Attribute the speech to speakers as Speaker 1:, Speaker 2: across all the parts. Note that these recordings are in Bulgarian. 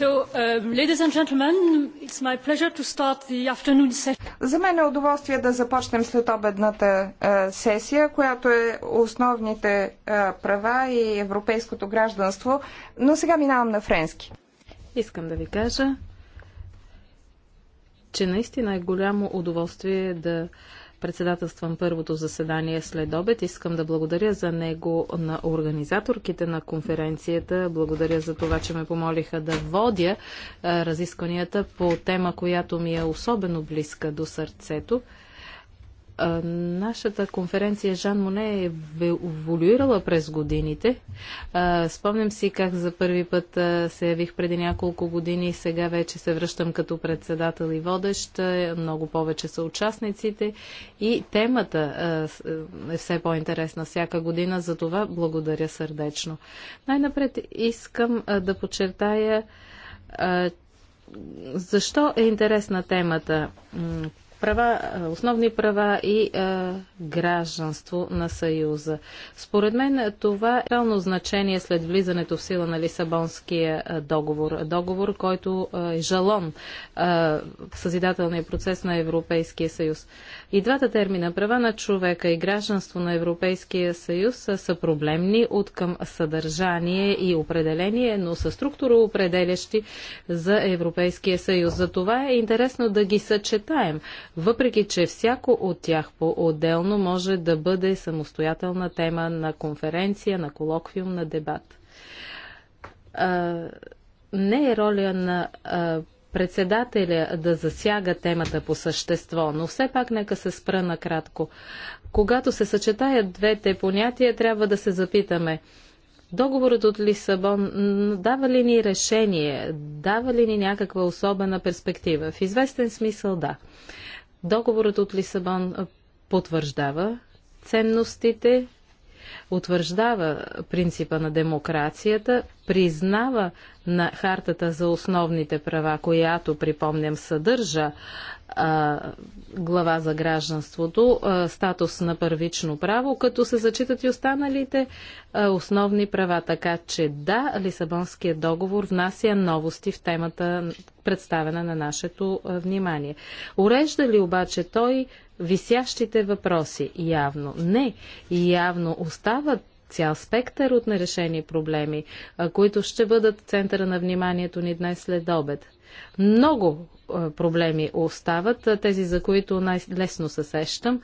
Speaker 1: Um,
Speaker 2: За мен е удоволствие да започнем след обедната е, сесия, която е основните е, права и европейското гражданство, но сега минавам на френски. Искам да ви кажа,
Speaker 1: че наистина е голямо удоволствие да uh, Председателствам първото заседание след обед. Искам да благодаря за него на организаторките на конференцията. Благодаря за това, че ме помолиха да водя разискванията по тема, която ми е особено близка до сърцето – Нашата конференция Жан Моне е еволюирала през годините. Спомням си как за първи път се явих преди няколко години и сега вече се връщам като председател и водещ. Много повече са участниците и темата е все по-интересна всяка година. За това благодаря сърдечно. Най-напред искам да подчертая, защо е интересна темата? права, е, основни права и а, е, гражданство на Съюза. Според мен това е реално значение след влизането в сила на Лисабонския е, договор. Договор, който е жалон а, съзидателния процес на Европейския съюз. И двата термина права на човека и гражданство на Европейския съюз са, са проблемни от към съдържание и определение, но са определящи за Европейския съюз. За това е интересно да ги съчетаем въпреки че всяко от тях по-отделно може да бъде самостоятелна тема на конференция, на колоквиум, на дебат. А, не е роля на а, председателя да засяга темата по същество, но все пак нека се спра накратко. Когато се съчетаят двете понятия, трябва да се запитаме. Договорът от Лисабон дава ли ни решение, дава ли ни някаква особена перспектива? В известен смисъл да. Договорът от Лисабон потвърждава ценностите, утвърждава принципа на демокрацията, признава на хартата за основните права, която, припомням, съдържа а, глава за гражданството, а, статус на първично право, като се зачитат и останалите а, основни права. Така че да, Лисабонският договор внася новости в темата, представена на нашето а, внимание. Урежда ли обаче той висящите въпроси. Явно не. Явно остават цял спектър от нерешени проблеми, които ще бъдат центъра на вниманието ни днес след обед. Много проблеми остават, тези за които най-лесно се сещам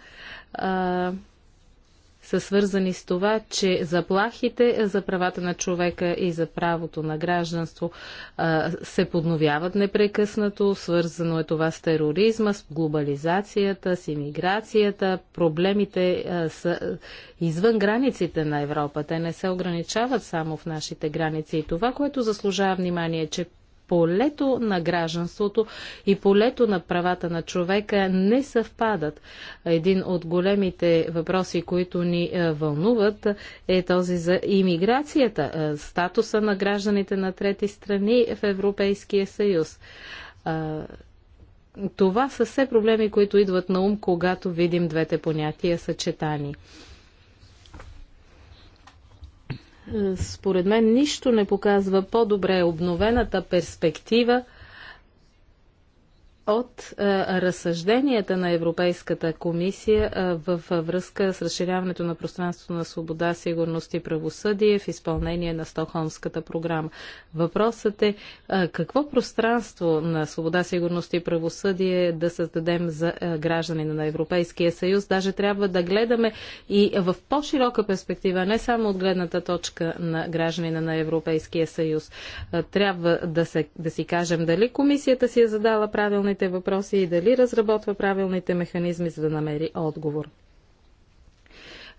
Speaker 1: са свързани с това, че заплахите за правата на човека и за правото на гражданство се подновяват непрекъснато. Свързано е това с тероризма, с глобализацията, с иммиграцията. Проблемите са извън границите на Европа. Те не се ограничават само в нашите граници. И това, което заслужава внимание, е, че полето на гражданството и полето на правата на човека не съвпадат. Един от големите въпроси, които ни е, вълнуват, е този за имиграцията, е, статуса на гражданите на трети страни в Европейския съюз. Е, това са все проблеми, които идват на ум, когато видим двете понятия съчетани. Е, според мен нищо не показва по-добре обновената перспектива – от а, разсъжденията на Европейската комисия а, в връзка с разширяването на пространството на свобода, сигурност и правосъдие в изпълнение на Стокхолмската програма. Въпросът е а, какво пространство на свобода, сигурност и правосъдие да създадем за гражданина на Европейския съюз. Даже трябва да гледаме и в по-широка перспектива, не само от гледната точка на гражданина на Европейския съюз. Трябва да, се, да си кажем дали комисията си е задала правилните зададените въпроси и дали разработва правилните механизми, за да намери отговор.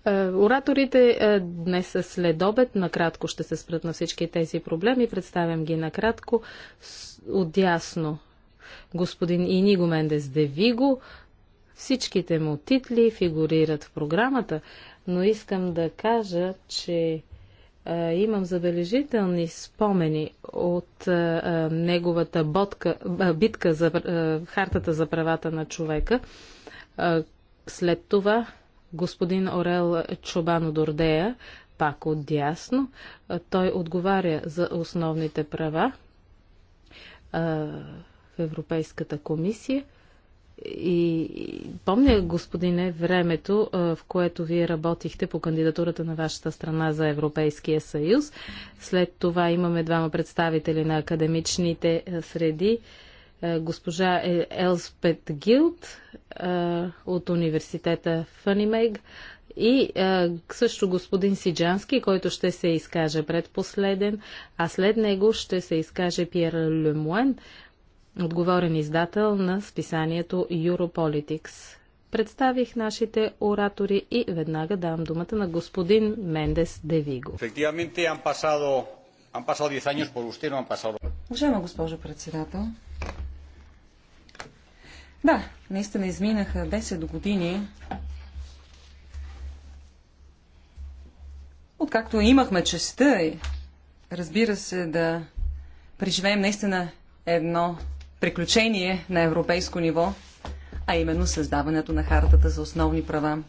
Speaker 1: Е, ораторите е, днес след обед накратко ще се спрат на всички тези проблеми. Представям ги накратко. Отясно господин Иниго Мендес Девиго. Всичките му титли фигурират в програмата, но искам да кажа, че имам забележителни спомени от неговата бодка, битка за хартата за правата на човека. След това господин Орел Чобано Дордея, пак отдясно, той отговаря за основните права в Европейската комисия – и помня, господине, времето, в което вие работихте по кандидатурата на вашата страна за Европейския съюз. След това имаме двама представители на академичните среди. Госпожа е, Елспет Гилд от университета Фанимег и също господин Сиджански, който ще се изкаже предпоследен, а след него ще се изкаже Пьер Лемуен, отговорен издател на списанието Europolitics. Представих нашите оратори и веднага давам думата на господин Мендес Девиго. Уважаема госпожо председател,
Speaker 3: да, наистина изминаха 10 години откакто имахме честа, разбира се, да преживеем наистина едно приключение на европейско ниво, а именно създаването на Хартата за основни права.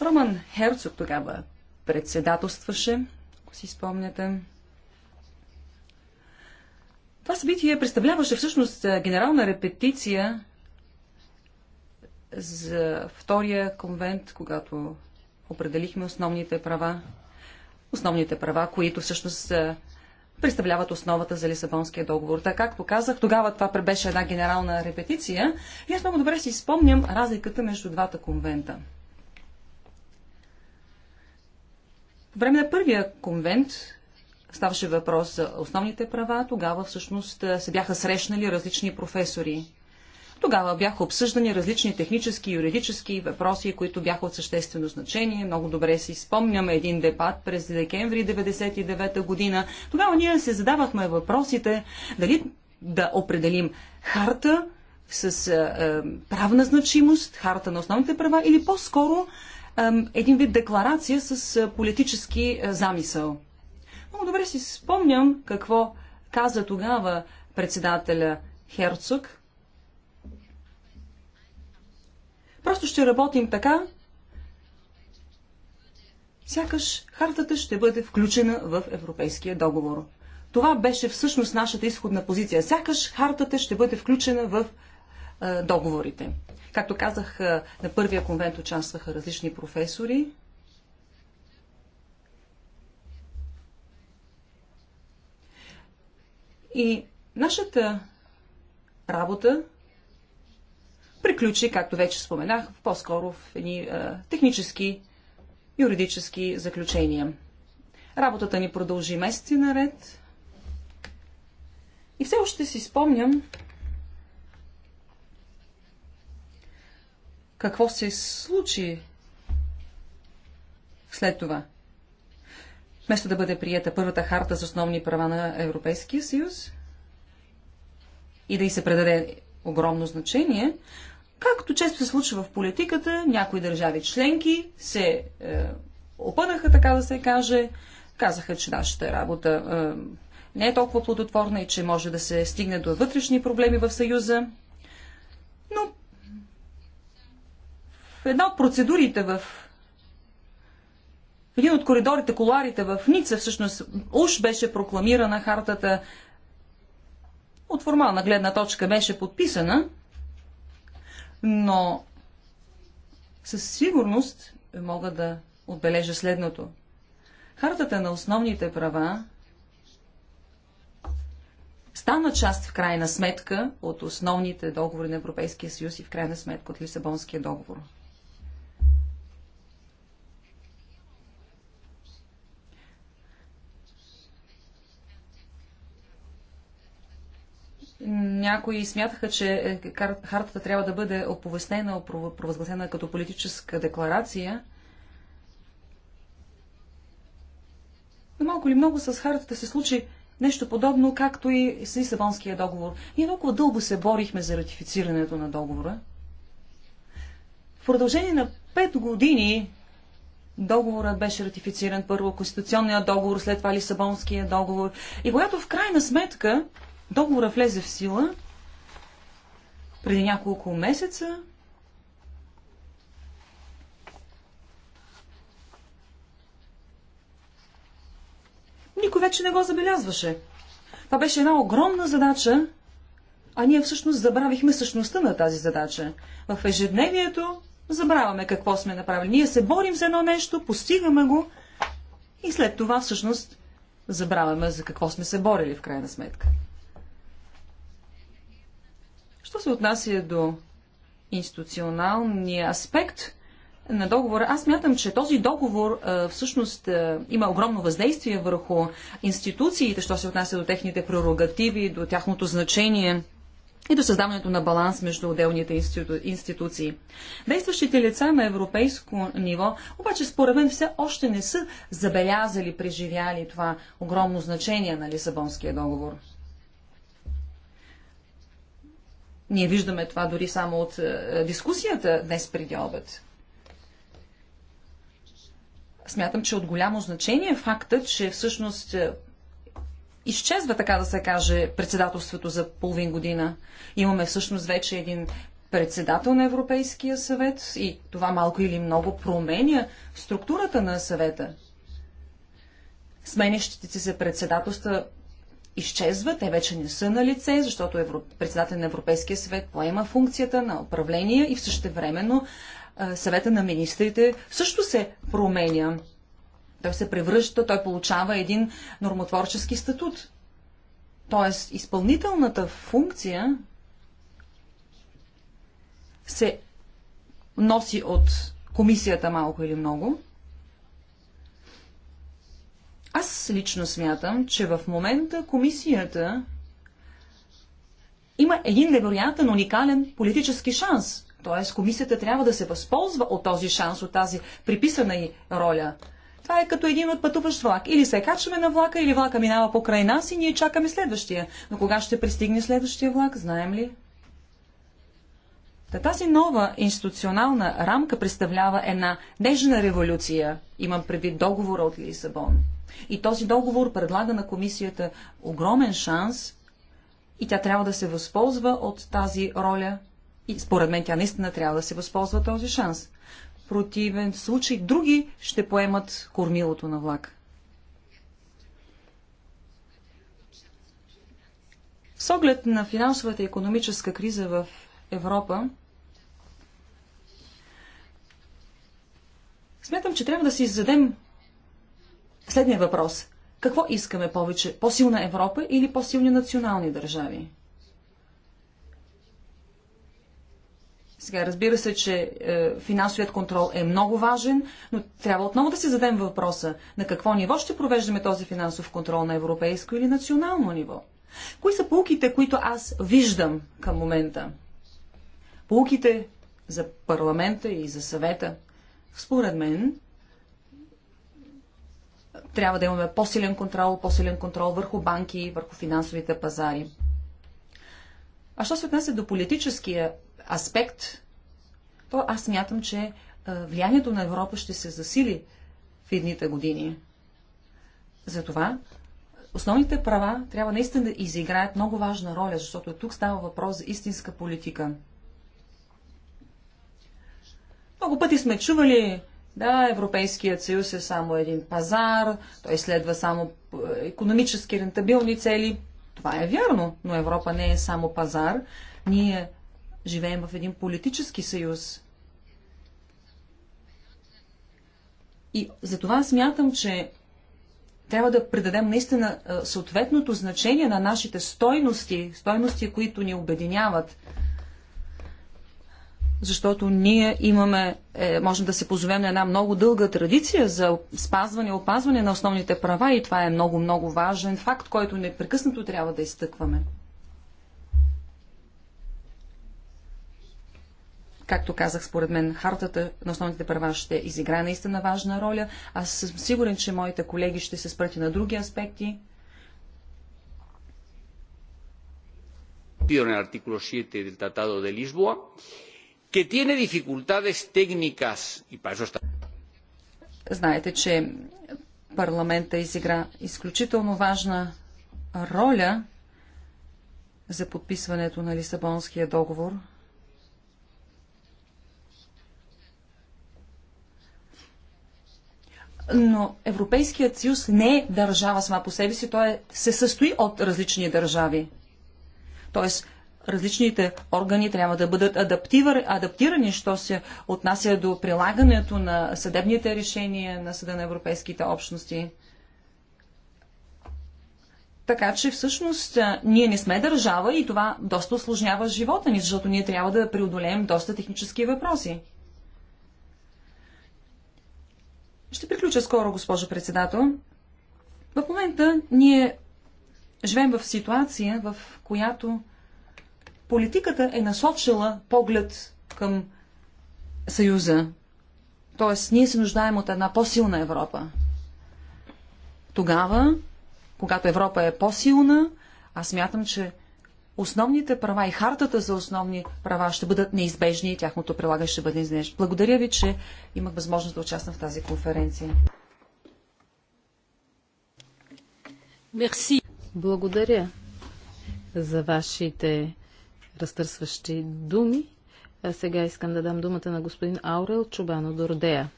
Speaker 3: Роман Херцог тогава председателстваше, ако си спомняте. Това събитие представляваше всъщност генерална репетиция за втория конвент, когато определихме основните права. Основните права, които всъщност представляват основата за Лисабонския договор. Така както казах, тогава това беше една генерална репетиция и аз много добре си спомням разликата между двата конвента. По време на първия конвент ставаше въпрос за основните права. Тогава всъщност се бяха срещнали различни професори. Тогава бяха обсъждани различни технически и юридически въпроси, които бяха от съществено значение. Много добре си спомняме един дебат през декември 1999 година. Тогава ние се задавахме въпросите дали да определим харта с е, правна значимост, харта на основните права или по-скоро е, един вид декларация с е, политически е, замисъл. Много добре си спомням какво каза тогава председателя Херцог, Просто ще работим така, сякаш хартата ще бъде включена в Европейския договор. Това беше всъщност нашата изходна позиция. Сякаш хартата ще бъде включена в е, договорите. Както казах, е, на първия конвент участваха различни професори. И нашата работа приключи, както вече споменах, по-скоро в едни а, е, технически, юридически заключения. Работата ни продължи месеци наред. И все още си спомням какво се случи след това. Вместо да бъде прията първата харта за основни права на Европейския съюз и да й се предаде огромно значение, Както често се случва в политиката, някои държави членки се е, опънаха, така да се каже, казаха, че нашата работа е, не е толкова плодотворна и че може да се стигне до вътрешни проблеми в Съюза. Но в една от процедурите в в един от коридорите, коларите в Ница, всъщност, уж беше прокламирана хартата. От формална гледна точка беше подписана, но със сигурност мога да отбележа следното. Хартата на основните права стана част в крайна сметка от основните договори на Европейския съюз и в крайна сметка от Лисабонския договор. Някои смятаха, че е, хартата трябва да бъде оповестена, провъзгласена като политическа декларация. Но малко ли много с хартата се случи нещо подобно, както и с Лисабонския договор. Ние толкова дълго се борихме за ратифицирането на договора. В продължение на пет години договорът беше ратифициран първо Конституционният договор, след това Лисабонския договор. И когато в крайна сметка Договора влезе в сила преди няколко месеца. Никой вече не го забелязваше. Това беше една огромна задача, а ние всъщност забравихме същността на тази задача. В ежедневието забравяме какво сме направили. Ние се борим за едно нещо, постигаме го и след това всъщност забравяме за какво сме се борили в крайна сметка. Що се отнася до институционалния аспект на договора, аз мятам, че този договор всъщност има огромно въздействие върху институциите, що се отнася до техните прерогативи, до тяхното значение и до създаването на баланс между отделните институ... институции. Действащите лица на европейско ниво, обаче според мен все още не са забелязали, преживяли това огромно значение на Лисабонския договор. Ние виждаме това дори само от е, дискусията днес преди обед. Смятам, че е от голямо значение е факта, че всъщност е, изчезва, така да се каже, председателството за половин година. Имаме всъщност вече един председател на Европейския съвет и това малко или много променя структурата на съвета. Сменящите се председателства изчезва, те вече не са на лице, защото Европ... председател на Европейския съвет поема функцията на управление и в същевременно съвета на министрите също се променя. Той се превръща, той получава един нормотворчески статут. Тоест, изпълнителната функция се носи от комисията малко или много, аз лично смятам, че в момента комисията има един невероятен уникален политически шанс. Т.е. комисията трябва да се възползва от този шанс, от тази приписана й роля. Това е като един от пътуващ влак. Или се качваме на влака, или влака минава покрай нас и ние чакаме следващия. Но кога ще пристигне следващия влак, знаем ли? Та тази нова институционална рамка представлява една нежна революция, имам предвид договора от Лисабон. И този договор предлага на комисията огромен шанс и тя трябва да се възползва от тази роля. И според мен тя наистина трябва да се възползва този шанс. В противен случай други ще поемат кормилото на влак. С оглед на финансовата и економическа криза в Европа, смятам, че трябва да си зададем Следния въпрос. Какво искаме повече? По-силна Европа или по-силни национални държави? Сега, разбира се, че е, финансовият контрол е много важен, но трябва отново да си зададем въпроса на какво ниво ще провеждаме този финансов контрол на европейско или национално ниво. Кои са полуките, които аз виждам към момента? Полуките за парламента и за съвета. Според мен, трябва да имаме по-силен контрол, по-силен контрол върху банки върху финансовите пазари. А що се отнася до политическия аспект, то аз смятам, че е, влиянието на Европа ще се засили в едните години. Затова е, основните права трябва наистина да изиграят много важна роля, защото тук става въпрос за истинска политика. Много пъти сме чували да, Европейският съюз е само един пазар, той следва само е, економически рентабилни цели. Това е вярно, но Европа не е само пазар. Ние живеем в един политически съюз. И затова смятам, че трябва да придадем наистина е, съответното значение на нашите стойности, стойности, които ни обединяват защото ние имаме, е, можем да се позовем на една много дълга традиция за спазване и опазване на основните права и това е много-много важен факт, който непрекъснато трябва да изтъкваме. Както казах, според мен, хартата на основните права ще изиграе наистина важна роля. Аз съм сигурен, че моите колеги ще се спрати на други аспекти, en артикул 7 от Tratado de Лисбоа que tiene dificultades técnicas и para eso está... Знаете, че парламента изигра изключително важна роля за подписването на Лисабонския договор. Но Европейският съюз не е държава сама по себе си, той е, се състои от различни държави. Тоест, различните органи трябва да бъдат адаптирани, що се отнася до прилагането на съдебните решения на Съда на Европейските общности. Така че всъщност ние не сме държава и това доста осложнява живота ни, защото ние трябва да преодолеем доста технически въпроси. Ще приключа скоро, госпожо председател. В момента ние живеем в ситуация, в която политиката е насочила поглед към Съюза. Тоест, ние се нуждаем от една по-силна Европа. Тогава, когато Европа е по-силна, аз мятам, че основните права и хартата за основни права ще бъдат неизбежни и тяхното прилагане ще бъде неизбежно. Благодаря ви, че имах възможност да участвам в тази конференция.
Speaker 1: Мерси. Благодаря за вашите разтърсващи думи. А сега искам да дам думата на господин Аурел Чубано Дордея.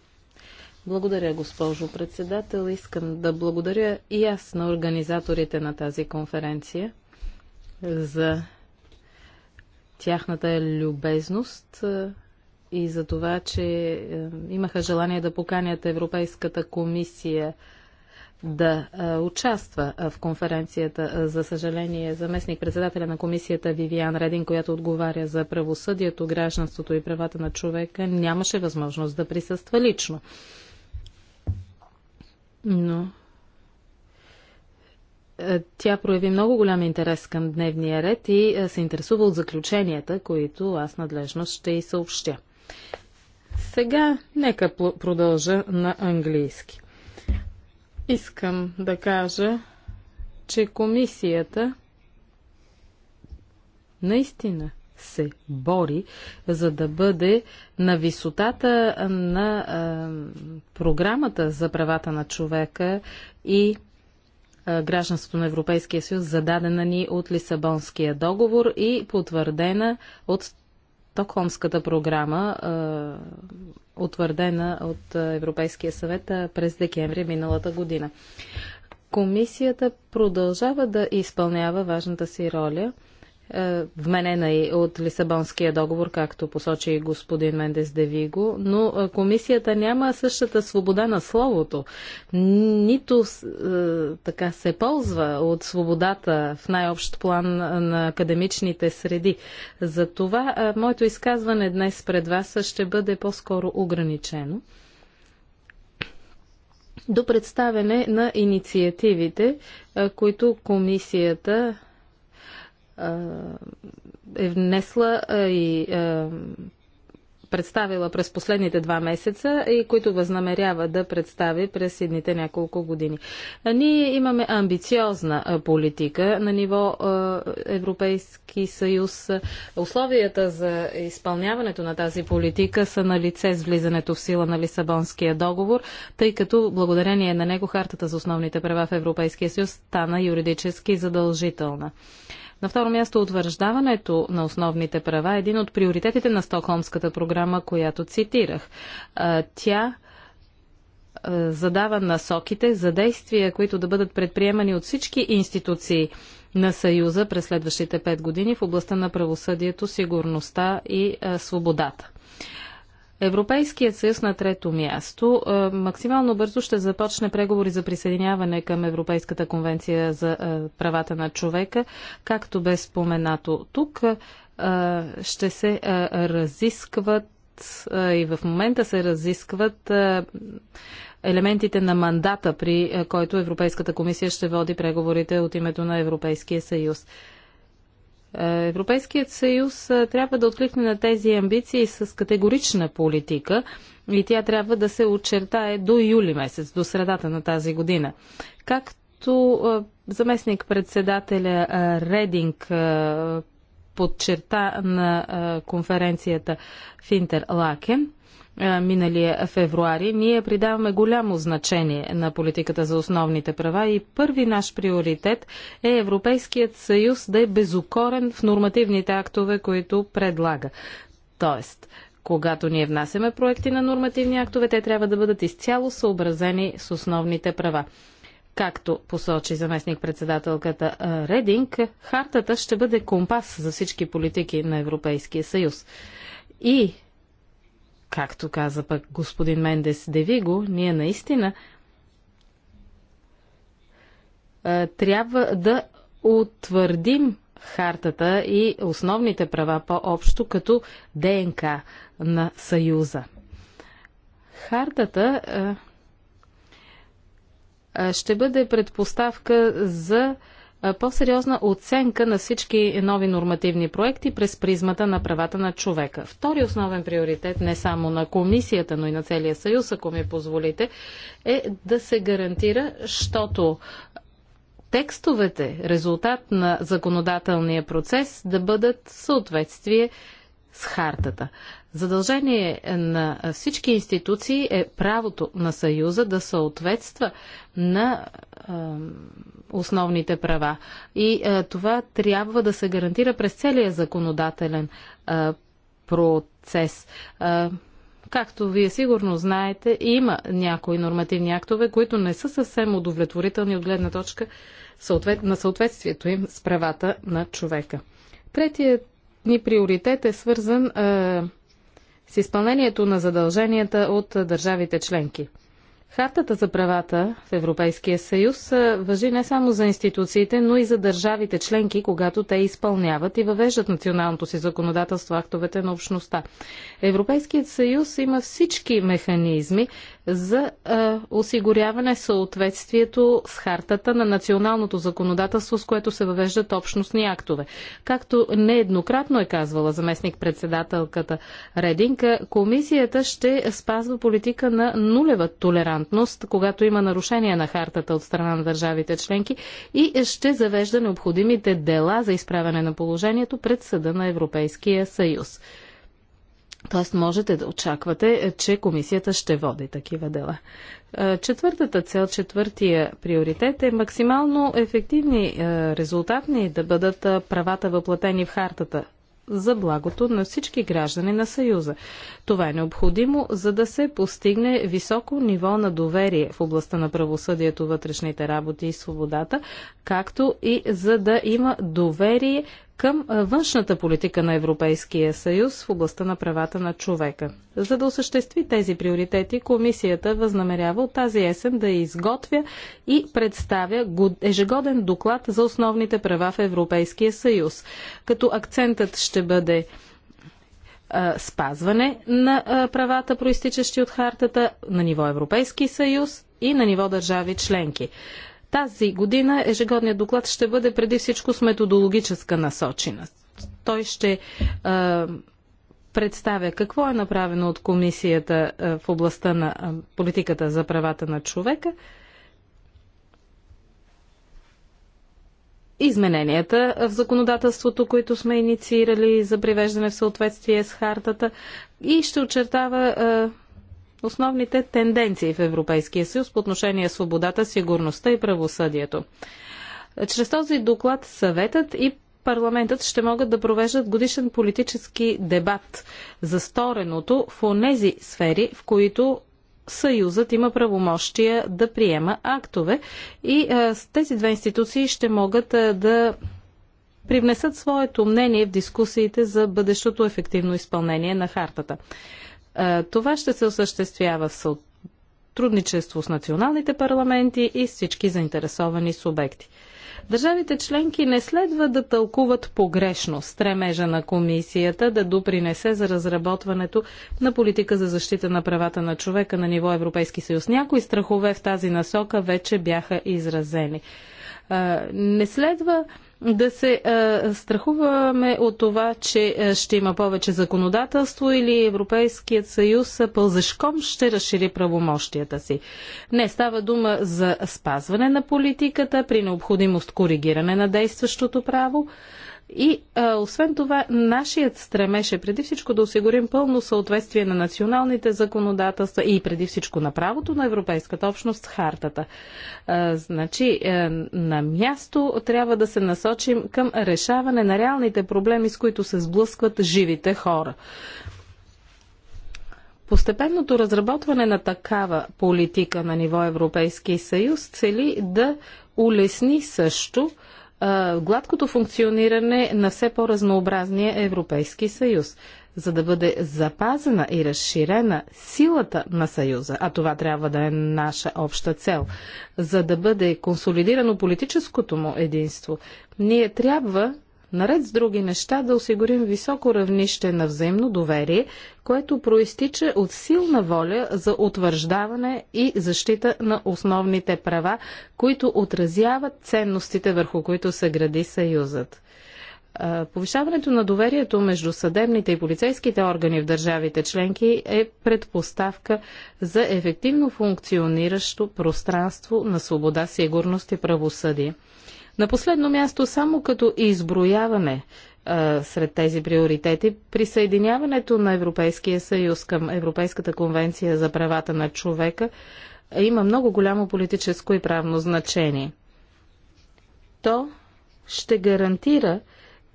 Speaker 1: Благодаря, госпожо председател. Искам да благодаря и аз на организаторите на тази конференция за тяхната любезност и за това, че имаха желание да поканят Европейската комисия да участва в конференцията. За съжаление, заместник председателя на комисията Вивиан Редин, която отговаря за правосъдието, гражданството и правата на човека, нямаше възможност да присъства лично. Но тя прояви много голям интерес към дневния ред и се интересува от заключенията, които аз надлежно ще и съобщя. Сега нека продължа на английски. Искам да кажа, че комисията наистина се бори, за да бъде на висотата на а, програмата за правата на човека и а, гражданството на Европейския съюз, зададена ни от Лисабонския договор и потвърдена от Токхомската програма а, утвърдена от Европейския съвет през декември миналата година. Комисията продължава да изпълнява важната си роля – е, вменена и от Лисабонския договор, както посочи господин Мендес Девиго, но е, комисията няма същата свобода на словото, нито е, така се ползва от свободата в най-общ план на академичните среди. Затова моето изказване днес пред вас ще бъде по-скоро ограничено до представяне на инициативите, които комисията е внесла и представила през последните два месеца и които възнамерява да представи през едните няколко години. Ние имаме амбициозна политика на ниво Европейски съюз. Условията за изпълняването на тази политика са на лице с влизането в сила на Лисабонския договор, тъй като благодарение на него Хартата за основните права в Европейския съюз стана юридически задължителна. На второ място утвърждаването на основните права е един от приоритетите на Стокхолмската програма, която цитирах. Тя задава насоките за действия, които да бъдат предприемани от всички институции на Съюза през следващите пет години в областта на правосъдието, сигурността и свободата. Европейският съюз на трето място е, максимално бързо ще започне преговори за присъединяване към Европейската конвенция за е, правата на човека, както бе споменато тук. Е, ще се разискват и в момента се разискват елементите на мандата, при който Европейската комисия ще води преговорите от името на Европейския съюз. Е, Европейският съюз е, трябва да откликне на тези амбиции с категорична политика и тя трябва да се очертае до юли месец, до средата на тази година. Както е, заместник председателя Рединг подчерта на конференцията в Интерлакен, миналия февруари, ние придаваме голямо значение на политиката за основните права и първи наш приоритет е Европейският съюз да е безукорен в нормативните актове, които предлага. Тоест, когато ние внасяме проекти на нормативни актове, те трябва да бъдат изцяло съобразени с основните права. Както посочи заместник-председателката Рединг, хартата ще бъде компас за всички политики на Европейския съюз. И както каза пък господин Мендес Девиго, ние наистина трябва да утвърдим хартата и основните права по-общо като ДНК на Съюза. Хартата ще бъде предпоставка за по-сериозна оценка на всички нови нормативни проекти през призмата на правата на човека. Втори основен приоритет, не само на комисията, но и на целия съюз, ако ми позволите, е да се гарантира, защото текстовете, резултат на законодателния процес, да бъдат в съответствие с хартата. Задължение на всички институции е правото на Съюза да съответства на основните права. И е, това трябва да се гарантира през целия законодателен е, процес. Е, Както вие сигурно знаете, има някои нормативни актове, които не са съвсем удовлетворителни от гледна точка на съответствието им с правата на човека. Третият ни приоритет е свързан е, с изпълнението на задълженията от държавите членки. Хартата за правата в Европейския съюз въжи не само за институциите, но и за държавите членки, когато те изпълняват и въвеждат националното си законодателство актовете на общността. Европейският съюз има всички механизми за е, осигуряване съответствието с хартата на националното законодателство, с което се въвеждат общностни актове. Както нееднократно е казвала заместник-председателката Рединка, комисията ще спазва политика на нулева толерантност, когато има нарушение на хартата от страна на държавите членки и ще завежда необходимите дела за изправяне на положението пред съда на Европейския съюз. Тоест можете да очаквате, е, че комисията ще води такива дела. Е, четвъртата цел, четвъртия приоритет е максимално ефективни е, резултатни да бъдат правата въплатени в хартата за благото на всички граждани на Съюза. Това е необходимо, за да се постигне високо ниво на доверие в областта на правосъдието, вътрешните работи и свободата, както и за да има доверие към външната политика на Европейския съюз в областта на правата на човека. За да осъществи тези приоритети, комисията възнамерява от тази есен да изготвя и представя ежегоден доклад за основните права в Европейския съюз, като акцентът ще бъде спазване на правата, проистичащи от хартата на ниво Европейски съюз и на ниво държави членки. Тази година ежегодният доклад ще бъде преди всичко с методологическа насоченост. Той ще а, е, представя какво е направено от комисията а, е, в областта на а, е, политиката за правата на човека. измененията в законодателството, които сме инициирали за привеждане в съответствие с хартата и ще очертава основните тенденции в Европейския съюз по отношение свободата, сигурността и правосъдието. Чрез този доклад съветът и парламентът ще могат да провеждат годишен политически дебат за стореното в онези сфери, в които Съюзът има правомощия да приема актове и а, тези две институции ще могат а, да привнесат своето мнение в дискусиите за бъдещото ефективно изпълнение на хартата. Е, това ще се осъществява в сътрудничество с националните парламенти и с всички заинтересовани субекти. Държавите членки не следва да тълкуват погрешно стремежа на комисията да допринесе за разработването на политика за защита на правата на човека на ниво Европейски съюз. Някои страхове в тази насока вече бяха изразени. Е, не следва да се а, е, страхуваме от това, че е, ще има повече законодателство или Европейският съюз е, пълзашком ще разшири правомощията си. Не, става дума за спазване на политиката, при необходимост коригиране на действащото право, и а, освен това, нашият стремеше преди всичко да осигурим пълно съответствие на националните законодателства и преди всичко на правото на Европейската общност с хартата. А, значи, а, е, на място трябва да се насочим към решаване на реалните проблеми, с които се сблъскват живите хора. Постепенното разработване на такава политика на ниво Европейски съюз цели да улесни също гладкото функциониране на все по-разнообразния Европейски съюз, за да бъде запазена и разширена силата на съюза, а това трябва да е наша обща цел, за да бъде консолидирано политическото му единство, ние трябва наред с други неща, да осигурим високо равнище на взаимно доверие, което проистича от силна воля за утвърждаване и защита на основните права, които отразяват ценностите, върху които се гради Съюзът. Повишаването на доверието между съдебните и полицейските органи в държавите членки е предпоставка за ефективно функциониращо пространство на свобода, сигурност и правосъдие. На последно място, само като изброяваме а, сред тези приоритети, присъединяването на Европейския съюз към Европейската конвенция за правата на човека има много голямо политическо и правно значение. То ще гарантира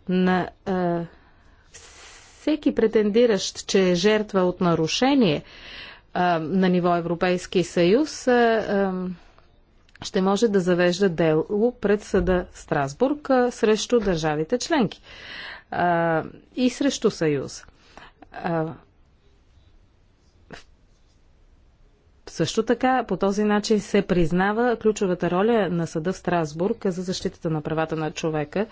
Speaker 1: на а, всеки претендиращ, че е жертва от нарушение а, на ниво Европейски съюз, а, а, ще може да завежда дело пред съда Страсбург срещу държавите членки а, и срещу Съюз. А, също така, по този начин се признава ключовата роля на съда в Страсбург за защитата на правата на човека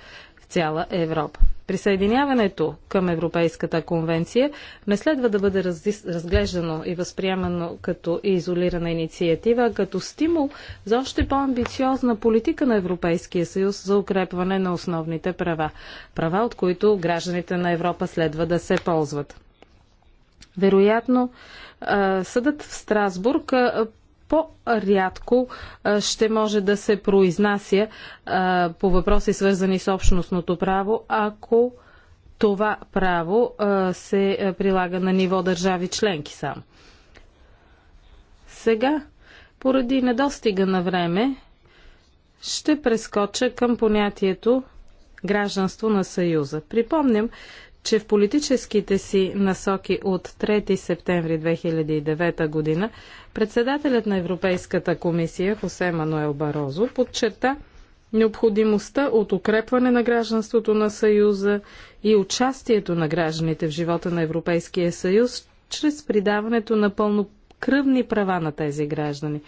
Speaker 1: цяла Европа. Присъединяването към Европейската конвенция не следва да бъде разглеждано и възприемано като изолирана инициатива, а като стимул за още по-амбициозна политика на Европейския съюз за укрепване на основните права. Права, от които гражданите на Европа следва да се ползват. Вероятно, съдът в Страсбург по-рядко ще може да се произнася по въпроси свързани с общностното право, ако това право се прилага на ниво държави членки сам. Сега, поради недостига на време, ще прескоча към понятието гражданство на Съюза. Припомням, че в политическите си насоки от 3 септември 2009 година председателят на Европейската комисия Хосе Мануел Барозо подчерта необходимостта от укрепване на гражданството на Съюза и участието на гражданите в живота на Европейския съюз чрез придаването на пълнокръвни права на тези граждани.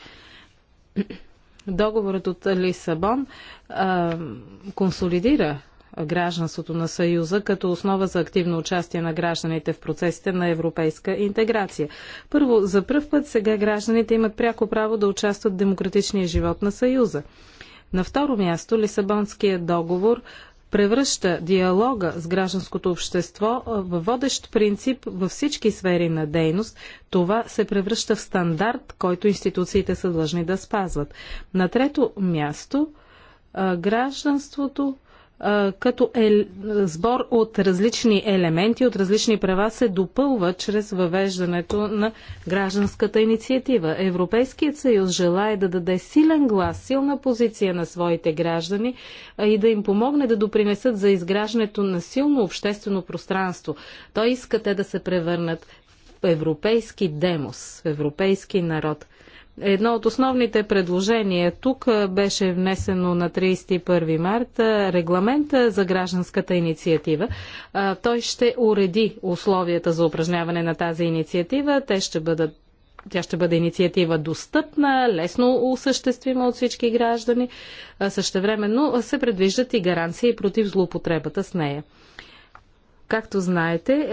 Speaker 1: Договорът от Лисабон а, консолидира гражданството на Съюза като основа за активно участие на гражданите в процесите на европейска интеграция. Първо, за първ път сега гражданите имат пряко право да участват в демократичния живот на Съюза. На второ място, Лисабонският договор превръща диалога с гражданското общество в водещ принцип във всички сфери на дейност. Това се превръща в стандарт, който институциите са длъжни да спазват. На трето място, гражданството като е, сбор от различни елементи, от различни права се допълва чрез въвеждането на гражданската инициатива. Европейският съюз желая да даде силен глас, силна позиция на своите граждани и да им помогне да допринесат за изграждането на силно обществено пространство. Той иска те да се превърнат в европейски демос, в европейски народ. Едно от основните предложения тук беше внесено на 31 марта регламента за гражданската инициатива. Той ще уреди условията за упражняване на тази инициатива. Те ще бъдат тя ще бъде инициатива достъпна, лесно осъществима от всички граждани. Същевременно се предвиждат и гаранции против злоупотребата с нея. Както знаете, е,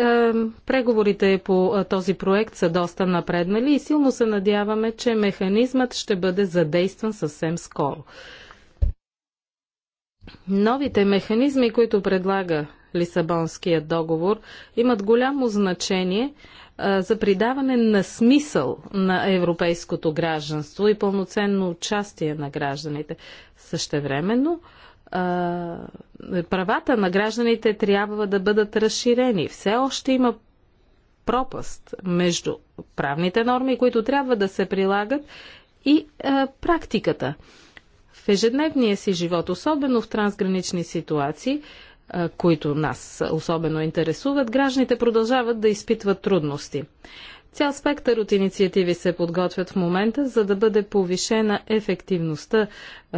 Speaker 1: преговорите по е, този проект са доста напреднали и силно се надяваме, че механизмът ще бъде задействан съвсем скоро. Новите механизми, които предлага Лисабонския договор, имат голямо значение е, за придаване на смисъл на европейското гражданство и пълноценно участие на гражданите. Същевременно, времено, правата на гражданите трябва да бъдат разширени. Все още има пропаст между правните норми, които трябва да се прилагат, и а, практиката. В ежедневния си живот, особено в трансгранични ситуации, а, които нас особено интересуват, гражданите продължават да изпитват трудности. Цял спектър от инициативи се подготвят в момента, за да бъде повишена ефективността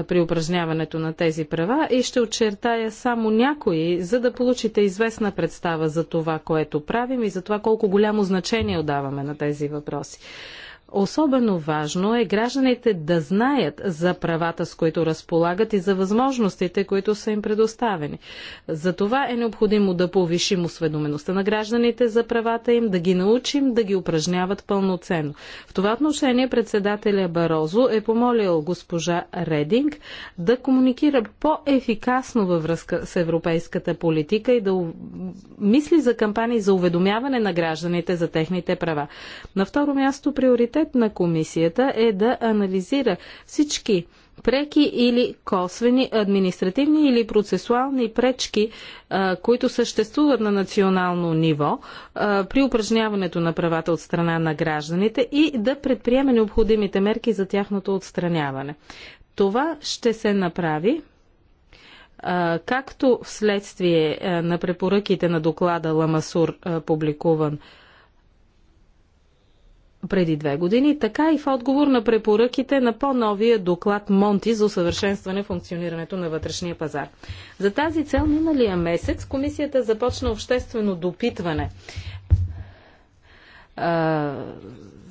Speaker 1: при упражняването на тези права и ще очертая само някои, за да получите известна представа за това, което правим и за това колко голямо значение отдаваме на тези въпроси. Особено важно е гражданите да знаят за правата, с които разполагат и за възможностите, които са им предоставени. За това е необходимо да повишим осведомеността на гражданите за правата им, да ги научим да ги упражняват пълноценно. В това отношение председателя Барозо е помолил госпожа Рединг да комуникира по-ефикасно във връзка с европейската политика и да мисли за кампании за уведомяване на гражданите за техните права. На второ място приоритет приоритет на комисията е да анализира всички преки или косвени административни или процесуални пречки, които съществуват на национално ниво при упражняването на правата от страна на гражданите и да предприеме необходимите мерки за тяхното отстраняване. Това ще се направи както вследствие на препоръките на доклада Ламасур, публикуван преди две години, така и в отговор на препоръките на по-новия доклад Монти за усъвършенстване функционирането на вътрешния пазар. За тази цел миналия месец комисията започна обществено допитване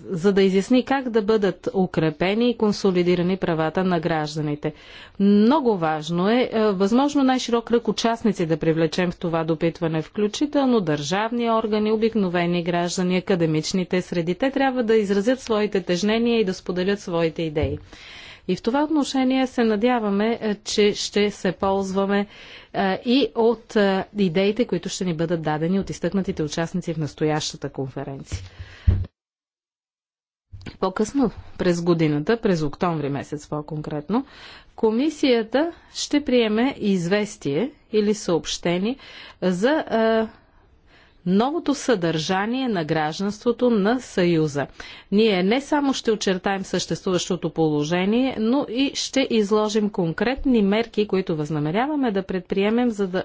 Speaker 1: за да изясни как да бъдат укрепени и консолидирани правата на гражданите. Много важно е, е, възможно най-широк кръг участници да привлечем в това допитване, включително държавни органи, обикновени граждани, академичните среди. Те трябва да изразят своите тежнения и да споделят своите идеи. И в това отношение се надяваме, е, че ще се ползваме е, и от идеите, които ще ни бъдат дадени от изтъкнатите участници в настоящата конференция. По-късно през годината, през октомври месец по-конкретно, комисията ще приеме известие или съобщение за а, новото съдържание на гражданството на Съюза. Ние не само ще очертаем съществуващото положение, но и ще изложим конкретни мерки, които възнамеряваме да предприемем, за да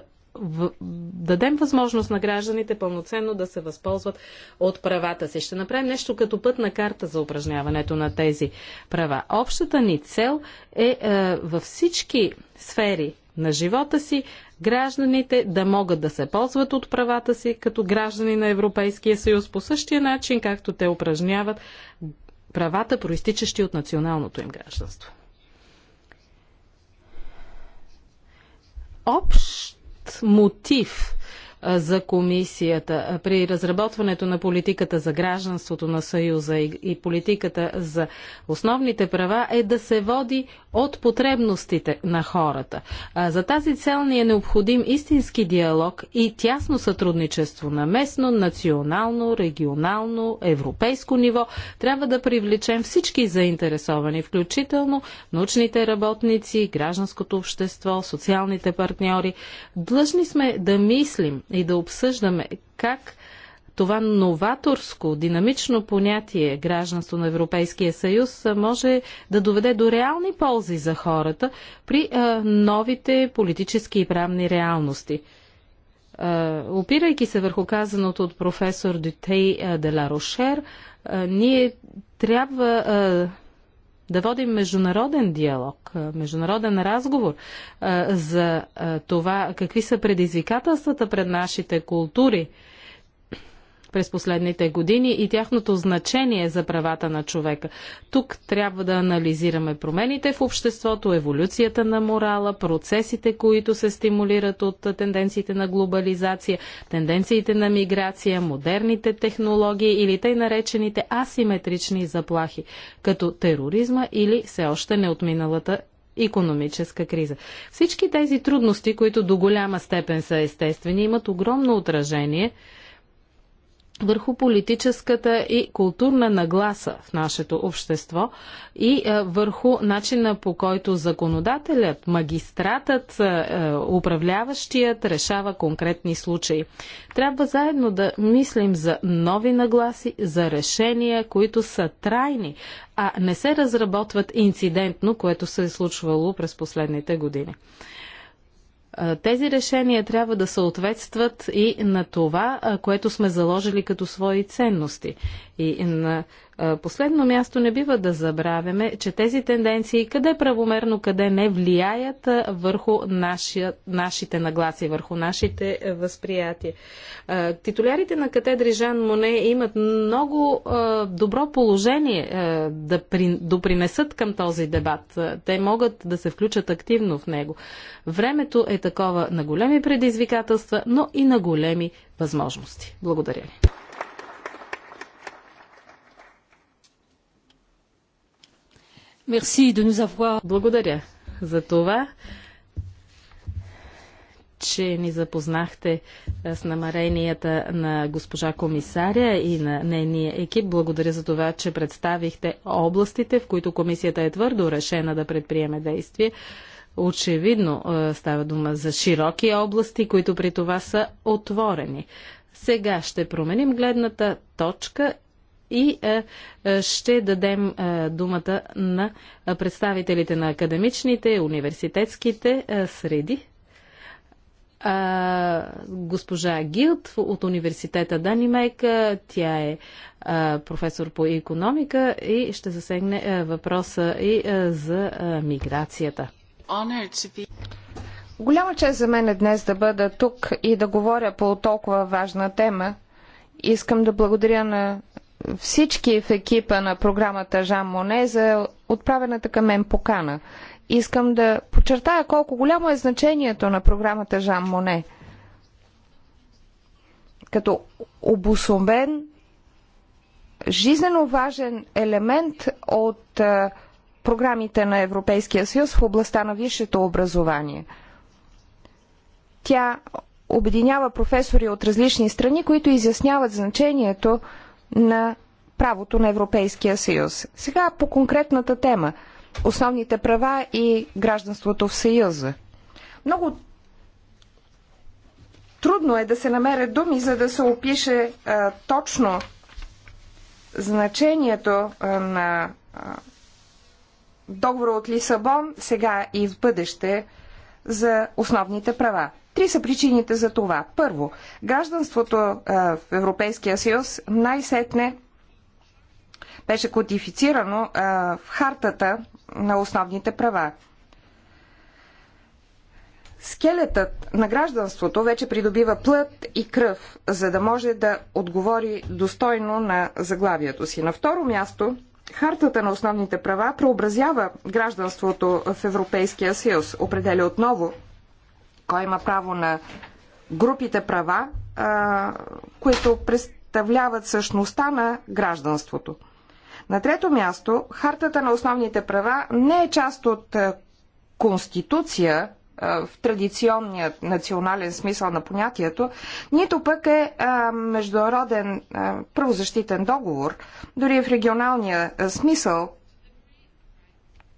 Speaker 1: дадем възможност на гражданите пълноценно да се възползват от правата си. Ще направим нещо като пътна карта за упражняването на тези права. Общата ни цел е, е във всички сфери на живота си гражданите да могат да се ползват от правата си като граждани на Европейския съюз по същия начин, както те упражняват правата, проистичащи от националното им гражданство. Общ мотив за комисията при разработването на политиката за гражданството на Съюза и политиката за основните права е да се води от потребностите на хората. За тази цел ни е необходим истински диалог и тясно сътрудничество на местно, национално, регионално, европейско ниво. Трябва да привлечем всички заинтересовани, включително научните работници, гражданското общество, социалните партньори. Длъжни сме да мислим и да обсъждаме как това новаторско, динамично понятие гражданство на Европейския съюз може да доведе до реални ползи за хората при а, новите политически и правни реалности. А, опирайки се върху казаното от професор Дютей Деларошер, Рошер, а, ние трябва да водим международен диалог, международен разговор за това какви са предизвикателствата пред нашите култури – през последните години и тяхното значение за правата на човека. Тук трябва да анализираме промените в обществото, еволюцията на морала, процесите, които се стимулират от тенденциите на глобализация, тенденциите на миграция, модерните технологии или тъй наречените асиметрични заплахи, като тероризма или все още неотминалата економическа криза. Всички тези трудности, които до голяма степен са естествени, имат огромно отражение – върху политическата и културна нагласа в нашето общество и е, върху начина по който законодателят, магистратът, е, е, управляващият решава конкретни случаи. Трябва заедно да мислим за нови нагласи, за решения, които са трайни, а не се разработват инцидентно, което се е случвало през последните години. Тези решения трябва да съответстват и на това, което сме заложили като свои ценности. И на Последно място не бива да забравяме, че тези тенденции, къде правомерно, къде не, влияят върху нашия, нашите нагласи, върху нашите е, възприятия. Титулярите на катедри Жан Моне имат много добро положение да допринесат към този дебат. Те могат да се включат активно в него. Времето е такова на големи предизвикателства, но и на големи възможности. Благодаря ви. Благодаря за това, че ни запознахте с намеренията на госпожа комисаря и на нейния екип. Благодаря за това, че представихте областите, в които комисията е твърдо решена да предприеме действие. Очевидно става дума за широки области, които при това са отворени. Сега ще променим гледната точка и е, е, ще дадем е, думата на представителите на академичните, университетските среди. Госпожа Гилт от университета Данимейка, тя е професор по економика и ще засегне
Speaker 2: въпроса и за миграцията. Голяма чест за мен е днес да бъда тук и да говоря по толкова важна тема. Искам да благодаря на всички в екипа на програмата Жан Моне за отправената към мен покана. Искам да подчертая колко голямо е значението на програмата Жан Моне като обособен, жизнено важен елемент от програмите на Европейския съюз в областта на висшето образование. Тя обединява професори от различни страни, които изясняват значението на правото на Европейския съюз. Сега по конкретната тема основните права и гражданството в съюза. Много трудно е да се намерят думи, за да се опише а, точно значението а, на а, договора от Лисабон сега и в бъдеще за основните права. Три са причините за това. Първо, гражданството в Европейския съюз най-сетне беше кодифицирано в хартата на основните права. Скелетът на гражданството вече придобива плът и кръв, за да може да отговори достойно на заглавието си. На второ място, Хартата на основните права преобразява гражданството в Европейския съюз, определя отново кой има право на групите права, които представляват същността на гражданството. На трето място, хартата на основните права не е част от конституция в традиционния национален смисъл на понятието, нито пък е международен правозащитен договор. Дори в регионалния смисъл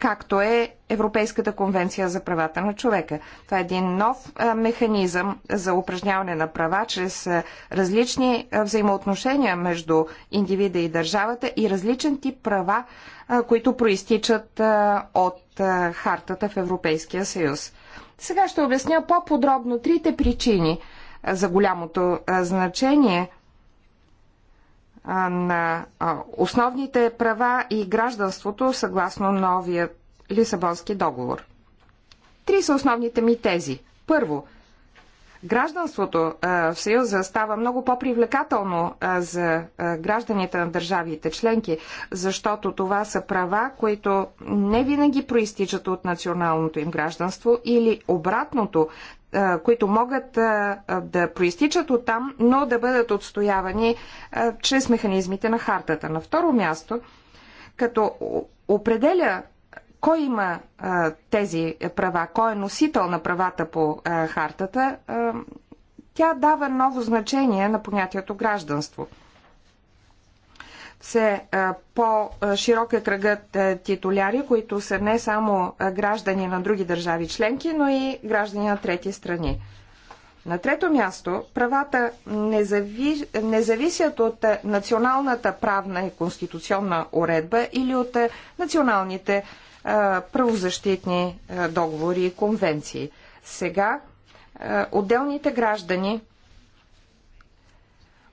Speaker 2: както е Европейската конвенция за правата на човека. Това е един нов механизъм за упражняване на права чрез различни взаимоотношения между индивида и държавата и различен тип права, които проистичат от хартата в Европейския съюз. Сега ще обясня по-подробно трите причини за голямото значение – на основните права и гражданството съгласно новия Лисабонски договор. Три са основните ми тези. Първо, гражданството в Съюза става много по-привлекателно за гражданите на държавите членки, защото това са права, които не винаги проистичат от националното им гражданство или обратното, които могат да проистичат от там, но да бъдат отстоявани чрез механизмите на хартата. На второ място, като определя кой има тези права, кой е носител на правата по хартата, тя дава ново значение на понятието гражданство – все по-широк е кръгът титуляри, които са не само граждани на други държави членки, но и граждани на трети страни. На трето място, правата не, зави... не зависят от националната правна и конституционна уредба или от националните правозащитни договори и конвенции. Сега отделните граждани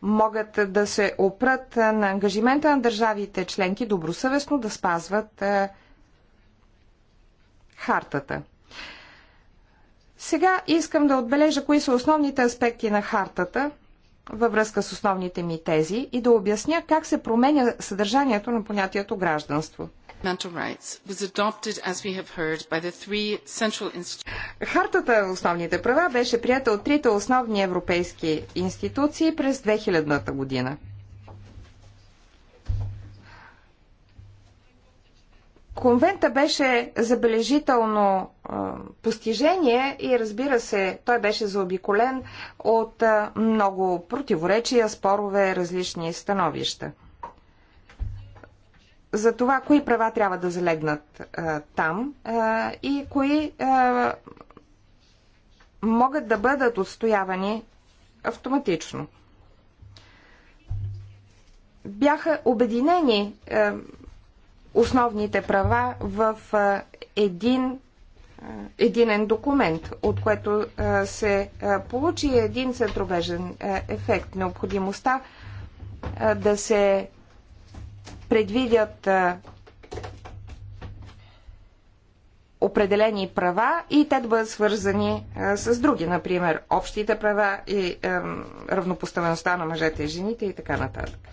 Speaker 2: могат да се опрат на ангажимента на държавите членки добросъвестно да спазват е, хартата. Сега искам да отбележа кои са основните аспекти на хартата – във връзка с основните ми тези и да обясня как се променя съдържанието на понятието гражданство. Хартата на основните права беше прията от трите основни европейски институции през 2000-та година. Конвента беше забележително постижение и разбира се, той беше заобиколен от много противоречия, спорове, различни становища. За това, кои права трябва да залегнат а, там а, и кои а, могат да бъдат отстоявани автоматично. Бяха обединени. А, основните права в един единен документ, от което се получи един центробежен ефект. Необходимостта да се предвидят определени права и те да бъдат свързани с други, например общите права и равнопоставеността на мъжете и жените и така нататък.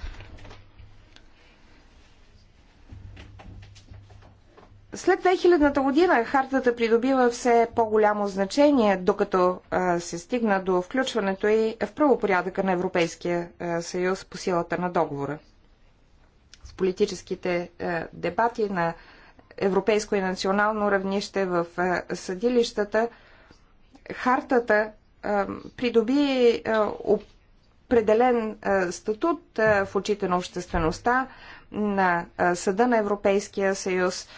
Speaker 2: След 2000-та година хартата придобива все по-голямо значение, докато се стигна до включването и в правопорядъка на Европейския съюз по силата на договора. В политическите дебати на европейско и национално равнище в съдилищата, хартата придоби определен статут в очите на обществеността, на Съда на Европейския съюз –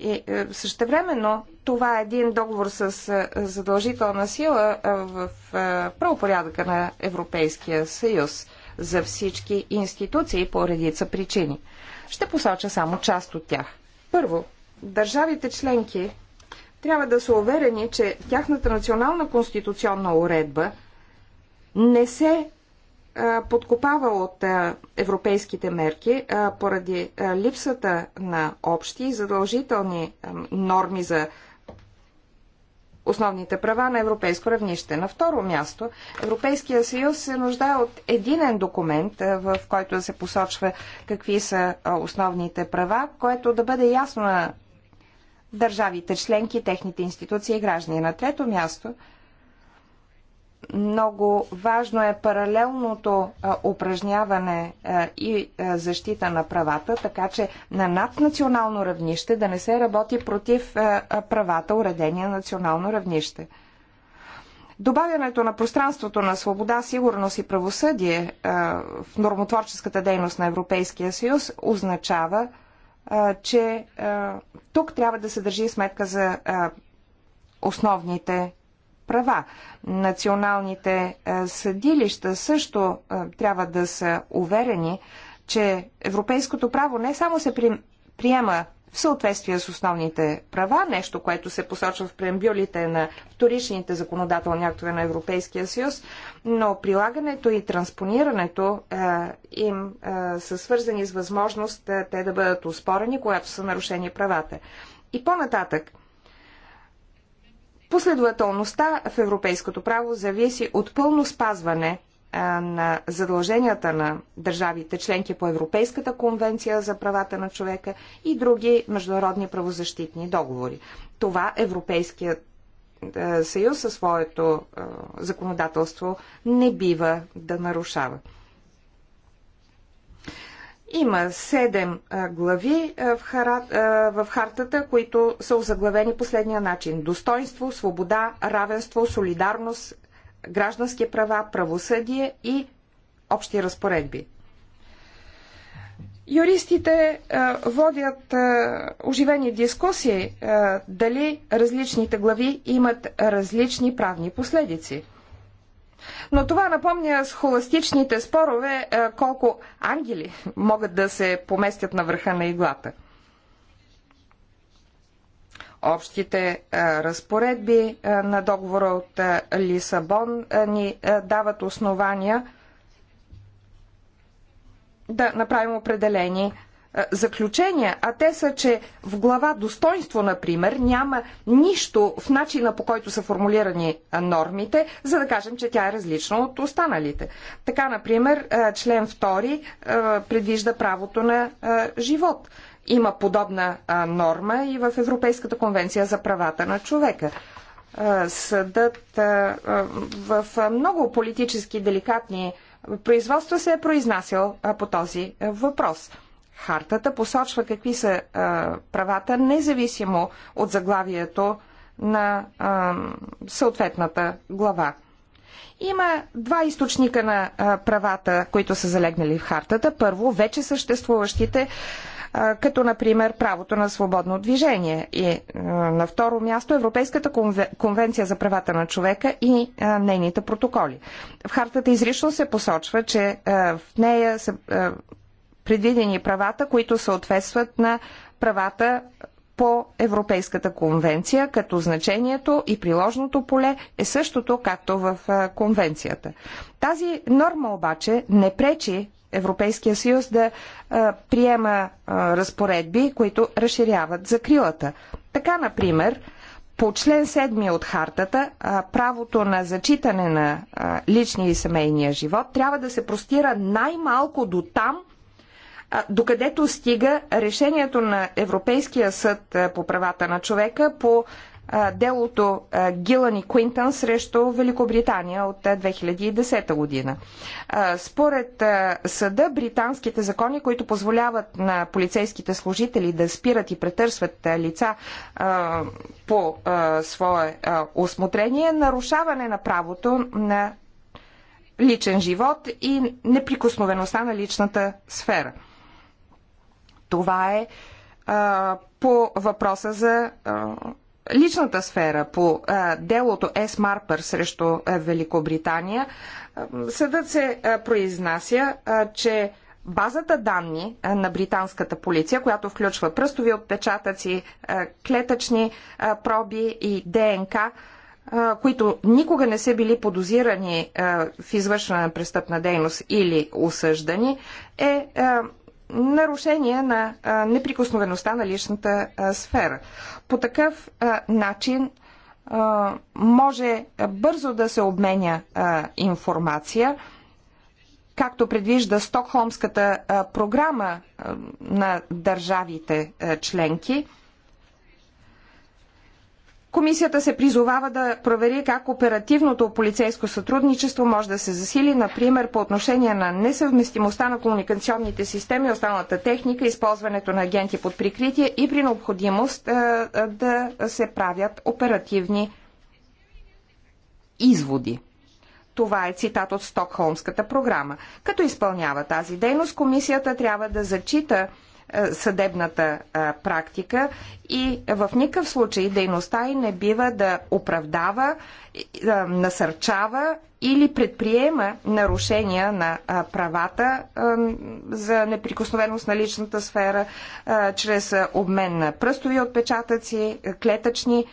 Speaker 2: и е, същевременно това е един договор с е, задължителна сила е, в правопорядъка на Европейския съюз за всички институции по редица причини. Ще посоча само част от тях. Първо, държавите членки трябва да са уверени, че тяхната национална конституционна уредба не се подкопава от европейските мерки поради липсата на общи и задължителни норми за основните права на европейско равнище. На второ място, Европейския съюз се нуждае от единен документ, в който да се посочва какви са основните права, което да бъде ясно на държавите членки, техните институции и граждани. На трето място, много важно е паралелното упражняване и защита на правата, така че на наднационално равнище да не се работи против правата, уредения на национално равнище. Добавянето на пространството на свобода, сигурност и правосъдие в нормотворческата дейност на Европейския съюз означава, че тук трябва да се държи сметка за основните права. Националните е, съдилища също е, трябва да са уверени, че европейското право не само се приема в съответствие с основните права, нещо, което се посочва в преамбюлите на вторичните законодателни актове на Европейския съюз, но прилагането и транспонирането е, им е, са свързани с възможност е, те да бъдат успорени, когато са нарушени правата. И по-нататък – Последователността в европейското право зависи от пълно спазване на задълженията на държавите членки по Европейската конвенция за правата на човека и други международни правозащитни договори. Това Европейският съюз със своето законодателство не бива да нарушава. Има седем глави в, хартата, които са озаглавени последния начин. Достоинство, свобода, равенство, солидарност, граждански права, правосъдие и общи разпоредби. Юристите водят оживени дискусии дали различните глави имат различни правни последици. Но това напомня с холастичните спорове е, колко ангели могат да се поместят на върха на иглата. Общите е, разпоредби е, на договора от Лисабон ни дават основания да направим определени заключения, а те са, че в глава достоинство, например, няма нищо в начина по който са формулирани нормите, за да кажем, че тя е различна от останалите. Така, например, член 2 предвижда правото на живот. Има подобна норма и в Европейската конвенция за правата на човека съдът в много политически деликатни производства се е произнасял по този въпрос. Хартата посочва какви са а, правата, независимо от заглавието на а, съответната глава. Има два източника на а, правата, които са залегнали в хартата. Първо, вече съществуващите, а, като например правото на свободно движение. И а, на второ място Европейската конвенция за правата на човека и а, нейните протоколи. В хартата изрично се посочва, че а, в нея са. А, предвидени правата, които съответстват на правата по Европейската конвенция, като значението и приложното поле е същото, както в конвенцията. Тази норма обаче не пречи Европейския съюз да а, приема а, разпоредби, които разширяват закрилата. Така, например, по член 7 от хартата, а, правото на зачитане на а, личния и семейния живот трябва да се простира най-малко до там, докъдето стига решението на Европейския съд по правата на човека по делото Гилан и Куинтън срещу Великобритания от 2010 година. Според съда, британските закони, които позволяват на полицейските служители да спират и претърсват лица по свое осмотрение, нарушаване на правото на личен живот и неприкосновеността на личната сфера. Това е а, по въпроса за а, личната сфера. По а, делото е. С. Марпер срещу а, Великобритания а, съдът се а, произнася, а, че базата данни на британската полиция, която включва пръстови отпечатъци, клетъчни проби и ДНК, които никога не са били подозирани в извършване на престъпна дейност или осъждани, е нарушение на неприкосновеността на личната сфера. По такъв начин може бързо да се обменя информация, както предвижда Стокхолмската програма на държавите членки – Комисията се призовава да провери как оперативното полицейско сътрудничество може да се засили, например по отношение на несъвместимостта на комуникационните системи, останалата техника, използването на агенти под прикритие и при необходимост да се правят оперативни изводи. Това е цитат от Стокхолмската програма. Като изпълнява тази дейност, комисията трябва да зачита е, съдебната е, практика и в никакъв случай дейността й не бива да оправдава, е, насърчава или предприема нарушения на правата за неприкосновеност на личната сфера чрез обмен на пръстови отпечатъци, клетъчни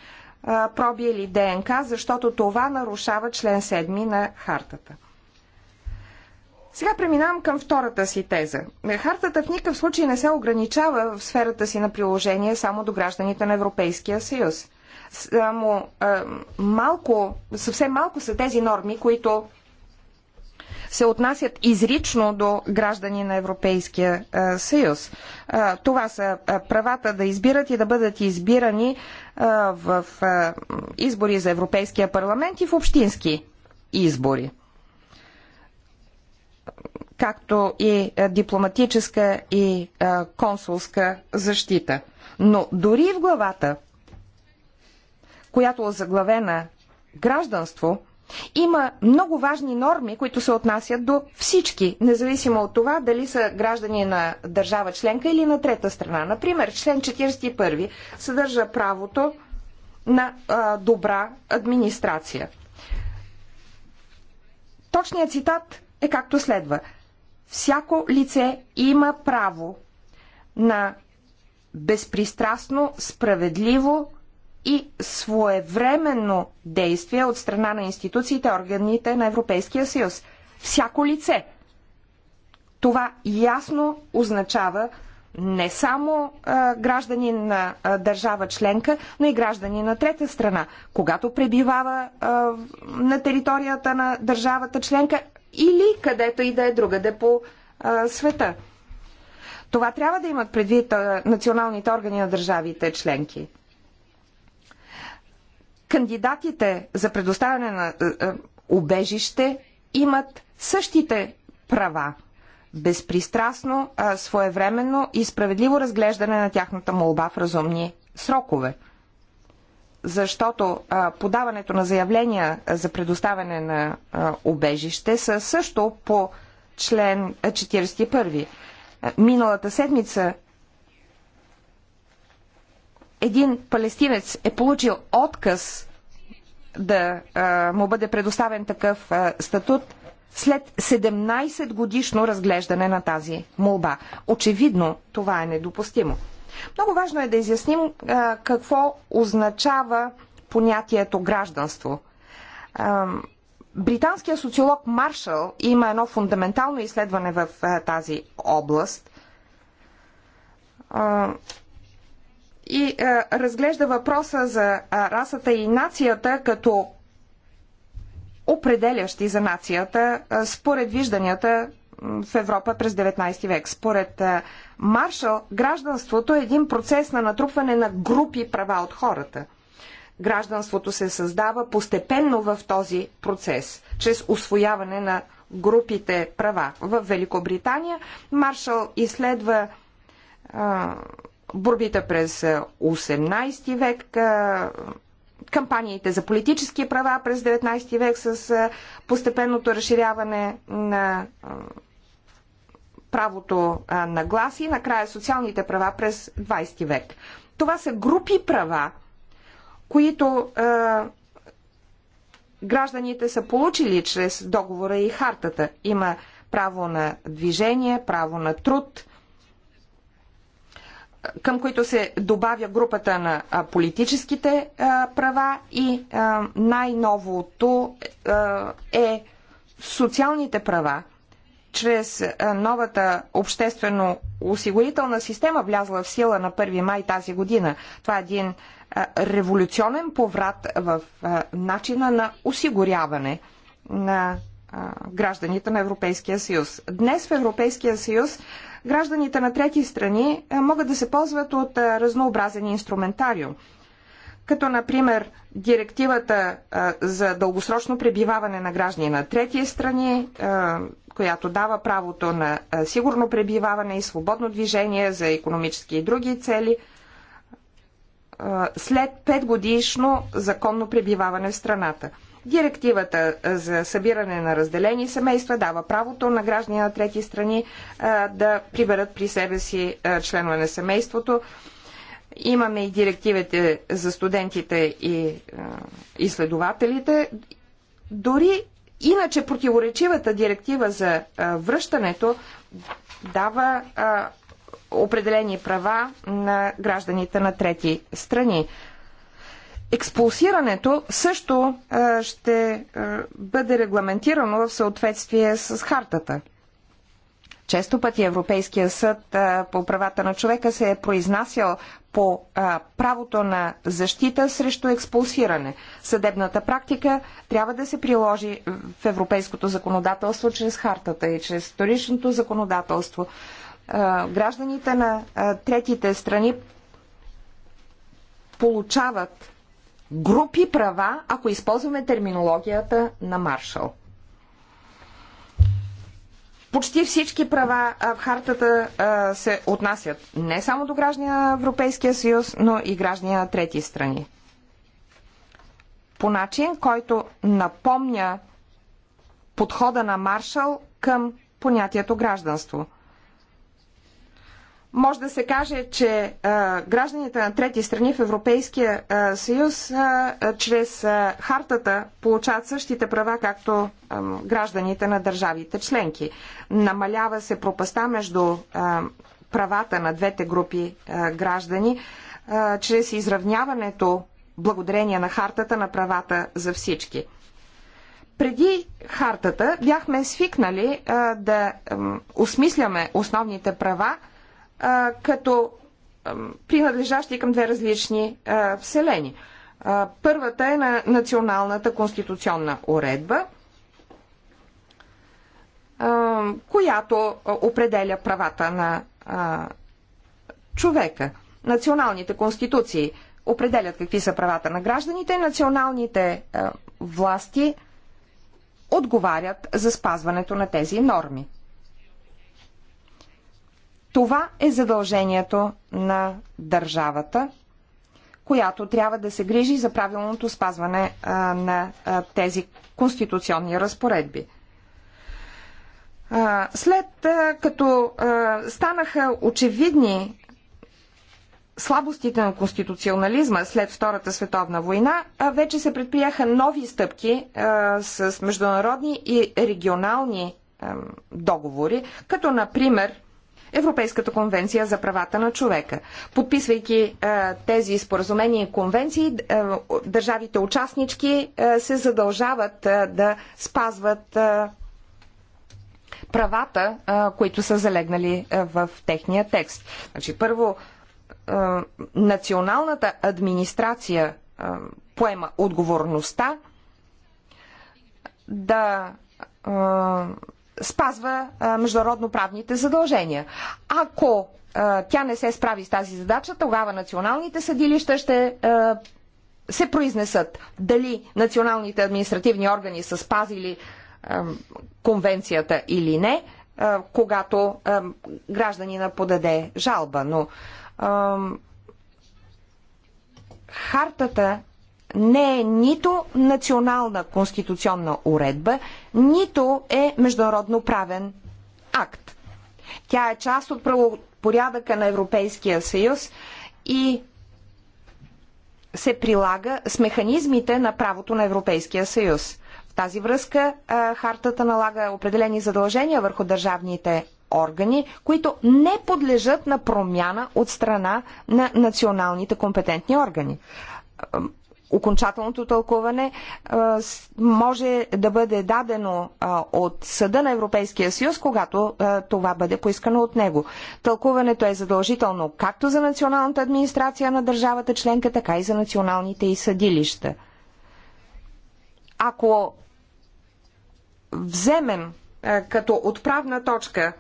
Speaker 2: проби или ДНК, защото това нарушава член 7 на хартата. Сега преминавам към втората си теза. Хартата в никакъв случай не се ограничава в сферата си на приложение само до гражданите на Европейския съюз. Само малко, съвсем малко са тези норми, които се отнасят изрично до граждани на Европейския съюз. Това са правата да избират и да бъдат избирани в избори за Европейския парламент и в общински избори както и е, дипломатическа и е, консулска защита. Но дори в главата, която е заглавена гражданство, има много важни норми, които се отнасят до всички, независимо от това дали са граждани на държава членка или на трета страна. Например, член 41 съдържа правото на а, добра администрация. Точният цитат е както следва всяко лице има право на безпристрастно, справедливо и своевременно действие от страна на институциите, органите на Европейския съюз. Всяко лице. Това ясно означава не само а, граждани на а, държава членка, но и граждани на трета страна. Когато пребивава а, на територията на държавата членка, или където и да е другаде по а, света. Това трябва да имат предвид а, националните органи на държавите членки. Кандидатите за предоставяне на а, убежище имат същите права. Безпристрастно, а, своевременно и справедливо разглеждане на тяхната молба в разумни срокове защото подаването на заявления за предоставяне на обежище са също по член 41. Миналата седмица един палестинец е получил отказ да му бъде предоставен такъв статут след 17 годишно разглеждане на тази молба. Очевидно това е недопустимо. Много важно е да изясним а, какво означава понятието гражданство. А, британският социолог Маршал има едно фундаментално изследване в а, тази област и разглежда въпроса за расата и нацията като определящи за нацията според вижданията в Европа през 19 век. Според Маршал, гражданството е един процес на натрупване на групи права от хората. Гражданството се създава постепенно в този процес, чрез освояване на групите права. В Великобритания Маршал изследва а, борбите през 18 век, а, кампаниите за политически права през 19 век с а, постепенното разширяване на а, правото на глас и накрая социалните права през 20 век. Това са групи права, които е, гражданите са получили чрез договора и хартата. Има право на движение, право на труд, към които се добавя групата на политическите права и най-новото е социалните права, чрез е, новата обществено осигурителна система, влязла в сила на 1 май тази година. Това е един е, революционен поврат в е, начина на осигуряване на гражданите на Европейския съюз. Днес в Европейския съюз гражданите на трети страни могат да се ползват от разнообразен инструментариум като например директивата за дългосрочно пребиваване на граждани на трети страни, която дава правото на сигурно пребиваване и свободно движение за економически и други цели след 5 годишно законно пребиваване в страната. Директивата за събиране на разделени семейства дава правото на граждани на трети страни да приберат при себе си членове на семейството. Имаме и директивите за студентите и изследователите. Дори Иначе противоречивата директива за връщането дава определени права на гражданите на трети страни. Експулсирането също ще бъде регламентирано в съответствие с хартата. Често пъти Европейския съд по правата на човека се е произнасял по правото на защита срещу експулсиране. Съдебната практика трябва да се приложи в европейското законодателство чрез хартата и чрез вторичното законодателство. Гражданите на третите страни получават групи права, ако използваме терминологията на Маршал. Почти всички права в хартата се отнасят не само до граждани на Европейския съюз, но и граждани на трети страни. По начин, който напомня подхода на Маршал към понятието гражданство – може да се каже, че гражданите на трети страни в Европейския съюз чрез хартата получават същите права, както гражданите на държавите членки. Намалява се пропаста между правата на двете групи граждани чрез изравняването благодарение на хартата на правата за всички. Преди хартата бяхме свикнали да осмисляме основните права, като принадлежащи към две различни вселени. Първата е на националната конституционна уредба, която определя правата на човека. Националните конституции определят какви са правата на гражданите, националните власти отговарят за спазването на тези норми. Това е задължението на държавата, която трябва да се грижи за правилното спазване а, на а, тези конституционни разпоредби. А, след а, като а, станаха очевидни слабостите на конституционализма след Втората световна война, вече се предприеха нови стъпки а, с международни и регионални а, договори, като например Европейската конвенция за правата на човека. Подписвайки е, тези споразумения и конвенции, е, държавите участнички е, се задължават да спазват правата, които са залегнали в техния текст. Значи, първо, националната администрация поема отговорността да спазва международно-правните задължения. Ако тя не се справи с тази задача, тогава националните съдилища ще се произнесат дали националните административни органи са спазили конвенцията или не, когато гражданина подаде жалба. Но хартата не е нито национална конституционна уредба, нито е международно правен акт. Тя е част от правопорядъка на Европейския съюз и се прилага с механизмите на правото на Европейския съюз. В тази връзка хартата налага определени задължения върху държавните органи, които не подлежат на промяна от страна на националните компетентни органи окончателното тълкуване може да бъде дадено от Съда на Европейския съюз, когато това бъде поискано от него. Тълкуването е задължително както за националната администрация на държавата членка, така и за националните и съдилища. Ако вземем като отправна точка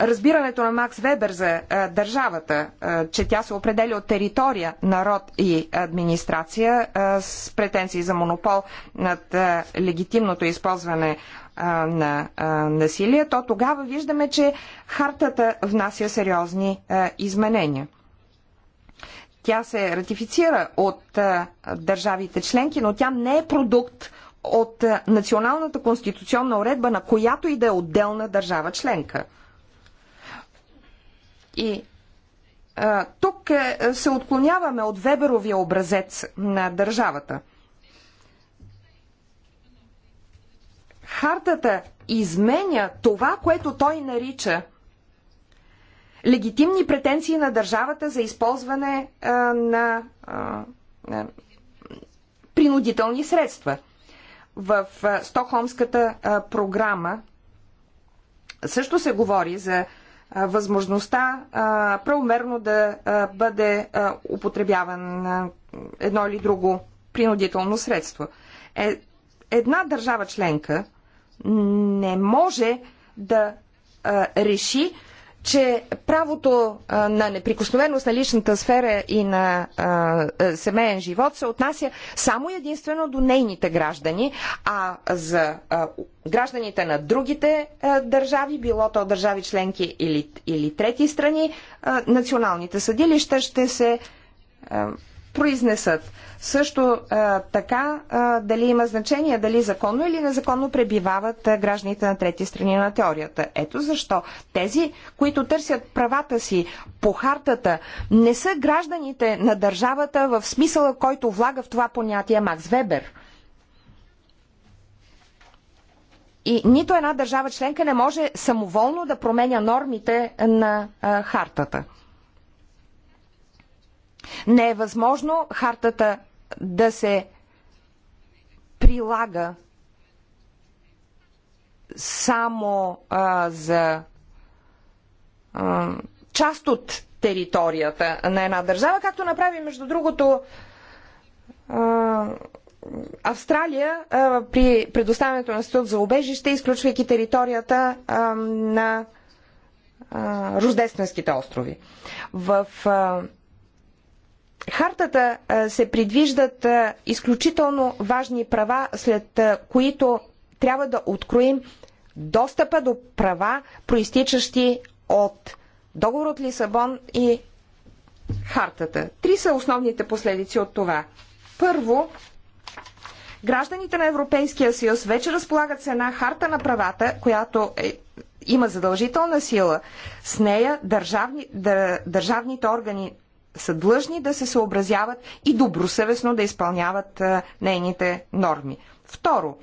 Speaker 2: разбирането на Макс Вебер за държавата, че тя се определя от територия, народ и администрация с претенции за монопол над легитимното използване на насилие, то тогава виждаме, че хартата внася сериозни изменения. Тя се ратифицира от държавите членки, но тя не е продукт от националната конституционна уредба на която и да е отделна държава членка. И а, тук е, се отклоняваме от Веберовия образец на държавата. Хартата изменя това, което той нарича легитимни претенции на държавата за използване а, на, а, на принудителни средства. В а, Стокхолмската а, програма също се говори за възможността правомерно да бъде употребяван едно или друго принудително средство. Е, една държава членка не може да реши че правото на неприкосновеност на личната сфера и на семейен живот се отнася само единствено до нейните граждани, а за гражданите на другите държави, било то държави членки или, или трети страни, националните съдилища ще се произнесат. Също а, така, а, дали има значение, дали законно или незаконно пребивават а, гражданите на трети страни на теорията. Ето защо тези, които търсят правата си по хартата, не са гражданите на държавата в смисъла, който влага в това понятие Макс Вебер. И нито една държава членка не може самоволно да променя нормите на а, хартата. Не е възможно хартата да се прилага само а, за а, част от територията на една държава, както направи, между другото, а, Австралия а, при предоставянето на студ за убежище, изключвайки територията а, на а, Рождественските острови. В а, хартата се предвиждат изключително важни права, след които трябва да откроим достъпа до права, проистичащи от договор от Лисабон и хартата. Три са основните последици от това. Първо, гражданите на Европейския съюз вече разполагат с една харта на правата, която е, има задължителна сила. С нея държавни, дър, държавните органи са длъжни да се съобразяват и добросъвестно да изпълняват нейните норми. Второ,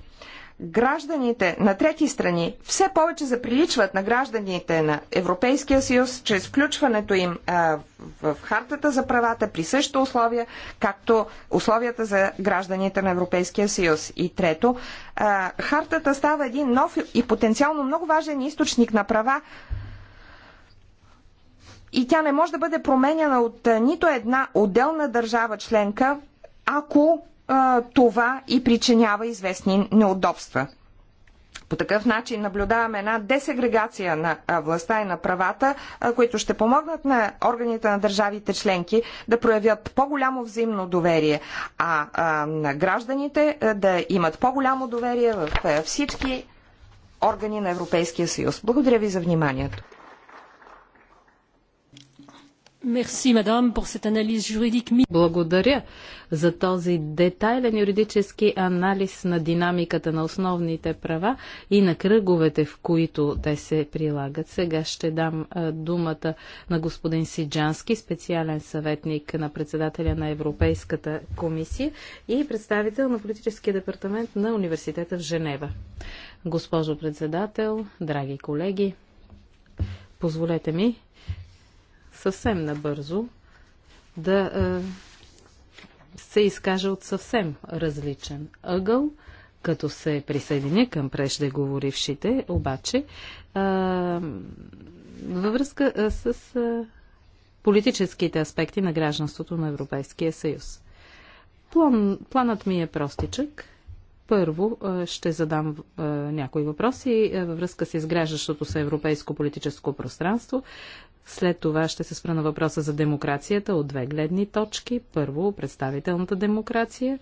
Speaker 2: гражданите на трети страни все повече заприличват на гражданите на Европейския съюз чрез включването им в хартата за правата при същото условия, както условията за гражданите на Европейския съюз. И трето, хартата става един нов и потенциално много важен източник на права и тя не може да бъде променяна от нито една отделна държава членка, ако а, това и причинява известни неудобства. По такъв начин наблюдаваме една десегрегация на властта и на правата, които ще помогнат на органите на държавите членки да проявят по-голямо взаимно доверие, а на гражданите да имат по-голямо доверие в всички органи на Европейския съюз. Благодаря ви за вниманието.
Speaker 1: Благодаря за този детайлен юридически анализ на динамиката на основните права и на кръговете, в които те се прилагат. Сега ще дам думата на господин Сиджански, специален съветник на председателя на Европейската комисия и представител на политическия департамент на университета в Женева. Госпожо председател, драги колеги, позволете ми съвсем набързо да е, се изкажа от съвсем различен ъгъл, като се присъединя към преждеговорившите, обаче е, във връзка е, с политическите аспекти на гражданството на Европейския съюз. План, планът ми е простичък. Първо ще задам някои въпроси във връзка с изграждащото се европейско политическо пространство. След това ще се спра на въпроса за демокрацията от две гледни точки. Първо, представителната демокрация,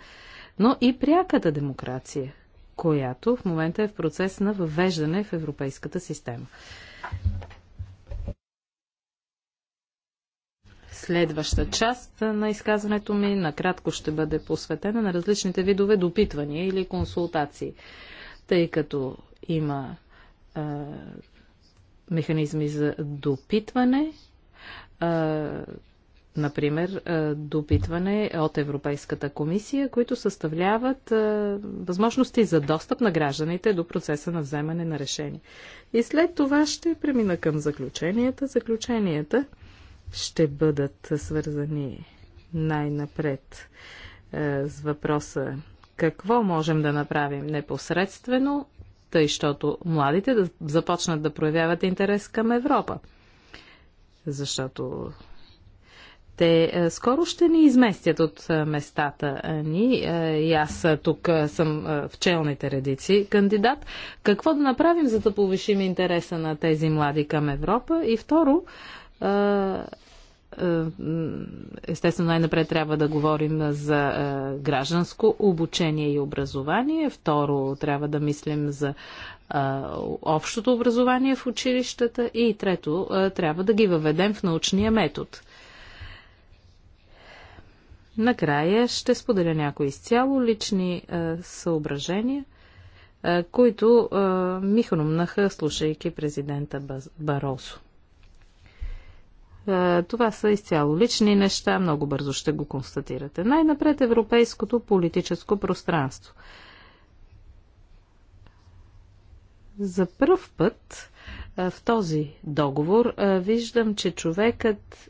Speaker 1: но и пряката демокрация, която в момента е в процес на въвеждане в европейската система. Следваща част на изказването ми накратко ще бъде посветена на различните видове допитвания или консултации, тъй като има механизми за допитване, например, допитване от Европейската комисия, които съставляват възможности за достъп на гражданите до процеса на вземане на решение. И след това ще премина към заключенията. Заключенията ще бъдат свързани най-напред с въпроса какво можем да направим непосредствено тъй, защото младите да започнат да проявяват интерес към Европа. Защото те е, скоро ще ни изместят от е, местата ни. Е, и аз тук съм в челните редици кандидат. Какво да направим, за да повишим интереса на тези млади към Европа? И второ, е, естествено най-напред трябва да говорим за е, гражданско обучение и образование. Второ, трябва да мислим за е, общото образование в училищата. И трето, трябва да ги въведем в научния метод. Накрая ще споделя някои изцяло лични съображения, които ми хрумнаха, слушайки президента Баросо. Това са изцяло лични неща, много бързо ще го констатирате. Най-напред европейското политическо пространство. За първ път в този договор виждам, че човекът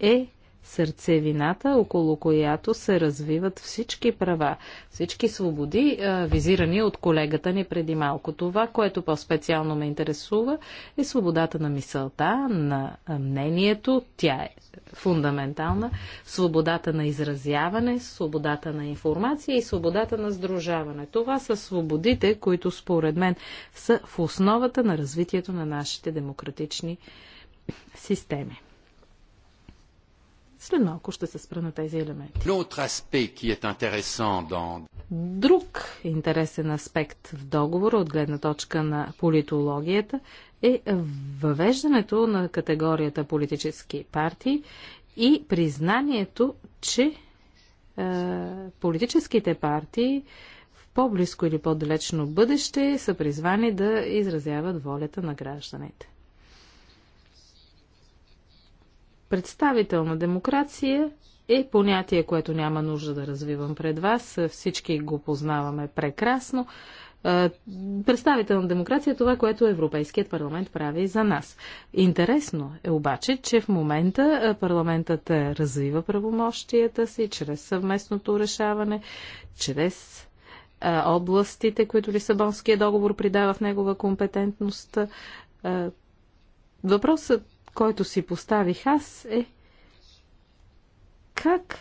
Speaker 1: е сърцевината, около която се развиват всички права, всички свободи, е, визирани от колегата ни преди малко. Това, което по-специално ме интересува, е свободата на мисълта, на е, мнението, тя е фундаментална, свободата на изразяване, свободата на информация и свободата на сдружаване. Това са свободите, които според мен са в основата на развитието на нашите демократични системи. След малко ще се спра на тези елементи. Друг интересен аспект в договора от гледна точка на политологията е въвеждането на категорията политически партии и признанието, че е, политическите партии в по-близко или по-далечно бъдеще са призвани да изразяват волята на гражданите. Представителна демокрация е понятие, което няма нужда да развивам пред вас. Всички го познаваме прекрасно. Представителна демокрация е това, което Европейският парламент прави за нас. Интересно е обаче, че в момента парламентът развива правомощията си чрез съвместното решаване, чрез областите, които Лисабонския договор придава в негова компетентност. Въпросът който си поставих аз е как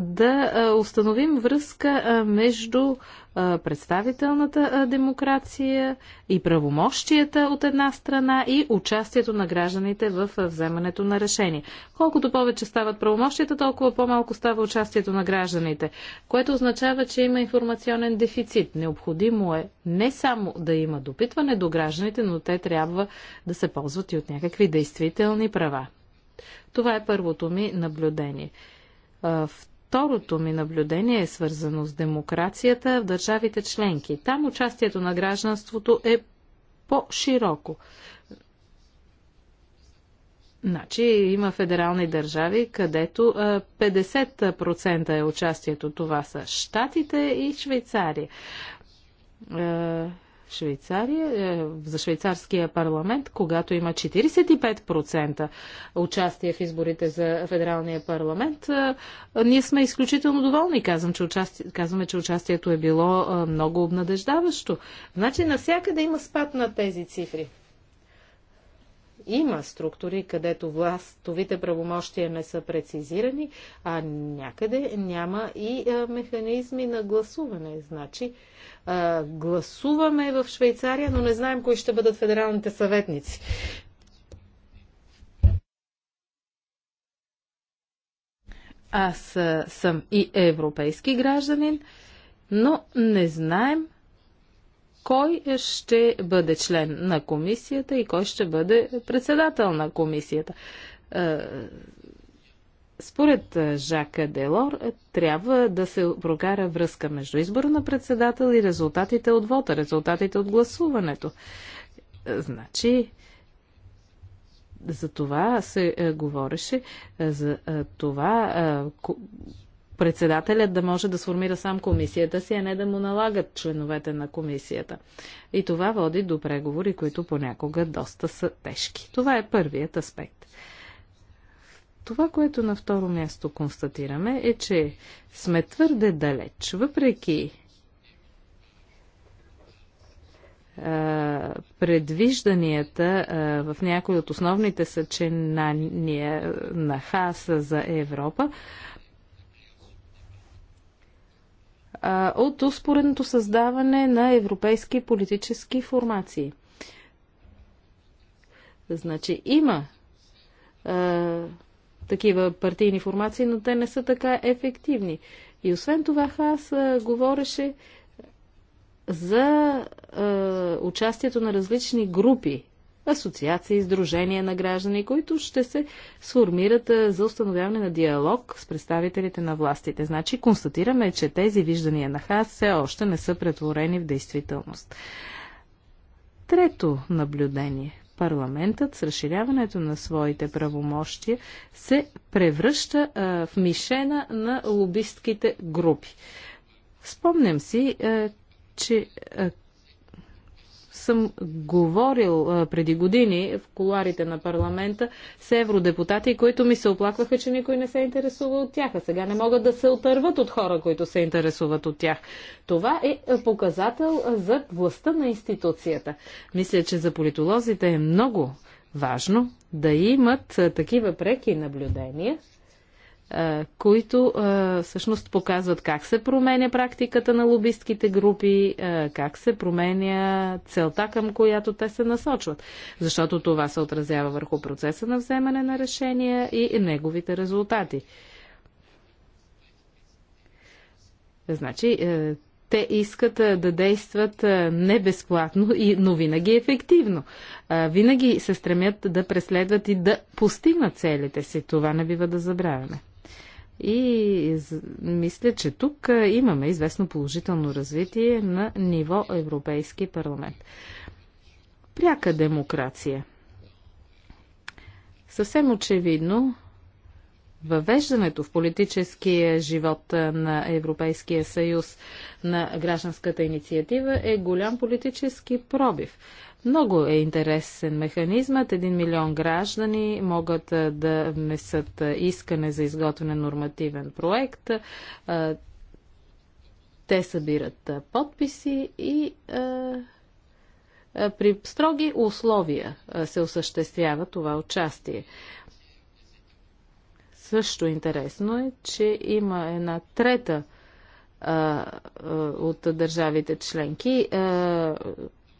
Speaker 1: да установим връзка между представителната демокрация и правомощията от една страна и участието на гражданите в вземането на решение. Колкото повече стават правомощията, толкова по-малко става участието на гражданите, което означава, че има информационен дефицит. Необходимо е не само да има допитване до гражданите, но те трябва да се ползват и от някакви действителни права. Това е първото ми наблюдение. Второто ми наблюдение е свързано с демокрацията в държавите членки. Там участието на гражданството е по-широко. Значи има федерални държави, където 50% е участието. Това са Штатите и Швейцария. Швейцария, е, за швейцарския парламент, когато има 45% участие в изборите за федералния парламент, е, ние сме изключително доволни. Казвам, че участи... казваме, че участието е било е, много обнадеждаващо. Значи навсякъде има спад на тези цифри. Има структури, където властовите правомощия не са прецизирани, а някъде няма и а, механизми на гласуване. Значи, а, гласуваме в Швейцария, но не знаем кои ще бъдат федералните съветници. Аз съм и европейски гражданин, но не знаем кой ще бъде член на комисията и кой ще бъде председател на комисията. Е, според е, Жака Делор, е, трябва да се прокара връзка между избора на председател и резултатите от вота, резултатите от гласуването. Значи, за това се говореше, за това председателят да може да сформира сам комисията си, а не да му налагат членовете на комисията. И това води до преговори, които понякога доста са тежки. Това е първият аспект. Това, което на второ място констатираме, е, че сме твърде далеч, въпреки предвижданията в някои от основните съчинания на ХАСа за Европа, от успоредното създаване на европейски политически формации. Значи има а, такива партийни формации, но те не са така ефективни. И освен това, Хас а, говореше за а, участието на различни групи асоциации, издружения на граждани, които ще се сформират за установяване на диалог с представителите на властите. Значи констатираме, че тези виждания на ХАС все още не са претворени в действителност. Трето наблюдение. Парламентът с разширяването на своите правомощия се превръща а, в мишена на лобистките групи. Спомням си, а, че а, съм говорил преди години в коларите на парламента с евродепутати, които ми се оплакваха, че никой не се интересува от тях. А сега не могат да се отърват от хора, които се интересуват от тях. Това е показател за властта на институцията. Мисля, че за политолозите е много важно да имат такива преки наблюдения, е, които е, всъщност показват как се променя практиката на лобистките групи, е, как се променя целта, към която те се насочват. Защото това се отразява върху процеса на вземане на решения и неговите резултати. Значи, те искат да действат не безплатно, но винаги ефективно. Винаги се стремят да преследват и да постигнат целите си. Това не бива да забравяме. И мисля, че тук имаме известно положително развитие на ниво Европейски парламент. Пряка демокрация. Съвсем очевидно въвеждането в политическия живот на Европейския съюз на гражданската инициатива е голям политически пробив. Много е интересен механизмът. Един милион граждани могат да внесат искане за изготвяне нормативен проект. Те събират подписи и при строги условия се осъществява това участие също интересно е, че има една трета а, от държавите членки, а,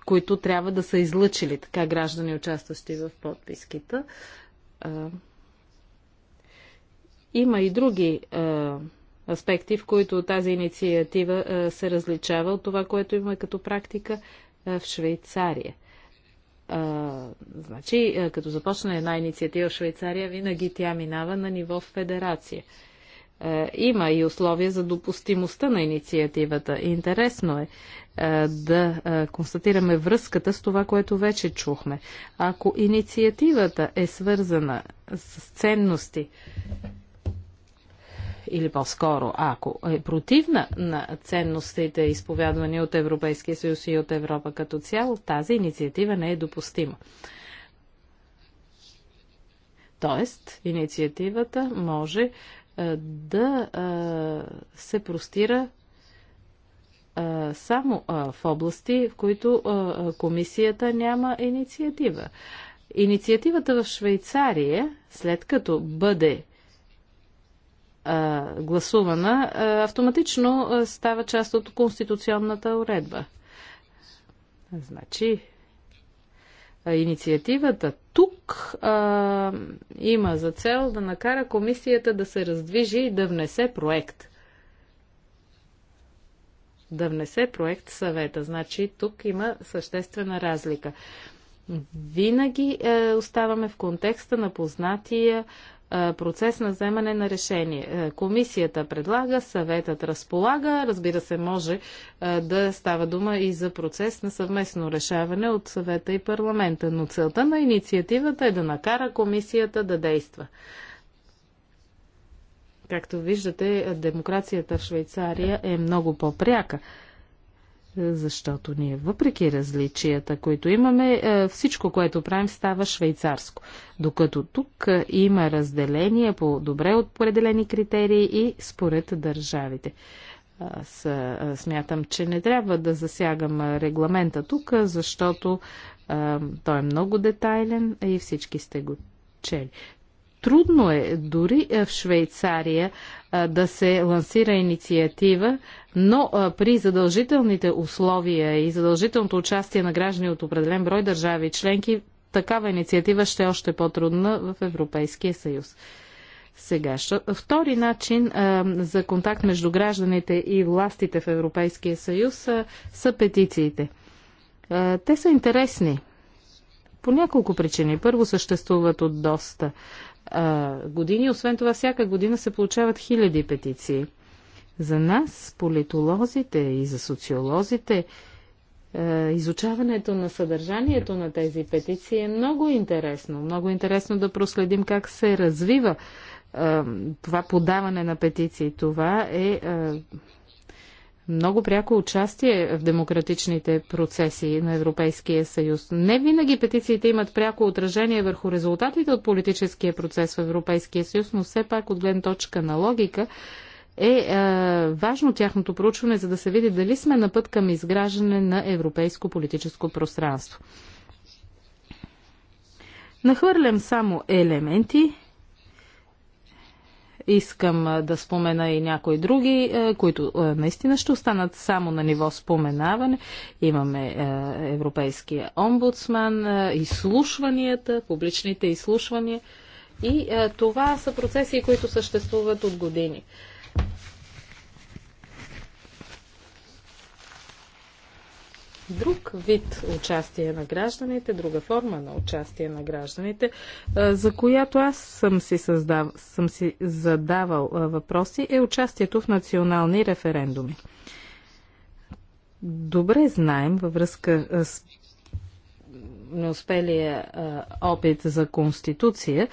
Speaker 1: които трябва да са излъчили така граждани, участващи в подписките. А, има и други а, аспекти, в които тази инициатива а, се различава от това, което има като практика а, в Швейцария. А, значи, като започне една инициатива в Швейцария, винаги тя минава на ниво федерация. А, има и условия за допустимостта на инициативата. Интересно е а, да констатираме връзката с това, което вече чухме. Ако инициативата е свързана с ценности, или по-скоро, ако е противна на ценностите, изповядвани от Европейския съюз и от Европа като цяло, тази инициатива не е допустима. Тоест, инициативата може е, да е, се простира е, само в области, в които комисията няма инициатива. Инициативата в Швейцария, след като бъде а, гласувана, а, автоматично става част от конституционната уредба. Значи, инициативата тук а, има за цел да накара комисията да се раздвижи и да внесе проект. Да внесе проект съвета. Значи тук има съществена разлика. Винаги е, оставаме в контекста на познатия процес на вземане на решение. Е, комисията предлага, съветът разполага. Разбира се, може да става дума и за процес на съвместно решаване от съвета и парламента. Но целта на инициативата е да накара комисията да действа. Както виждате, демокрацията в Швейцария е много по-пряка защото ние, въпреки различията, които имаме, е, всичко, което правим, става швейцарско. Докато тук е, има разделение по добре определени критерии и според държавите. Аз е, смятам, че не трябва да засягам регламента тук, защото а, той е много детайлен и всички сте го чели. Трудно е дори е, в Швейцария е, да се лансира инициатива, но е, при задължителните условия и задължителното участие на граждани от определен брой държави членки, такава инициатива ще е още по-трудна в Европейския съюз. Сега, втори начин а, за контакт между гражданите и властите в Европейския съюз а, са петициите. А, те са интересни по няколко причини. Първо, съществуват от доста а, години. Освен това, всяка година се получават хиляди петиции. За нас, политолозите и за социолозите, изучаването на съдържанието на тези петиции е много интересно. Много интересно да проследим как се развива това подаване на петиции. Това е много пряко участие в демократичните процеси на Европейския съюз. Не винаги петициите имат пряко отражение върху резултатите от политическия процес в Европейския съюз, но все пак от гледна точка на логика е, е важно тяхното проучване, за да се види дали сме на път към изграждане на европейско политическо пространство. Нахвърлям само елементи, Искам да спомена и някои други, които наистина ще останат само на ниво споменаване. Имаме Европейския омбудсман, изслушванията, публичните изслушвания. И това са процеси, които съществуват от години. друг вид участие на гражданите, друга форма на участие на гражданите, за която аз съм си, създав, съм си задавал въпроси, е участието в национални референдуми. Добре знаем във връзка с неуспелия опит за конституция,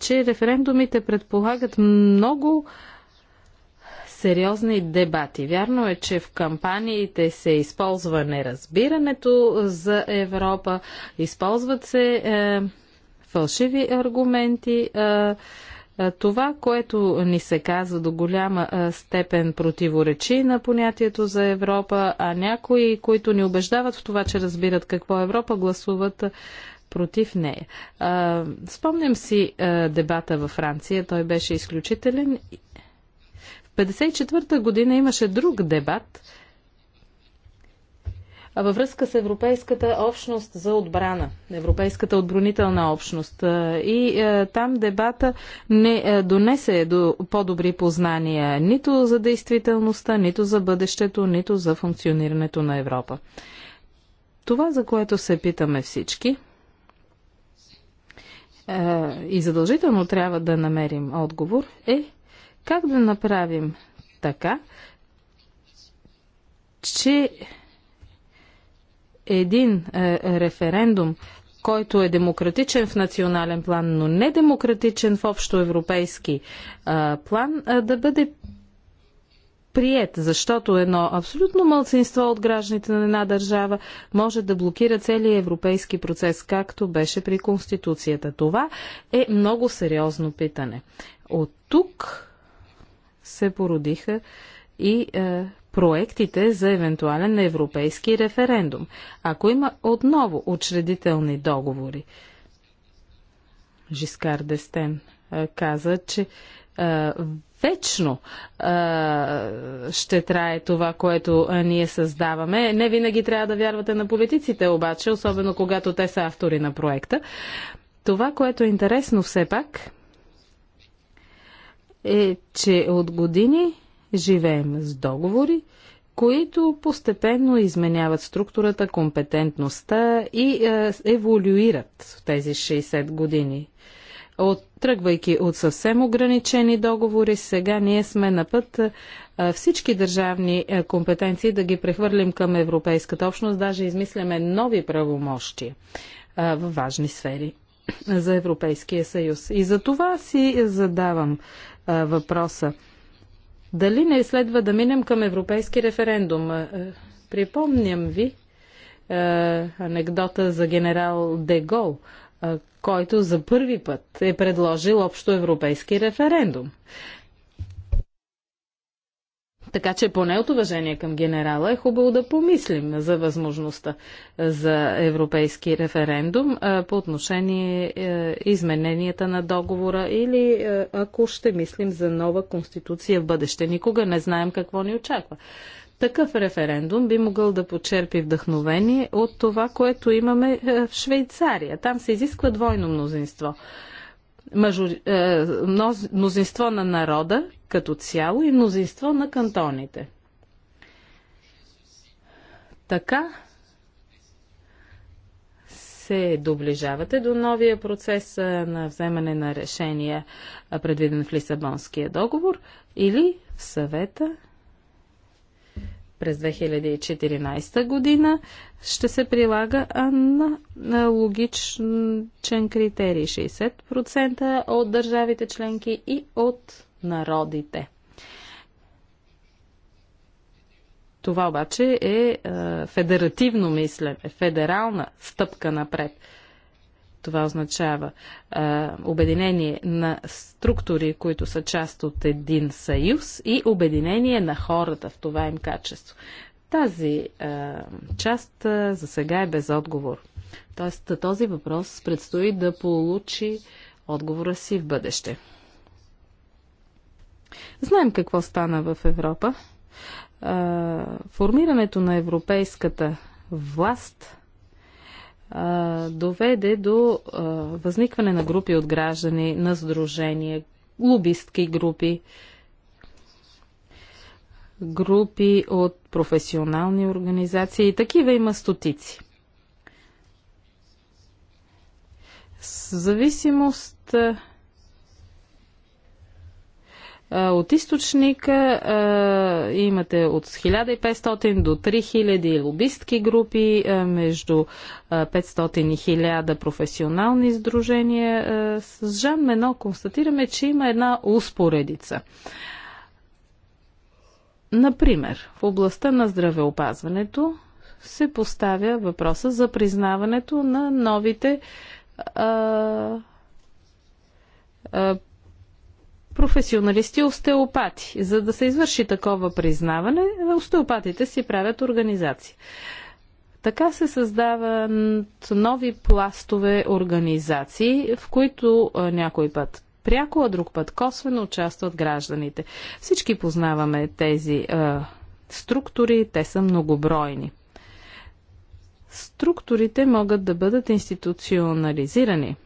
Speaker 1: че референдумите предполагат много сериозни дебати. Вярно е, че в кампаниите се използва неразбирането за Европа, използват се е, фалшиви аргументи. Е, е това, което ни се казва до голяма е, степен противоречи на понятието за Европа, а някои, които ни убеждават в това, че разбират какво е Европа, гласуват против нея. Спомням си дебата във Франция. Той беше изключителен 54-та година имаше друг дебат във връзка с Европейската общност за отбрана, Европейската отбранителна общност. Е, и е, там дебата не е, донесе до по-добри познания нито за действителността, нито за бъдещето, нито за функционирането на Европа. Това, за което се питаме всички, е, и задължително трябва да намерим отговор, е как да направим така, че един е, референдум, който е демократичен в национален план, но не демократичен в общоевропейски е, план, е, да бъде прият, защото едно абсолютно мълцинство от гражданите на една държава може да блокира целият европейски процес, както беше при Конституцията. Това е много сериозно питане. От тук се породиха и е, проектите за евентуален европейски референдум. Ако има отново учредителни договори, Жискар Дестен е, каза, че е, вечно е, ще трае това, което е, ние създаваме. Не винаги трябва да вярвате на политиците, обаче, особено когато те са автори на проекта. Това, което е интересно все пак, е, че от години живеем с договори, които постепенно изменяват структурата, компетентността и е, еволюират в тези 60 години. От, тръгвайки от съвсем ограничени договори, сега ние сме на път е, всички държавни е, компетенции да ги прехвърлим към Европейската общност, даже измисляме нови правомощия е, в важни сфери за Европейския съюз. И за това си задавам а, въпроса. Дали не следва да минем към европейски референдум? Припомням ви а, анекдота за генерал Дегол, а, който за първи път е предложил общо европейски референдум. Така че поне от уважение към генерала е хубаво да помислим за възможността за европейски референдум по отношение е, измененията на договора или е, ако ще мислим за нова конституция в бъдеще. Никога не знаем какво ни очаква. Такъв референдум би могъл да почерпи вдъхновение от това, което имаме е, в Швейцария. Там се изисква двойно мнозинство. Мнозинство на народа, като цяло и мнозинство на кантоните. Така се доближавате до новия процес на вземане на решения, предвиден в Лисабонския договор, или в съвета през 2014 година ще се прилага на логичен критерий 60% от държавите членки и от народите. Това обаче е, е, федеративно мислене, федерална стъпка напред. Това означава е, обединение на структури, които са част от един съюз и обединение на хората в това им качество. Тази е, част е, за сега е без отговор. Тоест този въпрос предстои да получи отговора си в бъдеще. Знаем какво стана в Европа. Формирането на европейската власт доведе до възникване на групи от граждани, на сдружения, лобистки групи, групи от професионални организации и такива има стотици. В зависимост от източника имате от 1500 до 3000 лобистки групи, между 500 и 1000 професионални сдружения. С Жан Мено констатираме, че има една успоредица. Например, в областта на здравеопазването се поставя въпроса за признаването на новите а, а, професионалисти остеопати. За да се извърши такова признаване, остеопатите си правят организации. Така се създават нови пластове организации, в които някой път пряко, а друг път косвено участват гражданите. Всички познаваме тези е, структури, те са многобройни. Структурите могат да бъдат институционализирани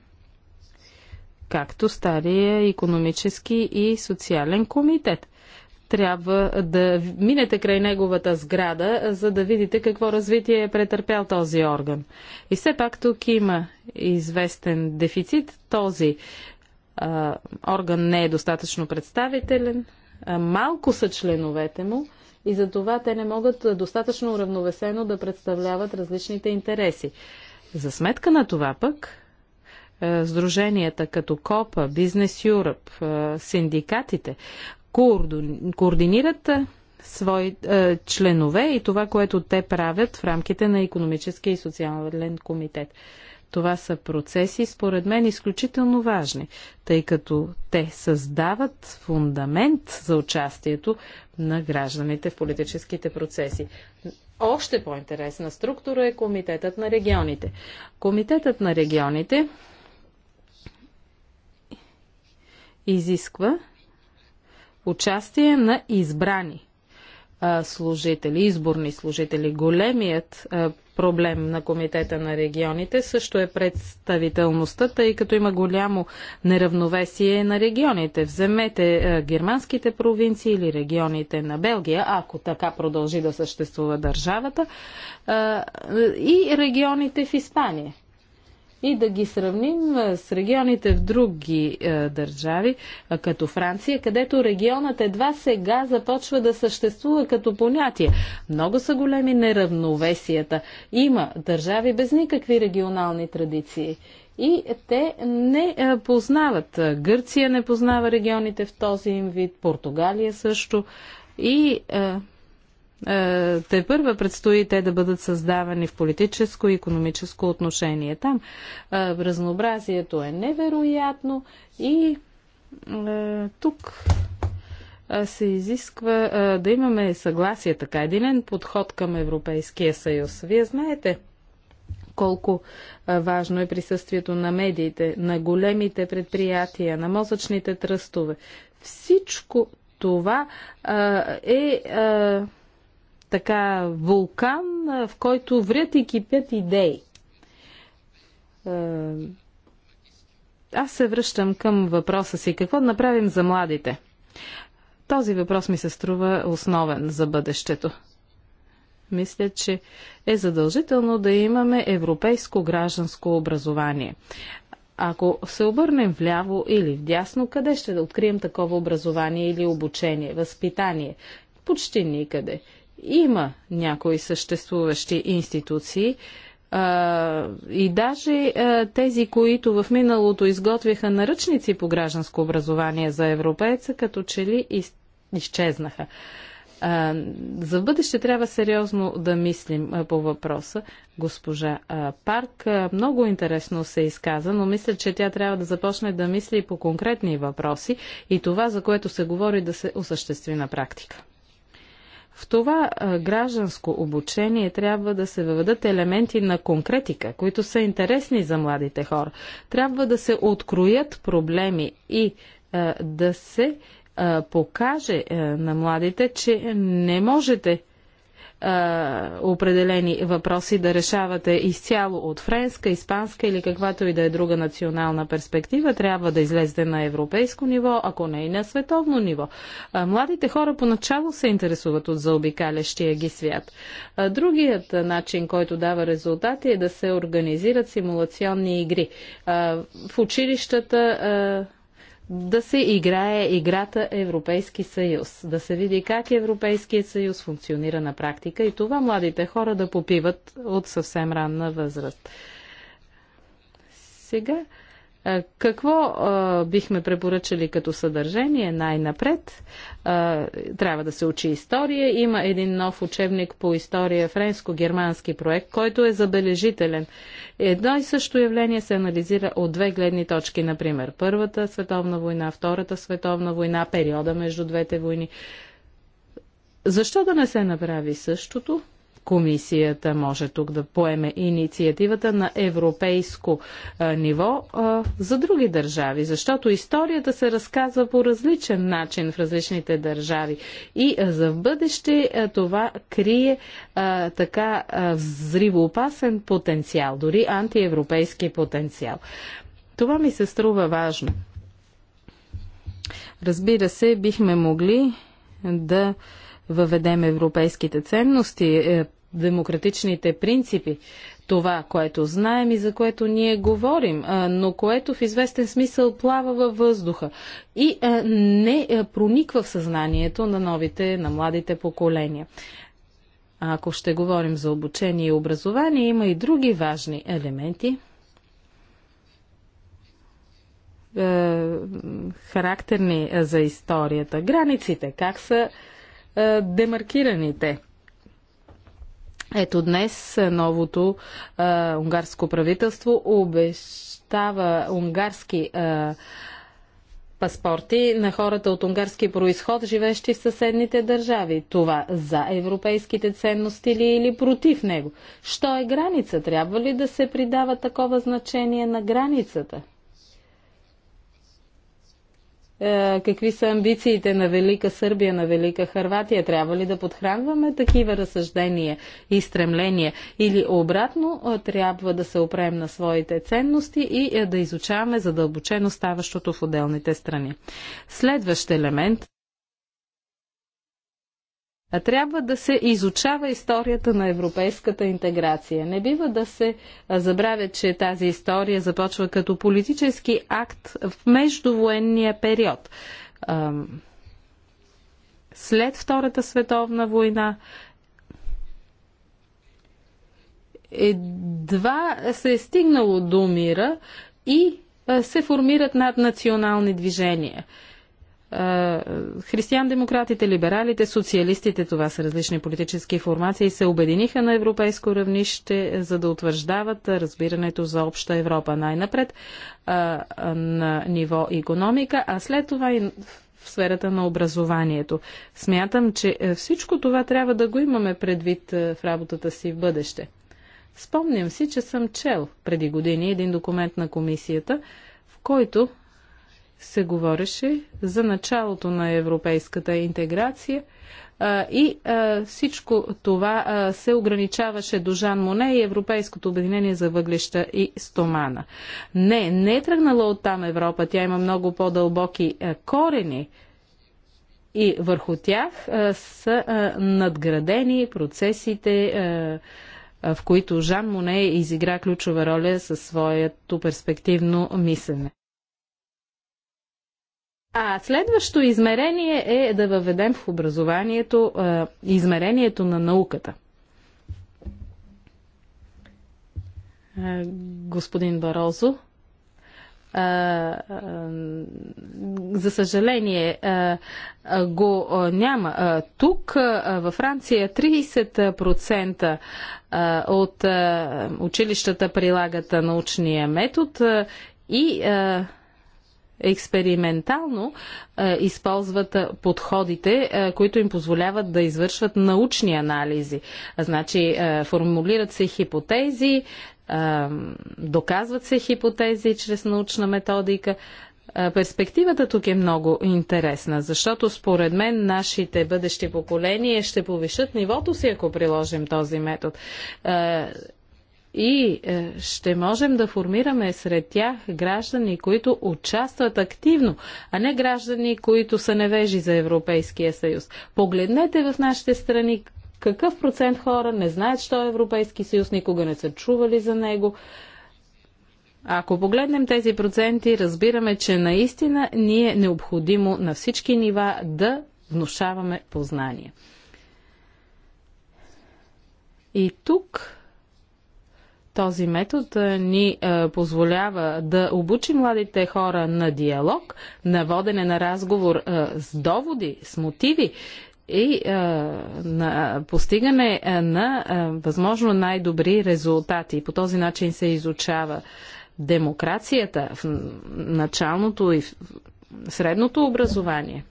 Speaker 1: както Стария економически и социален комитет. Трябва да минете край неговата сграда, за да видите какво развитие е претърпял този орган. И все пак тук има известен дефицит. Този а, орган не е достатъчно представителен. А, малко са членовете му и за това те не могат достатъчно уравновесено да представляват различните интереси. За сметка на това пък, е, сдруженията като КОПА, Бизнес Юръп, е, синдикатите координират е, свои членове и това, което те правят в рамките на економическия и социален комитет. Това са процеси, според мен, изключително важни, тъй като те създават фундамент за участието на гражданите в политическите процеси. Още по-интересна структура е Комитетът на регионите. Комитетът на регионите изисква участие на избрани служители, изборни служители. Големият проблем на Комитета на регионите също е представителността, тъй като има голямо неравновесие на регионите. Вземете германските провинции или регионите на Белгия, ако така продължи да съществува държавата, и регионите в Испания и да ги сравним с регионите в други е, държави, като Франция, където регионът едва сега започва да съществува като понятие. Много са големи неравновесията. Има държави без никакви регионални традиции. И те не е, познават. Гърция не познава регионите в този им вид, Португалия също. И е, е, те първа предстои те да бъдат създавани в политическо и економическо отношение. Там е, разнообразието е невероятно и е, тук се изисква да имаме съгласие, така единен подход към Европейския съюз. Вие знаете колко важно е присъствието на медиите, на големите предприятия, на мозъчните тръстове. Всичко това е така вулкан, в който врят и кипят идеи. Аз се връщам към въпроса си. Какво да направим за младите? Този въпрос ми се струва основен за бъдещето. Мисля, че е задължително да имаме европейско гражданско образование. Ако се обърнем вляво или вдясно, къде ще да открием такова образование или обучение, възпитание? Почти никъде. Има някои съществуващи институции, а, и даже а, тези, които в миналото изготвяха наръчници по гражданско образование за европейца, като че ли из, изчезнаха. А, за бъдеще трябва сериозно да мислим а, по въпроса. Госпожа а, Парк а, много интересно се изказа, но мисля, че тя трябва да започне да мисли по конкретни въпроси и това, за което се говори, да се осъществи на практика. В това гражданско обучение трябва да се въведат елементи на конкретика, които са интересни за младите хора. Трябва да се откроят проблеми и да се покаже на младите, че не можете а, определени въпроси да решавате изцяло от френска, испанска или каквато и да е друга национална перспектива. Трябва да излезете на европейско ниво, ако не и на световно ниво. А, младите хора поначало се интересуват от заобикалящия ги свят. А, другият начин, който дава резултати е да се организират симулационни игри. А, в училищата да се играе играта Европейски съюз, да се види как Европейският съюз функционира на практика и това младите хора да попиват от съвсем ранна възраст. Сега какво бихме препоръчали като съдържание най-напред? Трябва да се учи история. Има един нов учебник по история, френско-германски проект, който е забележителен. Едно и също явление се анализира от две гледни точки, например. Първата световна война, Втората световна война, периода между двете войни. Защо да не се направи същото Комисията може тук да поеме инициативата на европейско ниво за други държави, защото историята се разказва по различен начин в различните държави. И за в бъдеще това крие така взривоопасен потенциал, дори антиевропейски потенциал. Това ми се струва важно. Разбира се, бихме могли да въведем европейските ценности е, демократичните принципи, това, което знаем и за което ние говорим, но което в известен смисъл плава във въздуха и не прониква в съзнанието на новите, на младите поколения. А ако ще говорим за обучение и образование, има и други важни елементи. Е, характерни за историята. Границите, как са е, демаркираните? Ето днес новото а, унгарско правителство обещава унгарски а, паспорти на хората от унгарски происход, живещи в съседните държави. Това за европейските ценности ли или против него? Що е граница? Трябва ли да се придава такова значение на границата? Е, какви са амбициите на Велика Сърбия, на Велика Харватия. Трябва ли да подхранваме такива разсъждения и стремления? Или обратно е, трябва да се опрем на своите ценности и е, да изучаваме задълбочено ставащото в отделните страни. Следващ елемент а трябва да се изучава историята на европейската интеграция. Не бива да се забравя, че тази история започва като политически акт в междувоенния период. След Втората световна война едва се е стигнало до мира и се формират наднационални движения християн-демократите, либералите, социалистите, това са различни политически формации, се обединиха на европейско равнище, за да утвърждават разбирането за обща Европа най-напред на ниво економика, а след това и в сферата на образованието. Смятам, че е, всичко това трябва да го имаме предвид е, в работата си в бъдеще. Спомням си, че съм чел преди години един документ на комисията, в който се говореше за началото на европейската интеграция а, и а, всичко това а, се ограничаваше до Жан Моне и Европейското обединение за въглища и стомана. Не, не е тръгнала там Европа, тя има много по-дълбоки корени и върху тях са надградени процесите в които Жан Моне изигра ключова роля със своето перспективно мислене. А следващо измерение е да въведем в образованието а, измерението на науката. господин Барозо, а, а, за съжаление, а, го няма. Тук във Франция 30% от училищата прилагат научния метод и експериментално е, използват е, подходите, е, които им позволяват да извършват научни анализи. Значи, е, формулират се хипотези, е, доказват се хипотези чрез научна методика. Е, перспективата тук е много интересна, защото според мен нашите бъдещи поколения ще повишат нивото си, ако приложим този метод и е, ще можем да формираме сред тях граждани, които участват активно, а не граждани, които са невежи за Европейския съюз. Погледнете в нашите страни какъв процент хора не знаят, що е Европейски съюз, никога не са чували за него. Ако погледнем тези проценти, разбираме, че наистина ни е необходимо на всички нива да внушаваме познание. И тук този метод ни позволява да обучи младите хора на диалог, на водене на разговор с доводи, с мотиви и на постигане на възможно най-добри резултати. По този начин се изучава демокрацията в началното и в средното образование.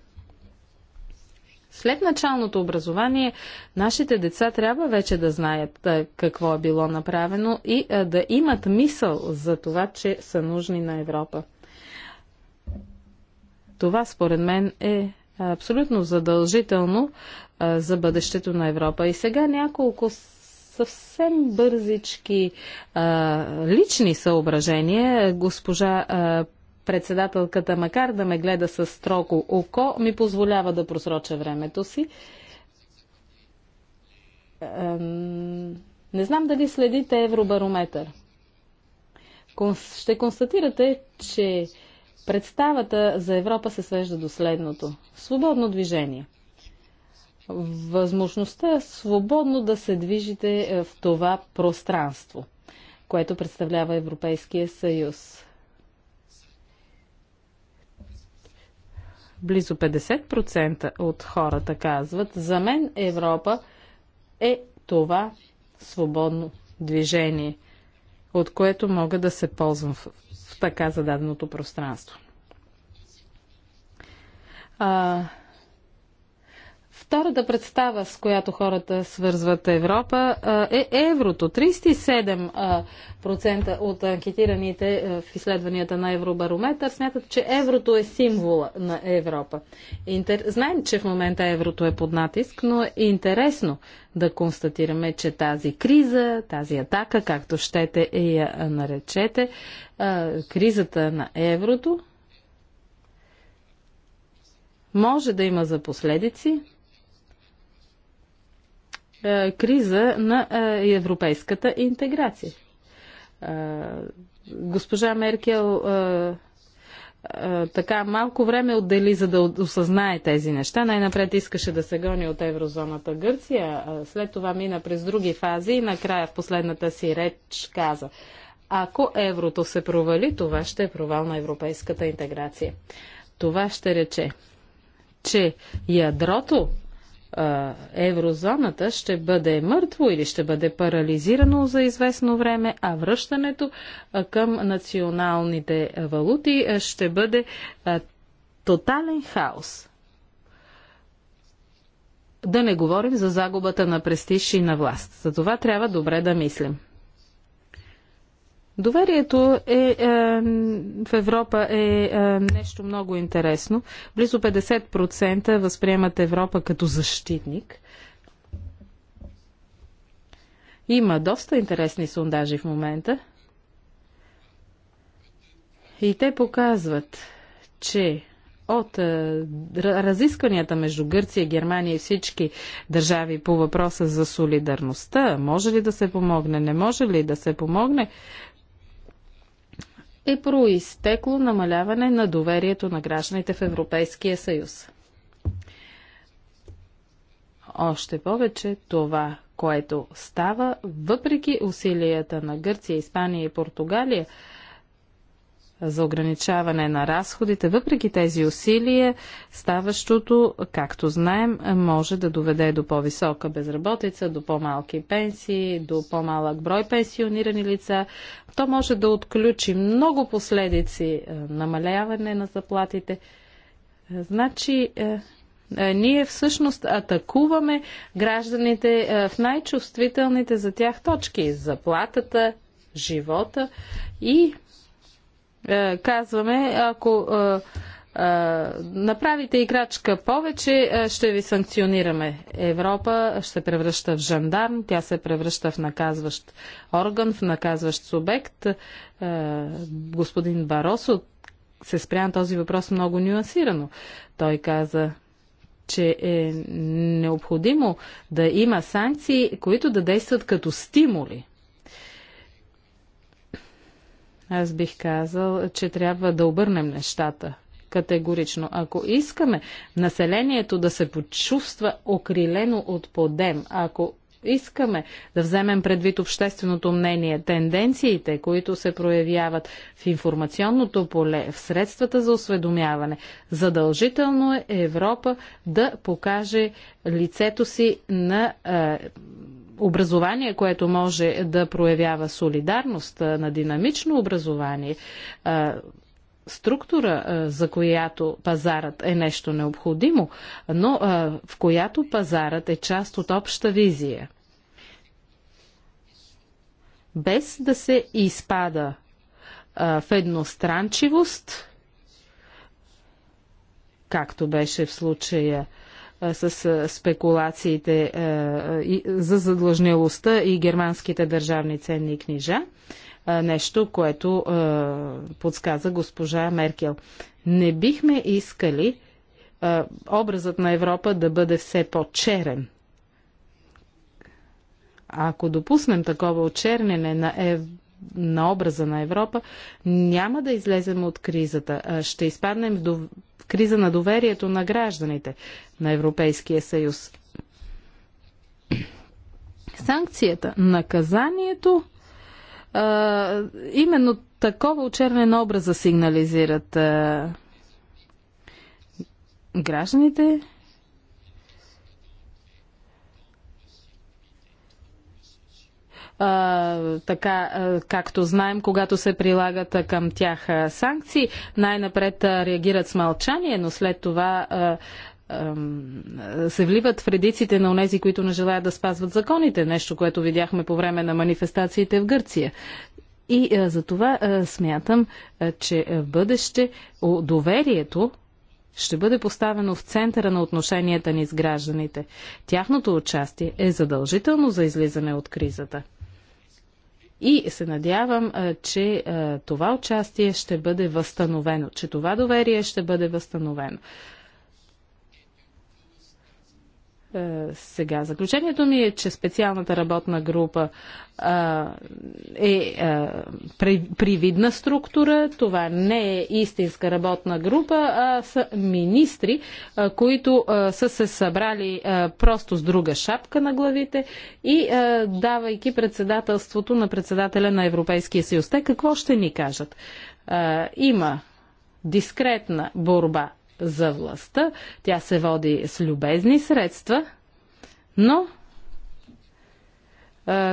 Speaker 1: След началното образование нашите деца трябва вече да знаят какво е било направено и да имат мисъл за това, че са нужни на Европа. Това според мен е абсолютно задължително за бъдещето на Европа. И сега няколко съвсем бързички лични съображения. Госпожа Председателката, макар да ме гледа с строко око, ми позволява да просроча времето си. Не знам дали следите Евробарометър. Ще констатирате, че представата за Европа се свежда до следното. Свободно движение – възможността свободно да се движите е, в това пространство, което представлява Европейския съюз. Близо 50% от хората казват, за мен Европа е това свободно движение, от което мога да се ползвам в, в така зададеното пространство. А, Втората представа, с която хората свързват Европа, е еврото. 37% от анкетираните в изследванията на Евробарометър смятат, че еврото е символа на Европа. Интер... Знаем, че в момента еврото е под натиск, но е интересно да констатираме, че тази криза, тази атака, както щете и я наречете, кризата на еврото може да има за последици е, криза на е, европейската интеграция. Е, госпожа Меркел така малко време отдели, за да осъзнае тези неща. Най-напред искаше да се гони от еврозоната Гърция, след това мина през други фази и накрая в последната си реч каза ако еврото се провали, това ще е провал на европейската интеграция. Това ще рече, че ядрото еврозоната ще бъде мъртво или ще бъде парализирано за известно време, а връщането към националните валути ще бъде тотален хаос. Да не говорим за загубата на престиж и на власт. За това трябва добре да мислим. Доверието е, е, в Европа е, е нещо много интересно. Близо 50% възприемат Европа като защитник. Има доста интересни сондажи в момента. И те показват, че от е, разискванията между Гърция, Германия и всички държави по въпроса за солидарността, може ли да се помогне, не може ли да се помогне, е проистекло намаляване на доверието на гражданите в Европейския съюз. Още повече това, което става, въпреки усилията на Гърция, Испания и Португалия, за ограничаване на разходите. Въпреки тези усилия, ставащото, както знаем, може да доведе до по-висока безработица, до по-малки пенсии, до по-малък брой пенсионирани лица. То може да отключи много последици, е, намаляване на заплатите. Е, значи, е, ние всъщност атакуваме гражданите в най-чувствителните за тях точки заплатата, живота и е, казваме, ако е, е, направите и крачка повече, ще ви санкционираме. Европа ще се превръща в жандарм, тя се превръща в наказващ орган, в наказващ субект. Господин Баросо се спря на този въпрос много нюансирано. Той каза, че е необходимо да има санкции, които да действат като стимули аз бих казал, че трябва да обърнем нещата категорично. Ако искаме населението да се почувства окрилено от подем, ако искаме да вземем предвид общественото мнение, тенденциите, които се проявяват в информационното поле, в средствата за осведомяване, задължително е Европа да покаже лицето си на е, образование, което може да проявява солидарност, на динамично образование, структура, за която пазарът е нещо необходимо, но в която пазарът е част от обща визия. Без да се изпада в едностранчивост, както беше в случая с спекулациите за задлъжнелостта и германските държавни ценни книжа. Нещо, което подсказа госпожа Меркел. Не бихме искали образът на Европа да бъде все по-черен. Ако допуснем такова очернене на Европа, на образа на Европа, няма да излезем от кризата. Ще изпаднем в, дов... криза на доверието на гражданите на Европейския съюз. Санкцията, наказанието, а, именно такова очернен образа сигнализират а, гражданите, така както знаем, когато се прилагат към тях санкции. Най-напред реагират с мълчание, но след това се вливат в редиците на онези, които не желаят да спазват законите. Нещо, което видяхме по време на манифестациите в Гърция. И а, за това а, смятам, а, че в бъдеще о, доверието ще бъде поставено в центъра на отношенията ни с гражданите. Тяхното участие е задължително за излизане от кризата. И се надявам, че това участие ще бъде възстановено, че това доверие ще бъде възстановено. Е, сега, заключението ми е, че специалната работна група а, е а, е, при, привидна структура. Това не е истинска работна група, а са министри, а, е, които а, са се събрали а, просто с друга шапка на главите и а, давайки председателството на председателя на Европейския съюз. Те какво ще ни кажат? А, има дискретна борба за властта. Тя се води с любезни средства, но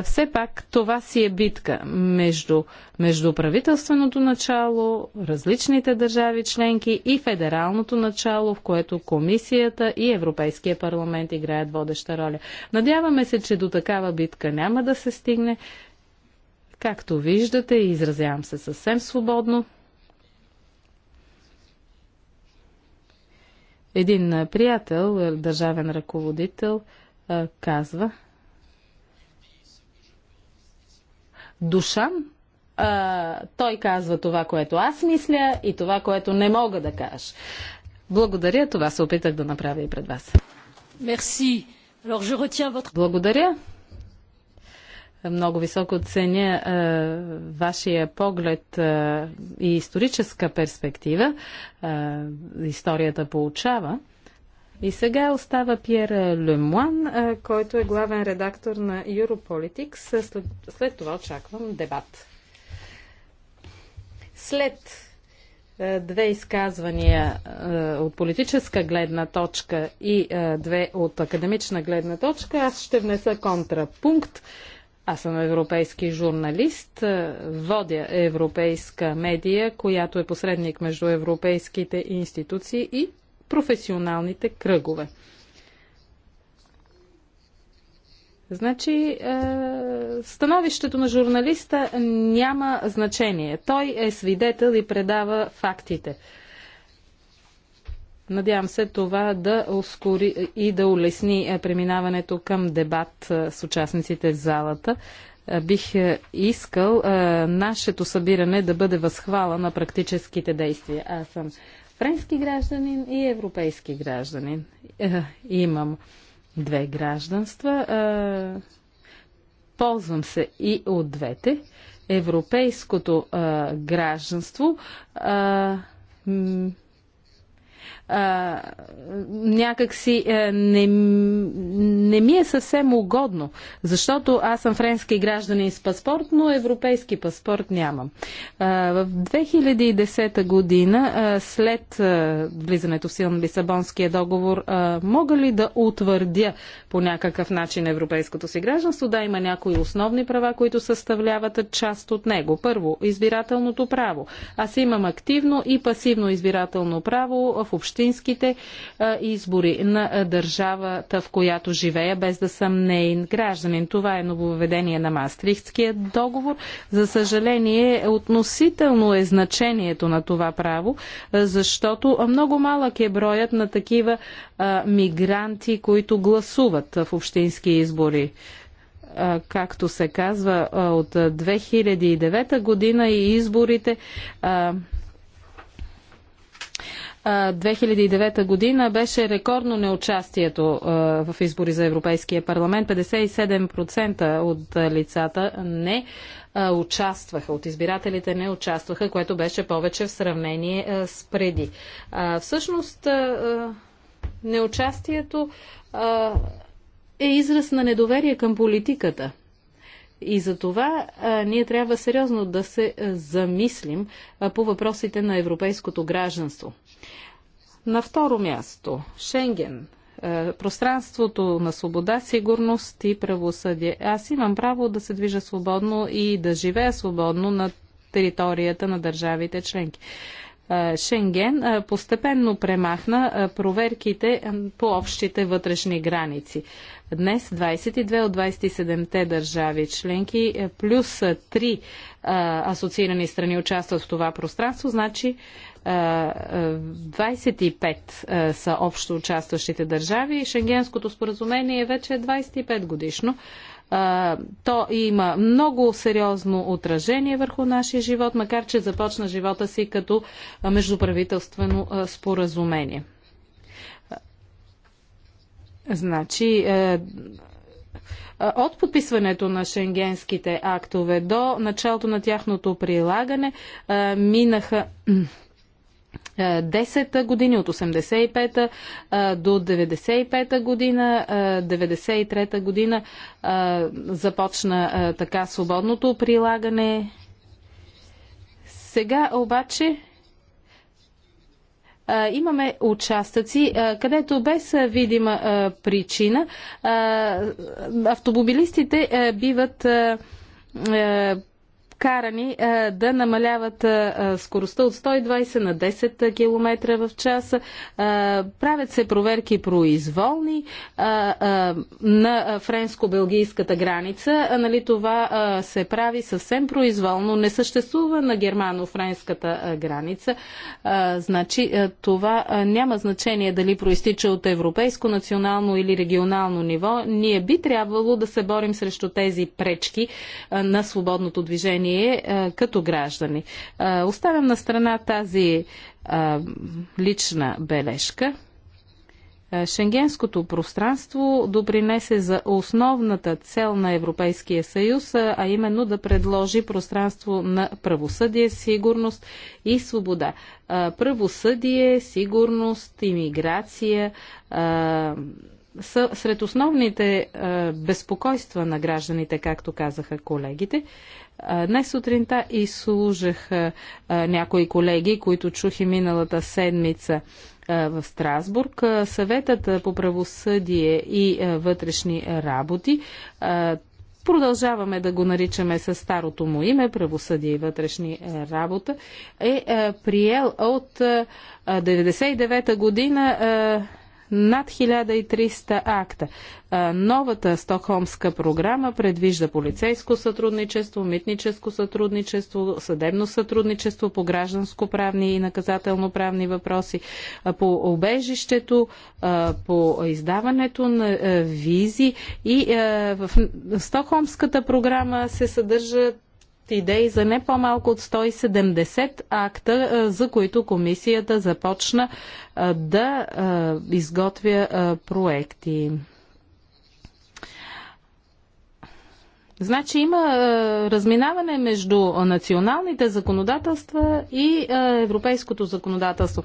Speaker 1: все пак това си е битка между, между правителственото начало, различните държави членки и федералното начало, в което комисията и Европейския парламент играят водеща роля. Надяваме се, че до такава битка няма да се стигне. Както виждате, изразявам се съвсем свободно. Един приятел, е, държавен ръководител, казва Душан, той казва това, което аз мисля и това, което не мога да кажа. Благодаря, това се опитах да направя и пред вас. Alors, je retiens votre... Благодаря. Много високо ценя а, е, вашия поглед а, е, и историческа перспектива. А, е, историята получава. И сега остава Пьер Лемуан, който е главен редактор на Europolitics. След, след това очаквам дебат. След две изказвания от политическа гледна точка и две от академична гледна точка, аз ще внеса контрапункт. Аз съм европейски журналист, е, водя европейска медия, която е посредник между европейските институции и професионалните кръгове. Значи, е, становището на журналиста няма значение. Той е свидетел и предава фактите. Надявам се това да ускори и да улесни е, преминаването към дебат е, с участниците в залата. Е, бих искал нашето събиране да бъде възхвала на практическите действия. Аз съм френски гражданин и европейски гражданин. Имам две гражданства. Ползвам се и от двете. Европейското гражданство а, някакси а, е, не, не ми е съвсем угодно, защото аз съм френски гражданин с паспорт, но европейски паспорт нямам. А, в 2010 година, а, след а, влизането в сила на Лисабонския договор, а, мога ли да утвърдя по някакъв начин европейското си гражданство? Да, има някои основни права, които съставляват част от него. Първо, избирателното право. Аз имам активно и пасивно избирателно право в общ общинските избори на държавата, в която живея, без да съм нейн гражданин. Това е нововведение на Мастрихтския договор. За съжаление, относително е значението на това право, защото много малък е броят на такива мигранти, които гласуват в общински избори както се казва, от 2009 година и изборите 2009 година беше рекордно неучастието в избори за Европейския парламент. 57% от лицата не участваха, от избирателите не участваха, което беше повече в сравнение с преди. Всъщност, неучастието е израз на недоверие към политиката. И за това а, ние трябва сериозно да се а, замислим а, по въпросите на европейското гражданство. На второ място, Шенген е, пространството на свобода, сигурност и правосъдие. Аз имам право да се движа свободно и да живея свободно на територията на държавите членки. Е, Шенген е, постепенно премахна проверките по общите вътрешни граници. Днес 22 от 27-те държави членки плюс 3 асоциирани страни участват в това пространство, значи 25 е, са общо участващите държави. Шенгенското споразумение е вече е 25 годишно. То има много сериозно отражение върху нашия живот, макар че започна живота си като междуправителствено е, споразумение. Значи, от подписването на шенгенските актове до началото на тяхното прилагане минаха 10 е, години, от 85 е, до 95 година, 93 е, година започна така свободното прилагане. Сега обаче имаме участъци, където без видима причина автомобилистите биват карани е, да намаляват е, е, скоростта от 120 на 10 км в час. Правят се проверки произволни на френско-белгийската граница. Нали това се прави съвсем произволно. Не съществува на германо-френската граница. Значи това няма значение дали проистича от европейско, национално или регионално ниво. Ние би трябвало да се борим срещу тези пречки на свободното движение поведение като граждани. Е, оставям на страна тази е, лична бележка. Е, шенгенското пространство допринесе за основната цел на Европейския съюз, а именно да предложи пространство на правосъдие, сигурност и свобода. Правосъдие, сигурност, имиграция, са сред основните е, безпокойства на гражданите, както казаха колегите. Е, днес сутринта изслужах е, някои колеги, които чух и миналата седмица в Страсбург. Съветът по правосъдие и вътрешни работи продължаваме да го наричаме със старото му име, правосъдие и вътрешни работа, е приел от 1999 година над 1300 акта. Новата Стокхолмска програма предвижда полицейско сътрудничество, митническо сътрудничество, съдебно сътрудничество по гражданско-правни и наказателно-правни въпроси, по обежището, по издаването на визи и в Стокхолмската програма се съдържат идеи за не по-малко от 170 акта, за които комисията започна да изготвя проекти. Значи има е, разминаване между националните законодателства и е, европейското законодателство.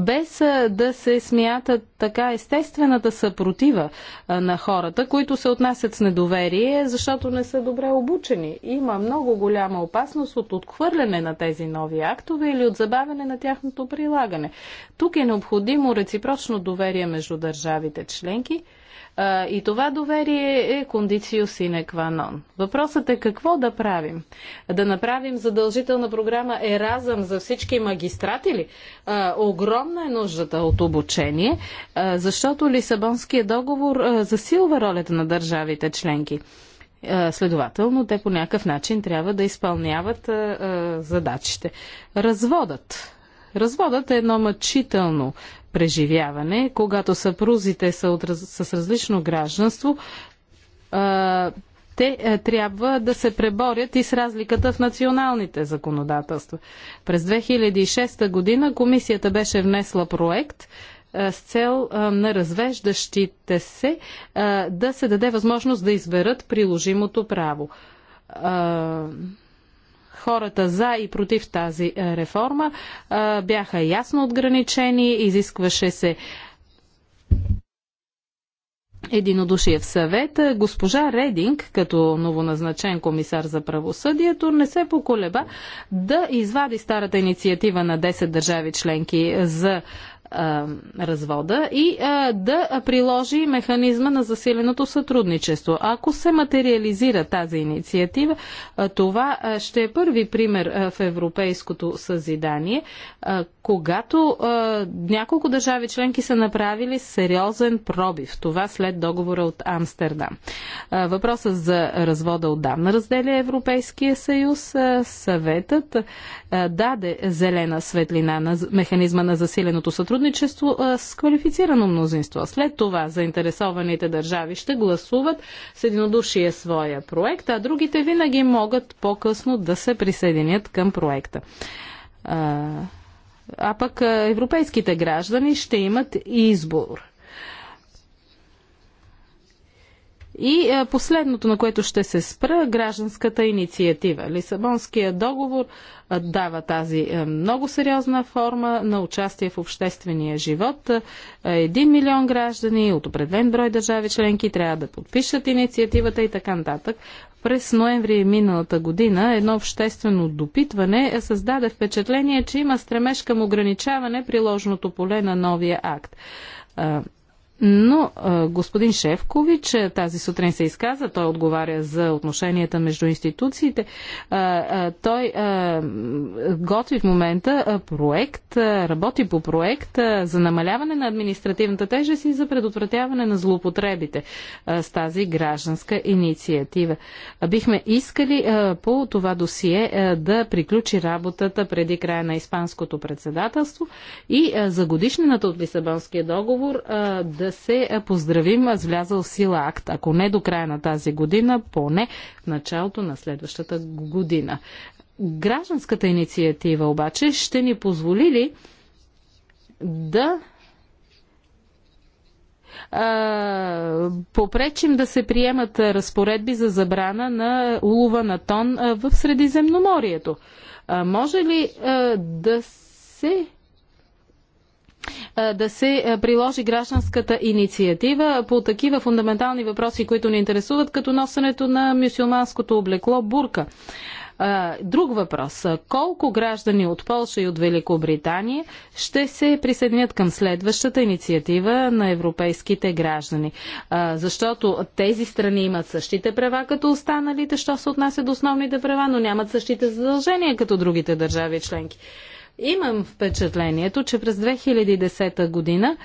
Speaker 1: Без е, да се смята така естествената съпротива е, на хората, които се отнасят с недоверие, защото не са добре обучени. Има много голяма опасност от отхвърляне на тези нови актове или от забавяне на тяхното прилагане. Тук е необходимо реципрочно доверие между държавите членки – и това доверие е кондицио sine qua non. Въпросът е какво да правим? Да направим задължителна програма Еразъм за всички магистрати ли? Огромна е нуждата от обучение, защото Лисабонският договор засилва ролята на държавите членки. Следователно, те по някакъв начин трябва да изпълняват задачите. Разводът Разводът е едно мъчително преживяване, когато съпрузите са от, с различно гражданство, те трябва да се преборят и с разликата в националните законодателства. През 2006 година комисията беше внесла проект с цел на развеждащите се да се даде възможност да изберат приложимото право хората за и против тази е, реформа е, бяха ясно отграничени, изискваше се единодушие в съвет. госпожа Рединг, като новоназначен комисар за правосъдието, не се поколеба да извади старата инициатива на 10 държави членки за е, а, развода и а, да приложи механизма на засиленото сътрудничество. Ако се материализира тази инициатива, а, това ще е първи пример а, в европейското съзидание, а, когато а, няколко държави членки са направили сериозен пробив, това след договора от Амстердам. А, въпросът за развода отдавна разделя Европейския съюз. А, съветът а, даде зелена светлина на механизма на засиленото сътрудничество а, с квалифицирано мнозинство. След това заинтересованите държави ще гласуват с единодушие своя проект, а другите винаги могат по-късно да се присъединят към проекта. А, а пък европейските граждани ще имат избор И е, последното, на което ще се спра, гражданската инициатива. Лисабонския договор е, дава тази е, много сериозна форма на участие в обществения живот. Един милион граждани от определен брой държави членки трябва да подпишат инициативата и така нататък. През ноември миналата година едно обществено допитване създаде впечатление, че има стремеж към ограничаване приложното поле на новия акт но господин Шевкович е, тази сутрин се изказа, той отговаря за отношенията между институциите. Той готви в момента проект, работи по проект за намаляване на административната тежест и за предотвратяване на злоупотребите с тази гражданска инициатива. Бихме искали по това досие да приключи работата преди края на Испанското председателство и за годишнината от Лисабонския договор да да се е, поздравим с влязъл в сила акт. Ако не до края на тази година, поне в началото на следващата година. Гражданската инициатива обаче ще ни позволи ли да попречим да се приемат разпоредби за забрана на улова на тон в Средиземноморието. Може ли да се да се приложи гражданската инициатива по такива фундаментални въпроси, които ни интересуват, като носенето на мюсюлманското облекло бурка. Друг въпрос. Колко граждани от Полша и от Великобритания ще се присъединят към следващата инициатива на европейските граждани? Защото тези страни имат същите права като останалите, що се отнася до основните права, но нямат същите задължения като другите държави членки. Имам впечатлението, че през 2010 година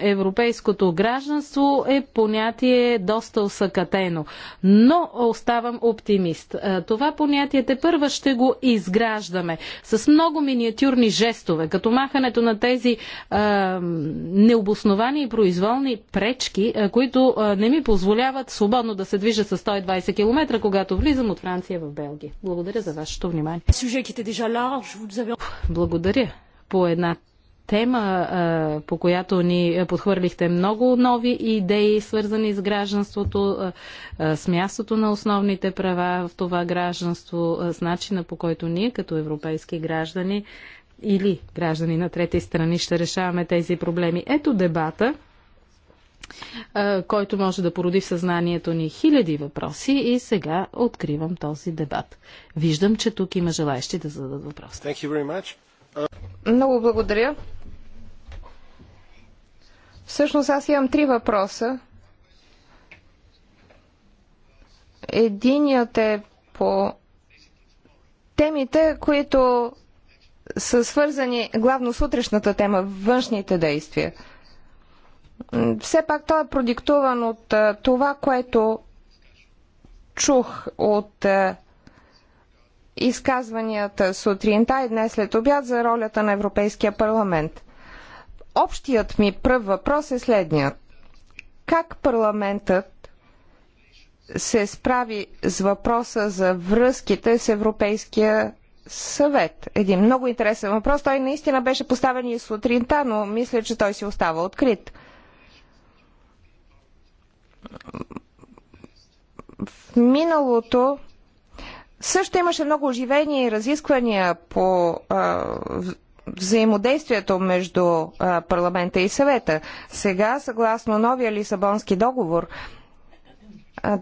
Speaker 1: европейското гражданство е понятие доста усъкатено. Но оставам оптимист. Е, това понятие те първа ще го изграждаме с много миниатюрни жестове, като махането на тези а, е, необосновани и произволни пречки, а, е, които а, не ми позволяват свободно да се движа с 120 км, когато влизам от Франция в Белгия. Благодаря за вашето внимание. Благодаря по една тема, по която ни подхвърлихте много нови идеи, свързани с гражданството, с мястото на основните права в това гражданство, с начина по който ние като европейски граждани или граждани на трети страни ще решаваме тези проблеми. Ето дебата който може да породи в съзнанието ни хиляди въпроси и сега откривам този дебат. Виждам, че
Speaker 2: тук има желаящи да зададат въпроси. Много благодаря. Всъщност аз имам три въпроса. Единият е по темите, които са свързани главно с утрешната тема външните действия. Все пак той е продиктуван от това, което чух от изказванията сутринта и днес след обяд за ролята на Европейския парламент – Общият ми пръв въпрос е следният. Как парламентът се справи с въпроса за връзките с Европейския съвет? Един много интересен въпрос. Той наистина беше поставен и сутринта, но мисля, че той си остава открит в миналото също имаше много оживение и разисквания по а, взаимодействието между парламента и съвета. Сега, съгласно новия Лисабонски договор,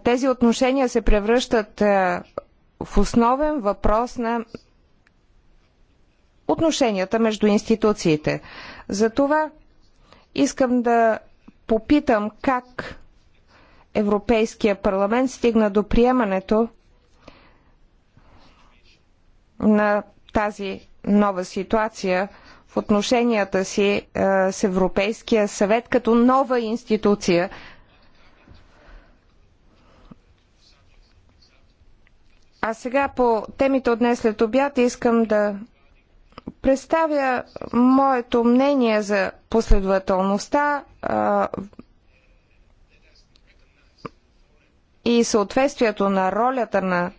Speaker 2: тези отношения се превръщат в основен въпрос на отношенията между институциите. Затова искам да попитам как Европейския парламент стигна до приемането на тази нова ситуация в отношенията си е, с Европейския съвет като нова институция. А сега по темите от днес след обяд искам да представя моето мнение за последователността а, е, и съответствието на ролята на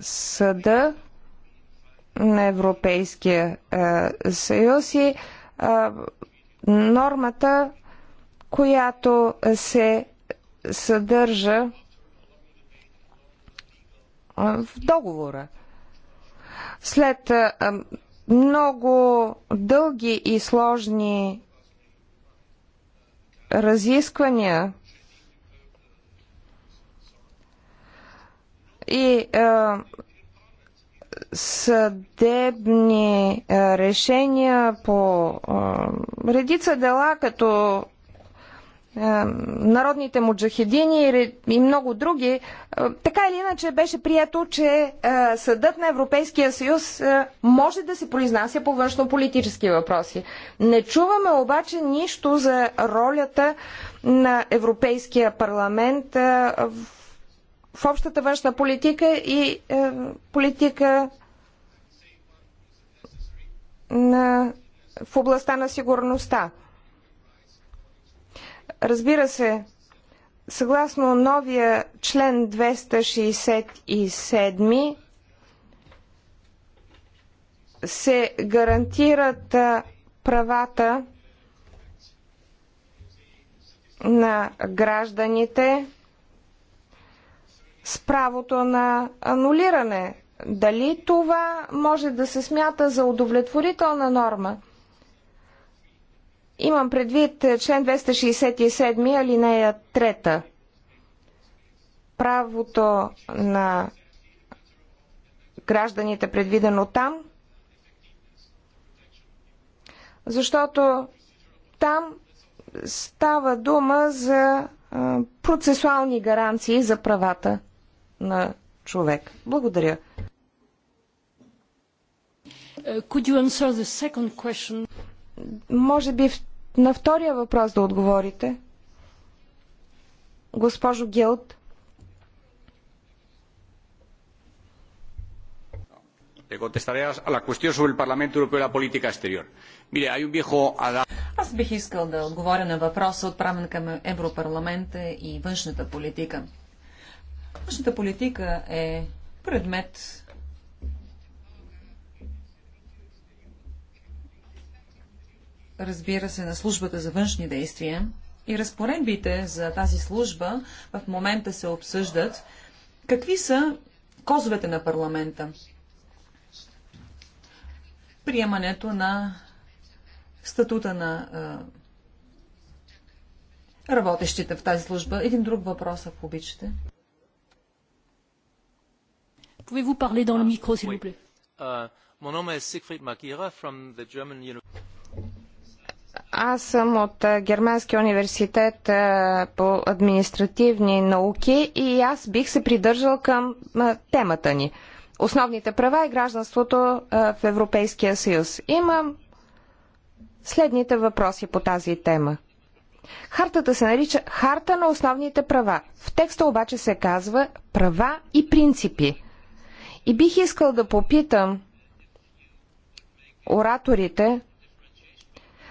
Speaker 2: съда на Европейския е, съюз и е, нормата, която се съдържа е, в
Speaker 3: договора.
Speaker 2: След много дълги и сложни разисквания и е, съдебни решения по редица дела, като народните муджахедини и много други, така или иначе беше прието, че съдът на Европейския съюз може да се произнася по външно-политически въпроси. Не чуваме обаче нищо за ролята на Европейския парламент в общата външна политика и политика на, в областта на сигурността. Разбира се, съгласно новия член 267 се гарантират правата на гражданите с правото на анулиране дали това може да се смята за удовлетворителна норма? Имам предвид е, член 267, алинея 3. Правото на гражданите предвидено там, защото там става дума за процесуални гаранции за правата на човек. Благодаря. Uh, Може би на втория въпрос да отговорите. Госпожо Гилд.
Speaker 3: contestaré a la cuestión sobre el Parlamento Europeo y la política exterior. Mire, hay un viejo Аз бих искал да отговоря на въпроса, отправен към Европарламента и външната политика. Външната политика е предмет разбира се, на службата за външни действия и разпоредбите за тази служба в момента се обсъждат. Какви са козовете на парламента? Приемането на статута на работещите в тази служба. Един друг въпрос, ако обичате.
Speaker 2: Pouvez-vous parler dans le ah, micro, s'il vous plaît euh, Аз съм от е, Германския университет е, по административни науки и аз бих се придържал към е, темата ни. Основните права и гражданството в Европейския съюз. Имам следните въпроси по тази тема. Хартата се нарича Харта на основните права. В текста обаче се казва права и принципи. И бих искал да попитам ораторите,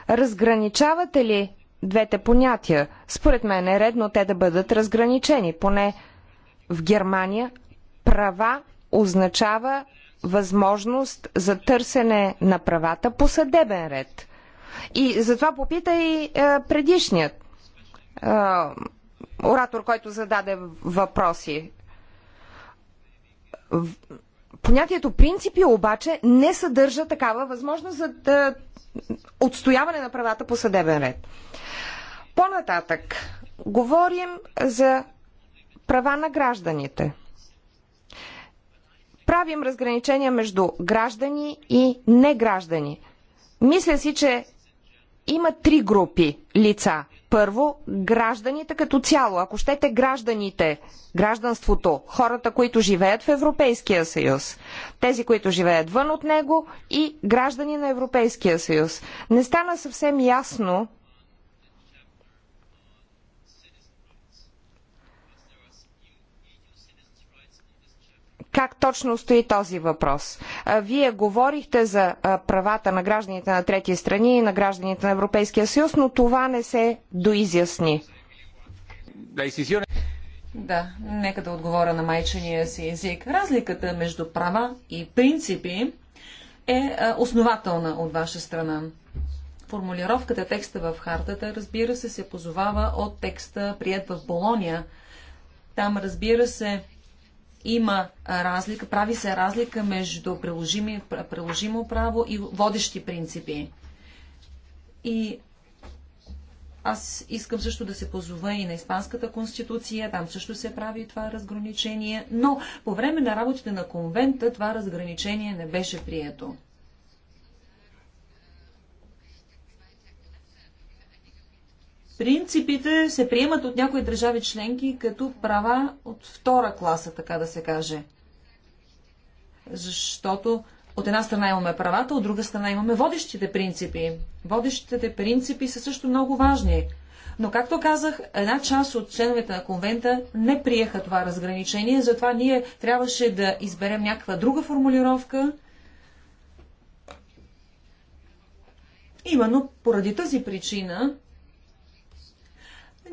Speaker 2: разграничавате ли двете понятия? Според мен е редно те да бъдат разграничени. Поне в Германия права означава възможност за търсене на правата по съдебен ред. И затова попита и е, предишният е, оратор, който зададе въпроси. Понятието принципи обаче не съдържа такава възможност за да отстояване на правата по съдебен ред. По-нататък говорим за права на гражданите. Правим разграничения между граждани и неграждани. Мисля си, че има три групи лица. Първо, гражданите като цяло, ако щете гражданите, гражданството, хората, които живеят в Европейския съюз, тези, които живеят вън от него и граждани на Европейския съюз. Не стана съвсем ясно как точно стои този въпрос. Вие говорихте за правата на гражданите на трети страни и на гражданите на Европейския съюз, но това не се доизясни.
Speaker 3: Да, нека да отговоря на майчения си език. Разликата между права и принципи е основателна от ваша страна. Формулировката текста в хартата, разбира се, се позовава от текста прият в Болония. Там, разбира се, има разлика, прави се разлика между приложими, приложимо право и водещи принципи. И аз искам също да се позова и на Испанската конституция, там също се прави това разграничение, но по време на работите на конвента това разграничение не беше прието. принципите се приемат от някои държави членки като права от втора класа, така да се каже. Защото от една страна имаме правата, от друга страна имаме водещите принципи. Водещите принципи са също много важни. Но, както казах, една част от членовете на конвента не приеха това разграничение, затова ние трябваше да изберем някаква друга формулировка. Именно поради тази причина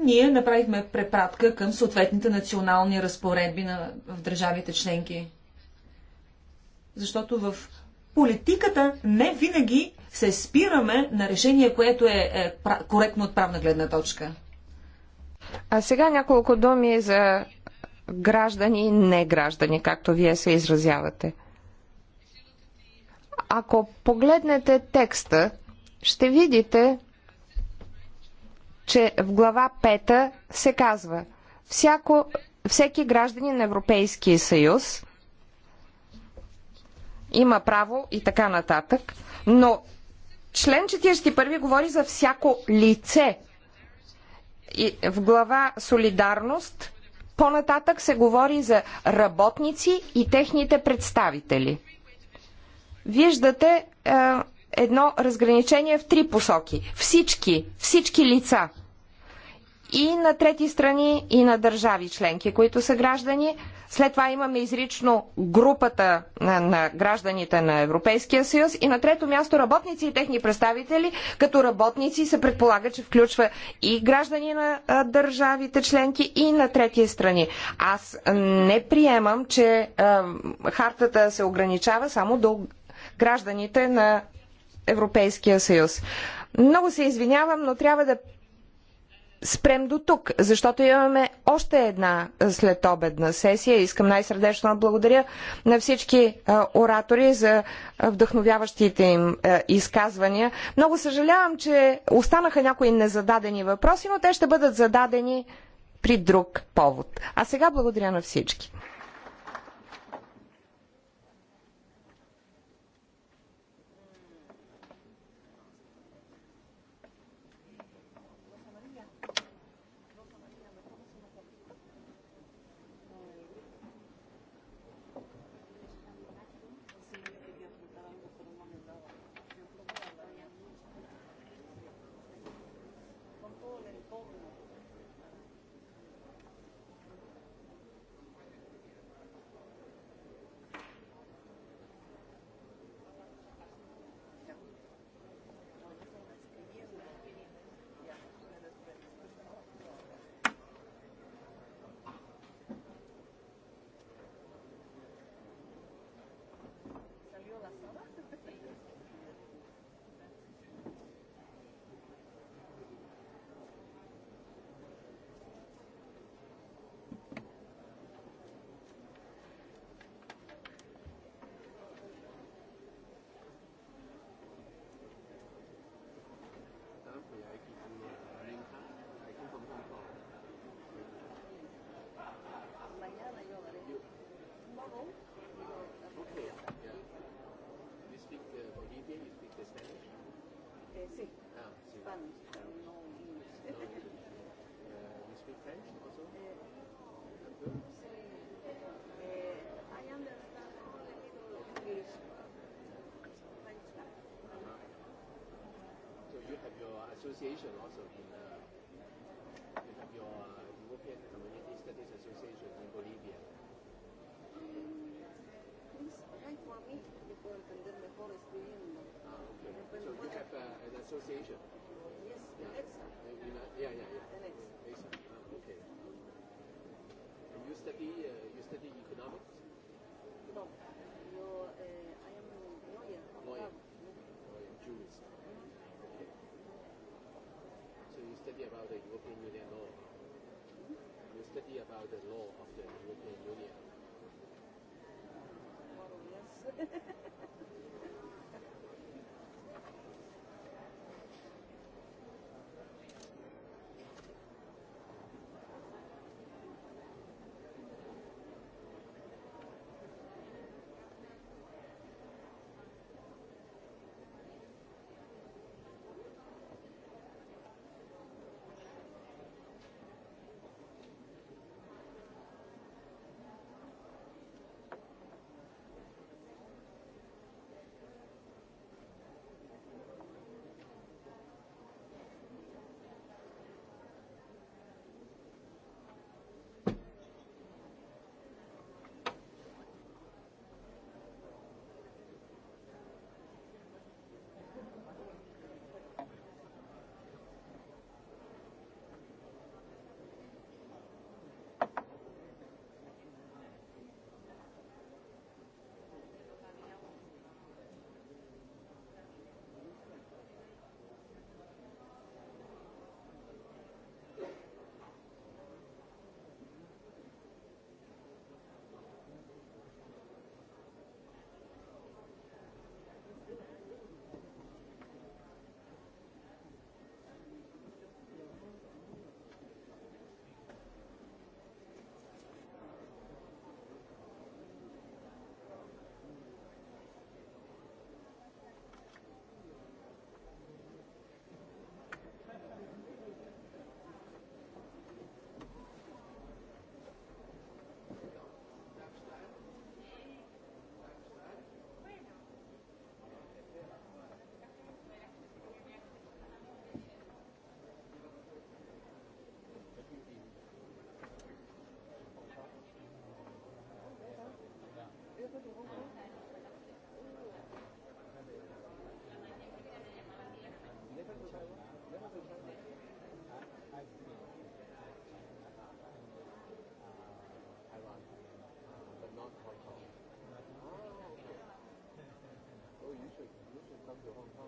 Speaker 3: ние направихме препратка към съответните национални разпоредби на, в държавите членки. Защото в политиката не винаги се спираме на решение, което е, е пра, коректно от правна гледна точка.
Speaker 2: А сега няколко думи за граждани и не граждани, както вие се изразявате. Ако погледнете текста, ще видите, че в глава 5 се казва всяко, всеки гражданин на Европейския съюз има право и така нататък, но член 41 говори за всяко лице. И в глава Солидарност по-нататък се говори за работници и техните представители. Виждате е, едно разграничение в три посоки. Всички, всички лица – и на трети страни, и на държави членки, които са граждани. След това имаме изрично групата на, на гражданите на Европейския съюз и на трето място работници и техни представители, като работници се предполага, че включва и граждани на а, държавите членки и на трети страни. Аз не приемам, че а, хартата се ограничава само до гражданите на Европейския съюз. Много се извинявам, но трябва да спрем до тук, защото имаме още една следобедна сесия. Искам най-сърдечно да благодаря на всички оратори за вдъхновяващите им изказвания. Много съжалявам, че останаха някои незададени въпроси, но те ще бъдат зададени при друг повод. А сега благодаря на всички. association also in uh, you have your uh, European Community Studies Association in Bolivia. Please write for me before I condemn the forest reunion. Ah, okay. So you have uh, an association? Yes, yeah. EXA. Yeah, yeah, yeah. yeah. An EXA.
Speaker 3: Ah, okay you study uh, you study economics? No, Yo, uh, I am lawyer. Lawyer, lawyer jurist. Okay. So you study about the European Union law. You study about the law of the European Union.
Speaker 2: More or Gracias.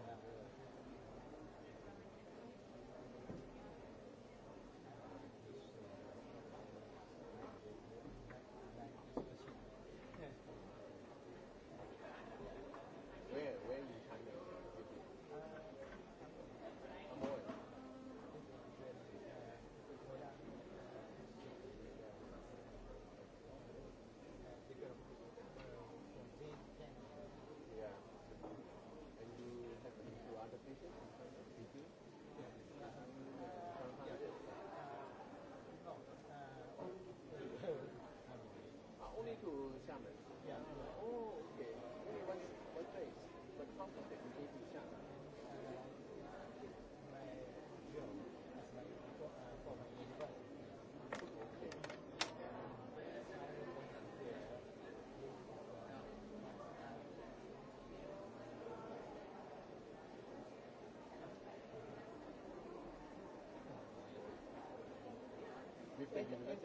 Speaker 1: So you visit the, the,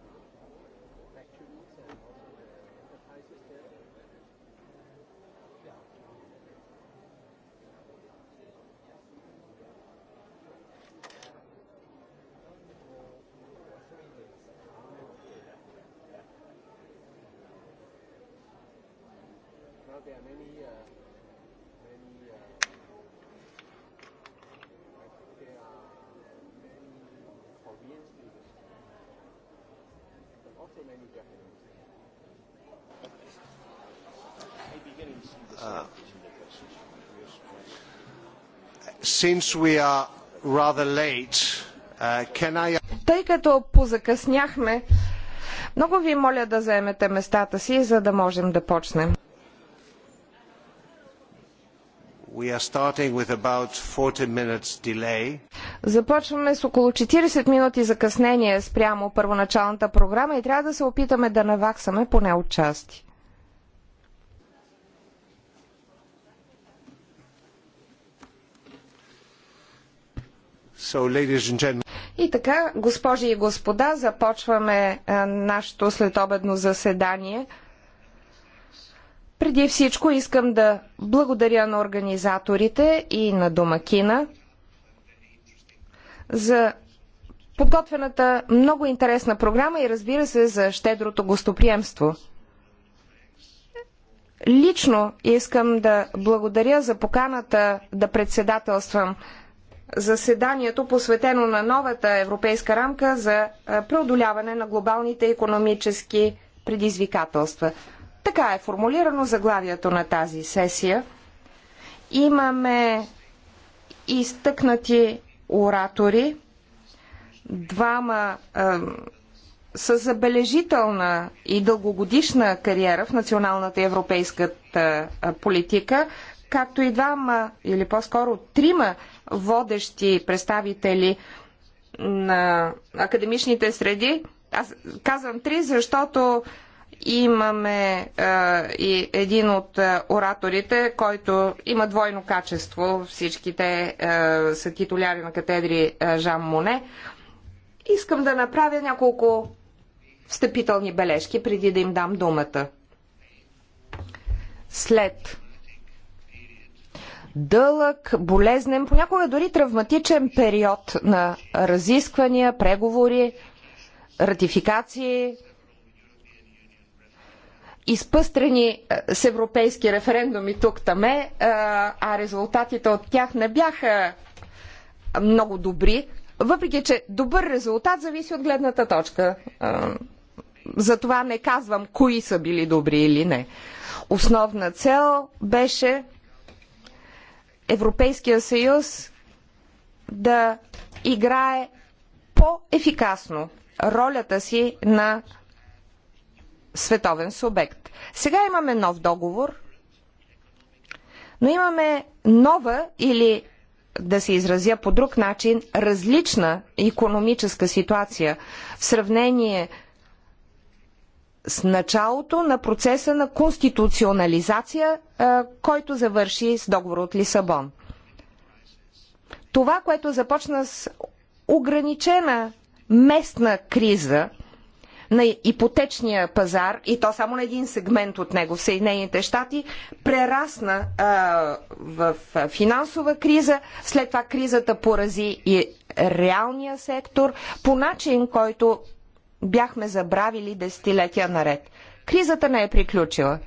Speaker 3: the factories and also the enterprises there? Yeah.
Speaker 2: Now there are many uh, since we are rather late, uh, can I... Тъй като позакъсняхме, много ви моля да заемете местата си, за да можем да почнем.
Speaker 1: We are starting with about 40 minutes delay.
Speaker 2: Започваме с около 40 минути закъснение спрямо първоначалната програма и трябва да се опитаме да наваксаме поне от части.
Speaker 1: So,
Speaker 2: и така, госпожи и господа, започваме е, нашето следобедно заседание. Преди всичко искам да благодаря на организаторите и на домакина за подготвената много интересна програма и разбира се за щедрото гостоприемство. Лично искам да благодаря за поканата да председателствам заседанието, посветено на новата европейска рамка за преодоляване на глобалните економически предизвикателства. Така е формулирано заглавието на тази сесия. Имаме изтъкнати оратори. Двама с забележителна и дългогодишна кариера в националната европейската политика, както и двама, или по-скоро трима водещи представители на академичните среди. Аз казвам три, защото имаме а, и един от ораторите, който има двойно качество. Всичките а, са титуляри на катедри а, Жан Моне. Искам да направя няколко встъпителни бележки, преди да им дам думата. След дълъг, болезнен, понякога дори травматичен период на разисквания, преговори, ратификации, изпъстрени е, с европейски референдуми тук-таме, е, а резултатите от тях не бяха много добри, въпреки че добър резултат зависи от гледната точка. Е, Затова не казвам кои са били добри или не. Основна цел беше Европейския съюз да играе по-ефикасно ролята си на световен субект. Сега имаме нов договор, но имаме нова или да се изразя по друг начин, различна економическа ситуация в сравнение с началото на процеса на конституционализация, който завърши с договор от Лисабон. Това, което започна с ограничена местна криза, на ипотечния пазар, и то само на един сегмент от него в Съединените щати, прерасна а, в финансова криза, след това кризата порази и реалния сектор по начин, който бяхме забравили десетилетия наред. Кризата не е приключила.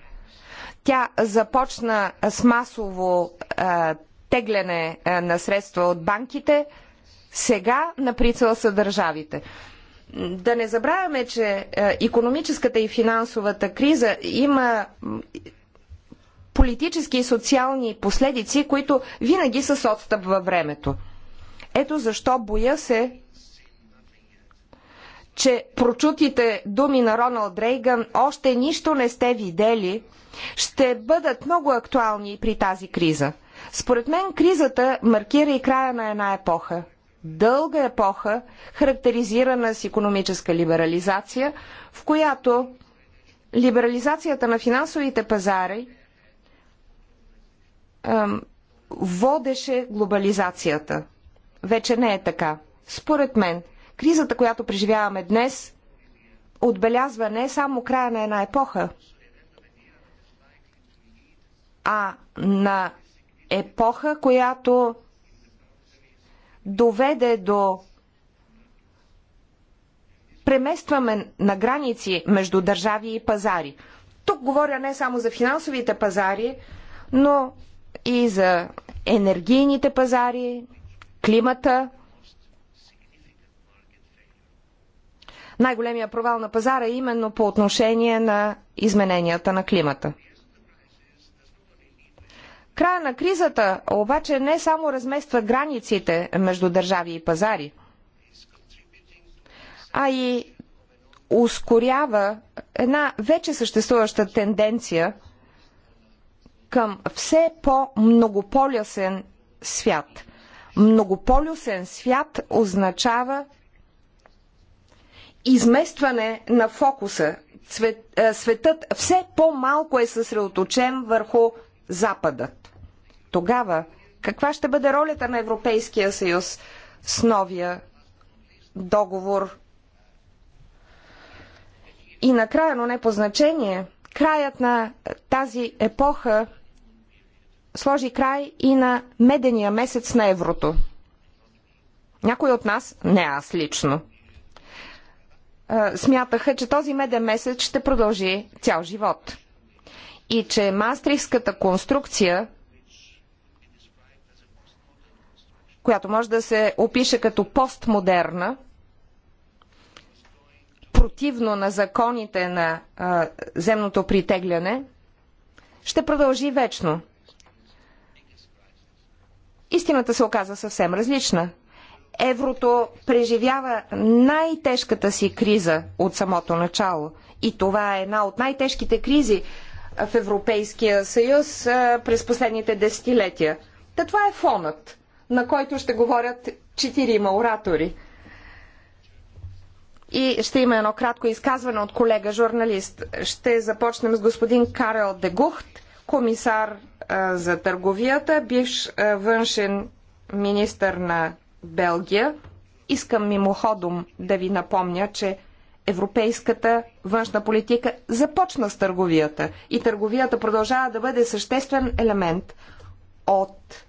Speaker 2: Тя започна с масово а, тегляне а, на средства от банките, сега на прицела са държавите. Да не забравяме, че економическата и финансовата криза има политически и социални последици, които винаги са с отстъп във времето. Ето защо боя се, че прочутите думи на Роналд Рейган още нищо не сте видели, ще бъдат много актуални при тази криза. Според мен кризата маркира и края на една епоха дълга епоха, характеризирана с економическа либерализация, в която либерализацията на финансовите пазари ем, водеше глобализацията. Вече не е така. Според мен, кризата, която преживяваме днес, отбелязва не само края на една епоха, а на епоха, която доведе до преместваме на граници между държави и пазари. Тук говоря не само за финансовите пазари, но и за енергийните пазари, климата. Най-големия провал на пазара е именно по отношение на измененията на климата. Края на кризата обаче не само размества границите между държави и пазари, а и ускорява една вече съществуваща тенденция към все по-многополюсен свят. Многополюсен свят означава изместване на фокуса. Цвет, е, светът все по-малко е съсредоточен върху Западът. Тогава каква ще бъде ролята на Европейския съюз с новия договор? И накрая, но не по значение, краят на тази епоха сложи край и на медения месец на еврото. Някой от нас, не аз лично, смятаха, че този меден месец ще продължи цял живот – и че мастрихската конструкция, която може да се опише като постмодерна, противно на законите на а, земното притегляне, ще продължи вечно. Истината се оказа съвсем различна. Еврото преживява най-тежката си криза от самото начало. И това е една от най-тежките кризи, в Европейския съюз през последните десетилетия. Та това е фонът, на който ще говорят четирима оратори. И ще има едно кратко изказване от колега журналист. Ще започнем с господин Карел Дегухт, комисар за търговията, бивш външен министър на Белгия. Искам мимоходом да ви напомня, че европейската външна политика започна с търговията. И търговията продължава да бъде съществен елемент от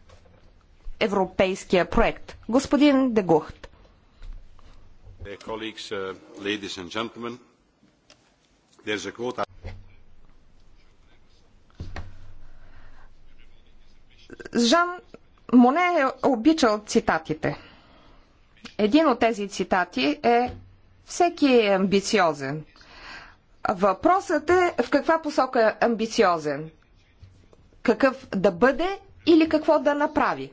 Speaker 2: европейския проект. Господин Дегухт.
Speaker 1: Uh,
Speaker 2: Жан Моне е обичал цитатите. Един от тези цитати е всеки е амбициозен. Въпросът е в каква посока е амбициозен. Какъв да бъде или какво да направи.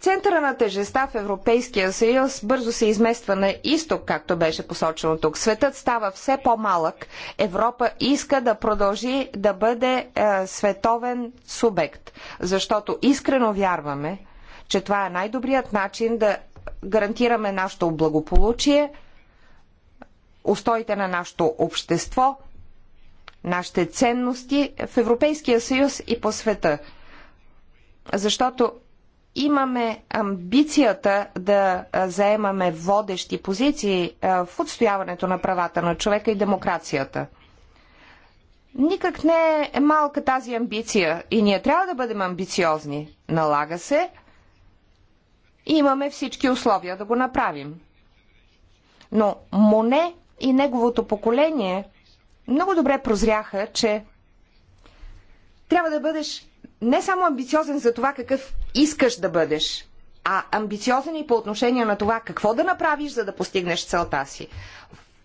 Speaker 2: Центъра на тежеста в Европейския съюз бързо се измества на изток, както беше посочено тук. Светът става все по-малък. Европа иска да продължи да бъде е, световен субект, защото искрено вярваме, че това е най-добрият начин да гарантираме нашето благополучие – устоите на нашето общество, нашите ценности в Европейския съюз и по света. Защото имаме амбицията да заемаме водещи позиции в отстояването на правата на човека и демокрацията. Никак не е малка тази амбиция и ние трябва да бъдем амбициозни. Налага се и имаме всички условия да го направим. Но Моне и неговото поколение много добре прозряха, че трябва да бъдеш не само амбициозен за това какъв искаш да бъдеш, а амбициозен и по отношение на това какво да направиш, за да постигнеш целта си.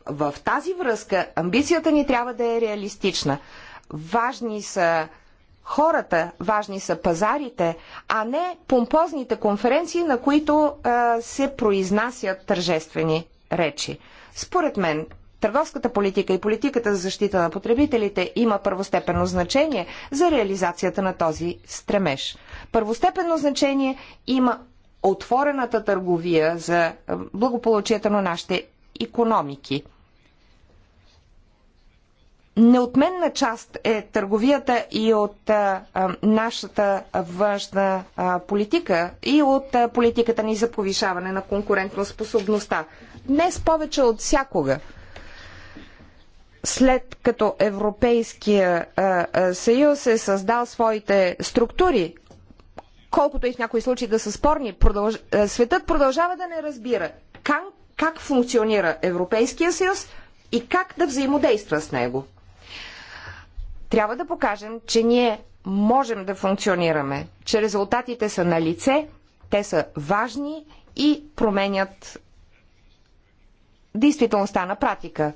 Speaker 2: В тази връзка амбицията ни трябва да е реалистична. Важни са хората, важни са пазарите, а не помпозните конференции, на които а, се произнасят тържествени речи. Според мен, търговската политика и политиката за защита на потребителите има първостепенно значение за реализацията на този стремеж. Първостепенно значение има отворената търговия за благополучието на нашите економики – неотменна част е търговията и от а, нашата външна а, политика и от а, политиката ни за повишаване на конкурентоспособността. Днес повече от всякога. След като Европейския а, а, съюз е създал своите структури, колкото и в някои случаи да са спорни, продълж... светът продължава да не разбира как, как функционира Европейския съюз и как да взаимодейства с него трябва да покажем, че ние можем да функционираме, че резултатите са на лице, те са важни и променят действителността на практика.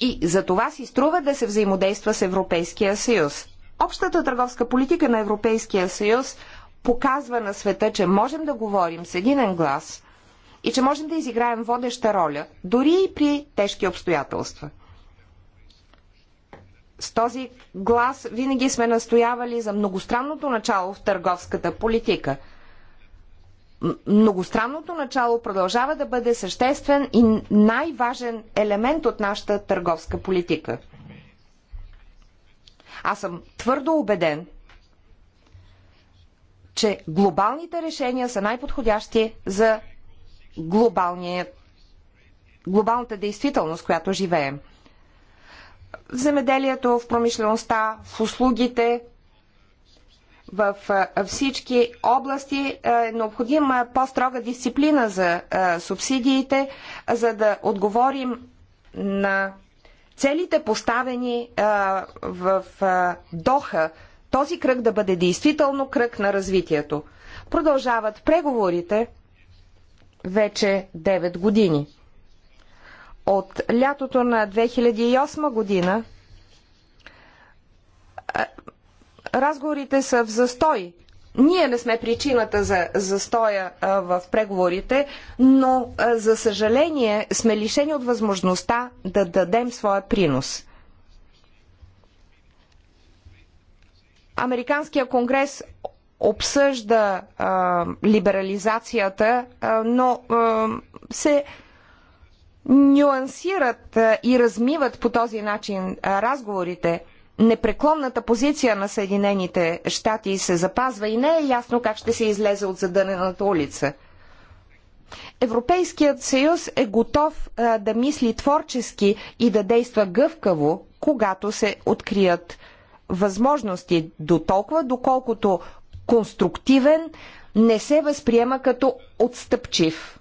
Speaker 2: И за това си струва да се взаимодейства с Европейския съюз. Общата търговска политика на Европейския съюз показва на света, че можем да говорим с единен глас и че можем да изиграем водеща роля, дори и при тежки обстоятелства с този глас винаги сме настоявали за многостранното начало в търговската политика. Многостранното начало продължава да бъде съществен и най-важен елемент от нашата търговска политика. Аз съм твърдо убеден, че глобалните решения са най-подходящи за глобалната действителност, която живеем в земеделието, в промишлеността, в услугите, в всички области е необходима по-строга дисциплина за субсидиите, за да отговорим на целите поставени в Доха, този кръг да бъде действително кръг на развитието. Продължават преговорите вече 9 години от лятото на 2008 година е, разговорите са в застой. Ние не сме причината за застоя е, в преговорите, но е, за съжаление сме лишени от възможността да дадем своя принос. Американския конгрес обсъжда а, либерализацията, а, но а, се нюансират и размиват по този начин разговорите. Непреклонната позиция на Съединените щати се запазва и не е ясно как ще се излезе от задънената улица. Европейският съюз е готов а, да мисли творчески и да действа гъвкаво, когато се открият възможности, до толкова доколкото конструктивен не се възприема като отстъпчив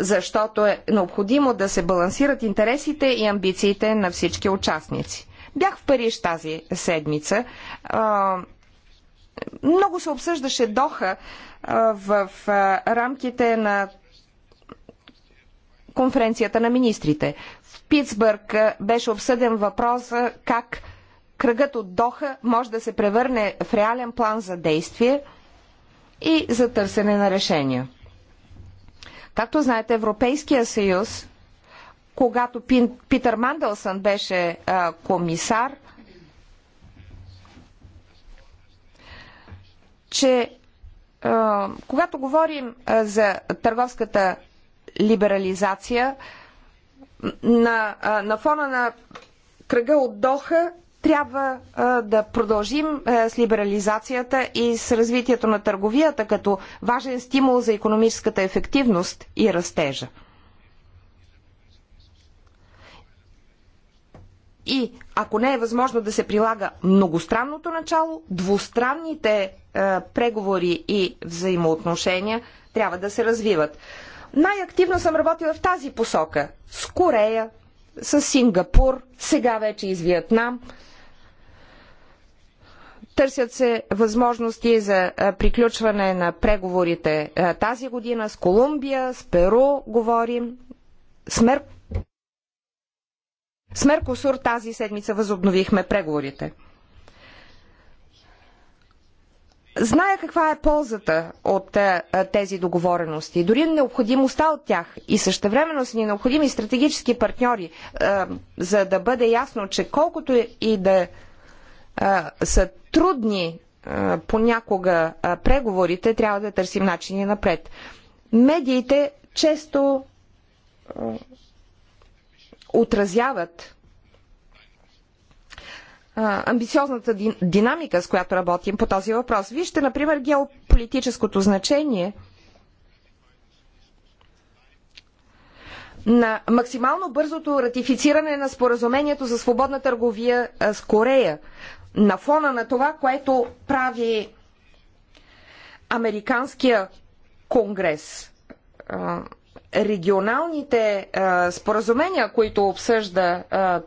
Speaker 2: защото е необходимо да се балансират интересите и амбициите на всички участници. Бях в Париж тази седмица. Много се обсъждаше Доха в рамките на конференцията на министрите. В Питсбърг беше обсъден въпрос, как кръгът от Доха може да се превърне в реален план за действие и за търсене на решения. Както знаете, Европейския съюз, когато Пин, Питър Мандълсън беше а, комисар, че а, когато говорим а, за търговската либерализация, на, на фона на кръга от Доха трябва а, да продължим а, с либерализацията и с развитието на търговията като важен стимул за економическата ефективност и растежа. И ако не е възможно да се прилага многостранното начало, двустранните преговори и взаимоотношения трябва да се развиват. Най-активно съм работила в тази посока с Корея, с Сингапур, сега вече и с Виетнам. Търсят се възможности за приключване на преговорите тази година с Колумбия, с Перу, говорим, с, с Меркосур тази седмица възобновихме преговорите. Зная каква е ползата от тези договорености, дори необходимостта от тях и същевременно са ни необходими стратегически партньори, за да бъде ясно, че колкото и да са трудни понякога преговорите, трябва да търсим начини напред. Медиите често отразяват амбициозната динамика, с която работим по този въпрос. Вижте, например, геополитическото значение на максимално бързото ратифициране на споразумението за свободна търговия с Корея на фона на това, което прави Американския конгрес, регионалните споразумения, които обсъжда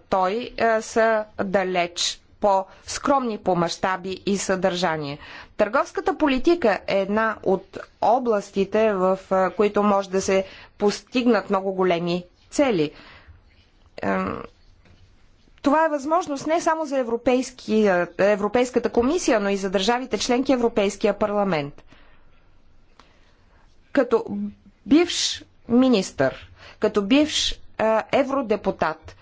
Speaker 2: той, са далеч по-скромни по мащаби и съдържание. Търговската политика е една от областите, в които може да се постигнат много големи цели това е възможност не само за е, Европейската комисия, но и за държавите членки Европейския парламент. Като бивш министър, като бивш е, евродепутат,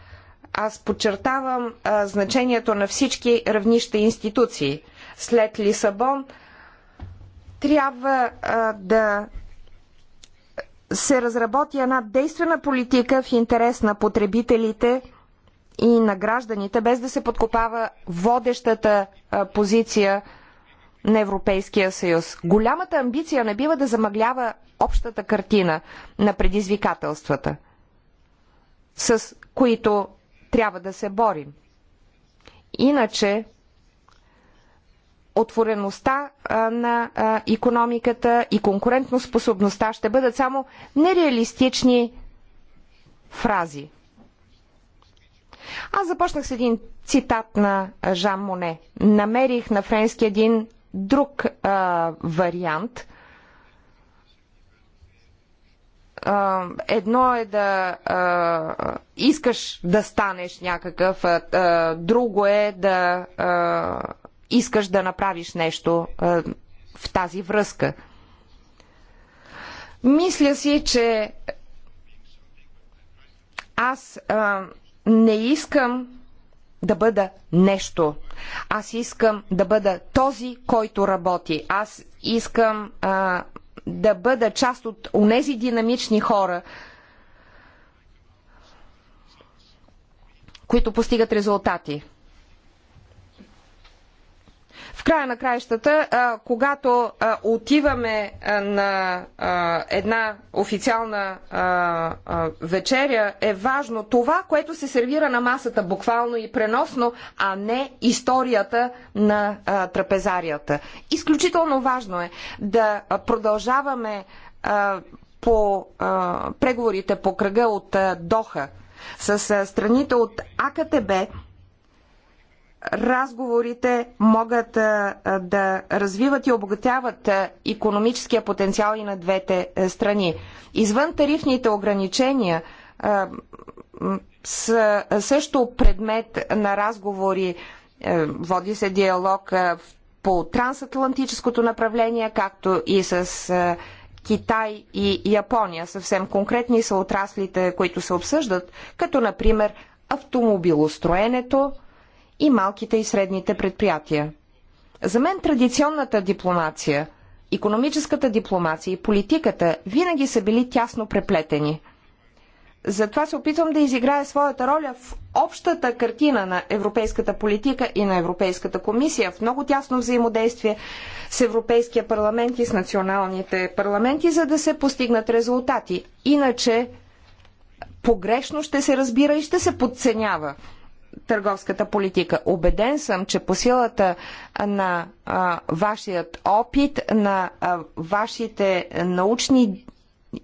Speaker 2: аз подчертавам е, значението на всички равнища институции. След Лисабон трябва да се разработи една действена политика в интерес на потребителите – и на гражданите, без да се подкопава водещата позиция на Европейския съюз. Голямата амбиция не бива да замъглява общата картина на предизвикателствата, с които трябва да се борим. Иначе отвореността на економиката и конкурентноспособността ще бъдат само нереалистични фрази. Аз започнах с един цитат на Жан Моне. Намерих на френски един друг а, вариант. А, едно е да а, искаш да станеш някакъв, а, друго е да а, искаш да направиш нещо а, в тази връзка. Мисля си, че аз а, не искам да бъда нещо. Аз искам да бъда този, който работи. Аз искам а, да бъда част от онези динамични хора, които постигат резултати. В края на краищата, когато отиваме на една официална вечеря, е важно това, което се сервира на масата, буквално и преносно, а не историята на трапезарията. Изключително важно е да продължаваме по преговорите по кръга от Доха с страните от АКТБ разговорите могат да развиват и обогатяват економическия потенциал и на двете страни. Извън тарифните ограничения са също предмет на разговори. Води се диалог по трансатлантическото направление, както и с Китай и Япония. Съвсем конкретни са отраслите, които се обсъждат, като например автомобилостроенето, и малките и средните предприятия. За мен традиционната дипломация, економическата дипломация и политиката винаги са били тясно преплетени. Затова се опитвам да изиграя своята роля в общата картина на европейската политика и на Европейската комисия в много тясно взаимодействие с Европейския парламент и с националните парламенти, за да се постигнат резултати. Иначе погрешно ще се разбира и ще се подценява търговската политика. Обеден съм, че по силата на а, вашият опит, на а, вашите научни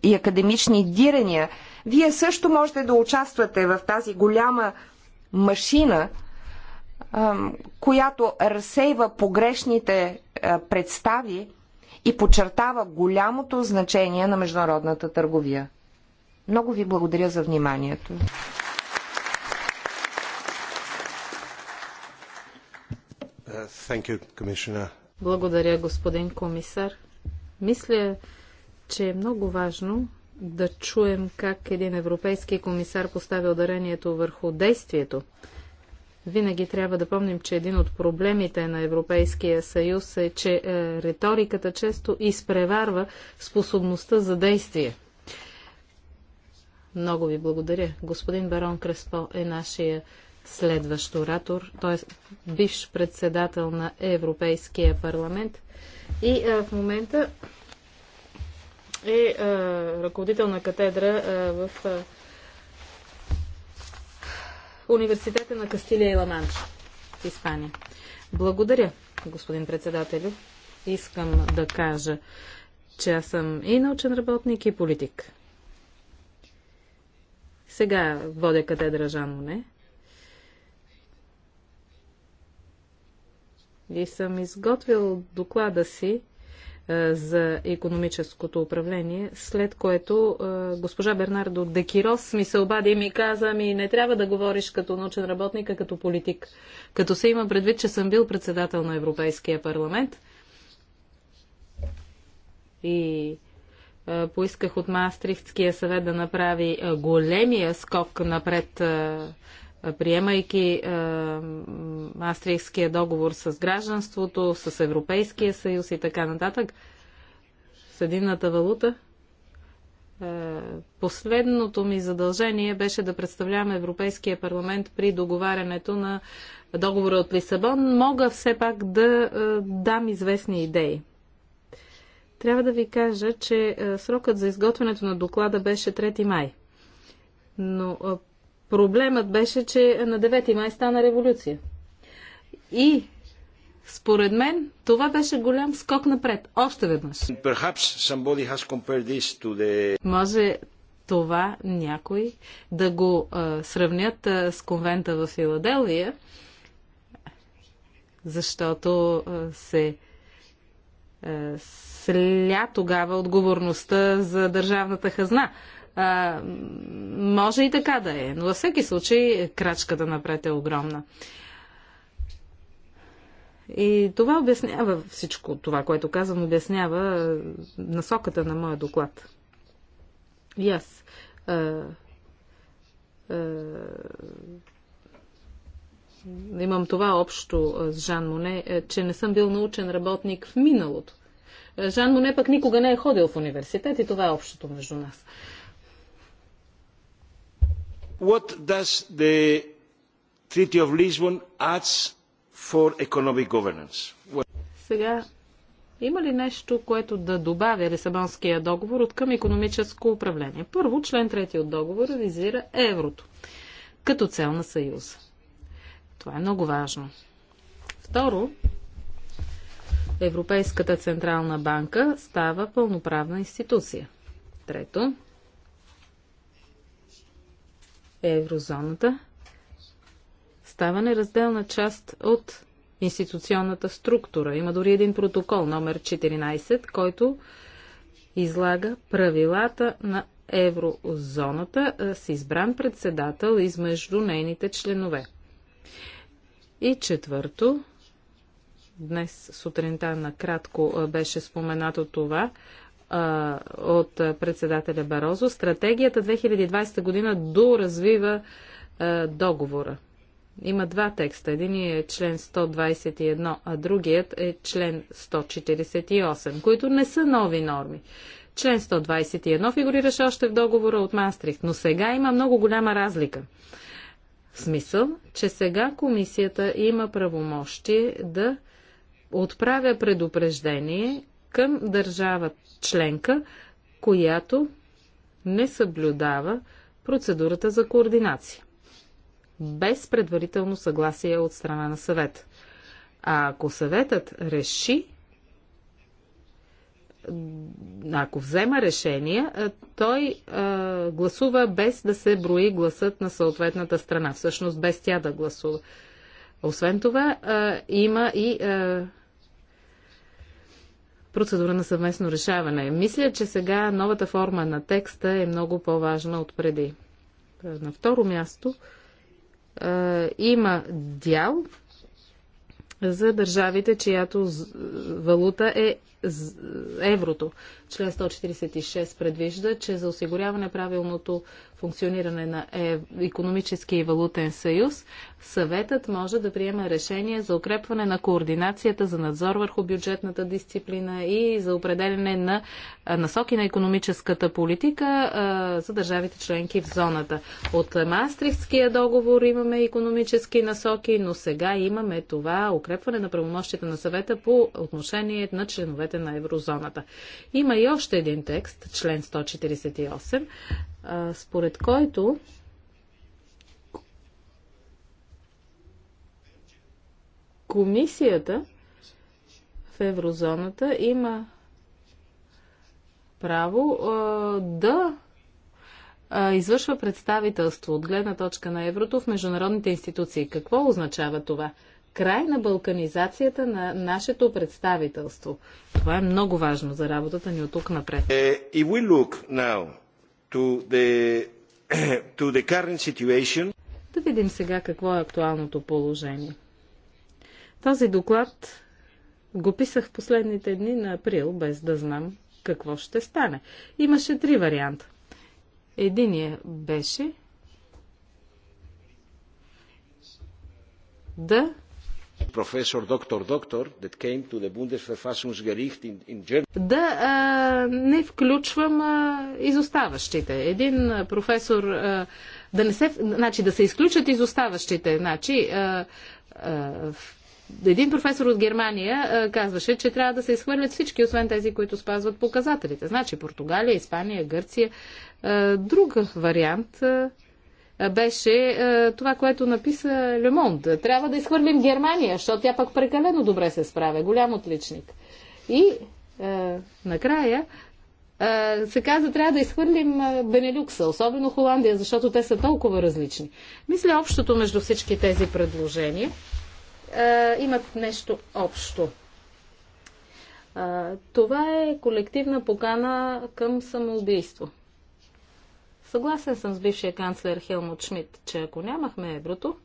Speaker 2: и академични дирения, вие също можете да участвате в тази голяма машина, а, която разсейва погрешните а, представи и подчертава голямото значение на международната търговия. Много ви благодаря за вниманието.
Speaker 1: Благодаря, господин комисар. Мисля, че е много важно да чуем как един европейски комисар поставя ударението върху действието. Винаги трябва да помним, че един от проблемите на Европейския съюз е, че е, риториката често изпреварва способността за действие. Много ви благодаря. Господин Барон Креспо е нашия следващ оратор, т.е. бивш председател на Европейския парламент. И а, в момента е а, ръководител на катедра а, в а, Университета на Кастилия и Ламанч в Испания. Благодаря, господин председателю. Искам да кажа, че аз съм и научен работник, и политик. Сега водя катедра Жан Моне. и съм изготвил доклада си е, за економическото управление, след което е, госпожа Бернардо Декирос ми се обади и ми каза, ми не трябва да говориш като научен работник, а като политик. Като се има предвид, че съм бил председател на Европейския парламент и е, поисках от Маастрихтския съвет да направи големия скок напред приемайки Мастрихския е, договор с гражданството, с Европейския съюз и така нататък, с единната валута, е, последното ми задължение беше да представлявам Европейския парламент при договарянето на договора от Лисабон. Мога все пак да е, дам известни идеи. Трябва да ви кажа, че срокът за изготвянето на доклада беше 3 май. Но Проблемът беше, че на 9 май стана революция. И според мен това беше голям скок напред. Още веднъж. The... Може това някой да го а, сравнят а, с конвента в Филаделвия, защото а, се а, сля тогава отговорността за държавната хазна. А, може и така да е, но във всеки случай крачката напред е огромна. И това обяснява всичко това, което казвам, обяснява насоката на моя доклад. И аз. А, а, имам това общо с Жан Моне, е, че не съм бил научен работник в миналото. Жан Моне пък никога не е ходил в университет и това е общото между нас. А, What does the Treaty of Lisbon adds for economic governance? Сега, има ли нещо, което да добавя Лисабонския договор от към економическо управление? Първо, член 3 от договора визира еврото като цел на Съюза. Това е много важно. Второ, Европейската централна банка става пълноправна институция. Трето, еврозоната става неразделна част от институционната структура. Има дори един протокол, номер 14, който излага правилата на еврозоната с избран председател измежду нейните членове. И четвърто, днес сутринта накратко беше споменато това, а, от председателя Барозо. Стратегията 2020 година доразвива а, договора. Има два текста. Един е член 121, а другият е член 148, които не са нови норми. Член 121 фигурираше още в договора от Мастрихт, но сега има много голяма разлика. В смисъл, че сега комисията има правомощие да отправя предупреждение към държава членка, която не съблюдава процедурата за координация. Без предварително съгласие от страна на съвет. А ако съветът реши, ако взема решение, той а, гласува без да се брои гласът на съответната страна, всъщност без тя да гласува. Освен това, а, има и а, процедура на съвместно решаване. Мисля, че сега новата форма на текста е много по-важна от преди. На второ място е, има дял за държавите, чиято валута е еврото. Член 146 предвижда, че за осигуряване правилното функциониране на економически и валутен съюз, съветът може да приема решение за укрепване на координацията за надзор върху бюджетната дисциплина и за определене на насоки на економическата политика за държавите членки в зоната. От Маастрихтския договор имаме економически насоки, но сега имаме това укрепване на правомощите на съвета по отношение на членовете държавите на еврозоната. Има и още един текст, член 148, според който комисията в еврозоната има право да извършва представителство от гледна точка на еврото в международните институции. Какво означава това? край на балканизацията на нашето представителство. Това е много важно за работата ни от тук напред. Е, да видим сега какво е актуалното положение. Този доклад го писах в последните дни на април, без да знам какво ще стане. Имаше три варианта. Единият беше да Професор доктор доктор that came to the Bundesverfassungsgericht in, in Germany. Да а, не включвам а, изоставащите. Един професор а, да не се, значи да се изключат изоставащите. Значи а, а, един професор от Германия а, казваше, че трябва да се изхвърлят всички, освен тези, които спазват показателите. Значи Португалия, Испания, Гърция. А, друг вариант а, е, беше е, това, което написа Лемонт. Трябва да изхвърлим Германия, защото тя пък прекалено добре се справя. Голям отличник. И е, накрая се каза, трябва да изхвърлим Бенелюкса, особено Холандия, защото те са толкова различни. Мисля, общото между всички тези предложения имат нещо общо. Това е колективна покана към самоубийство. Съгласен съм с бившия канцлер Хелмут Шмидт, че ако нямахме еврото,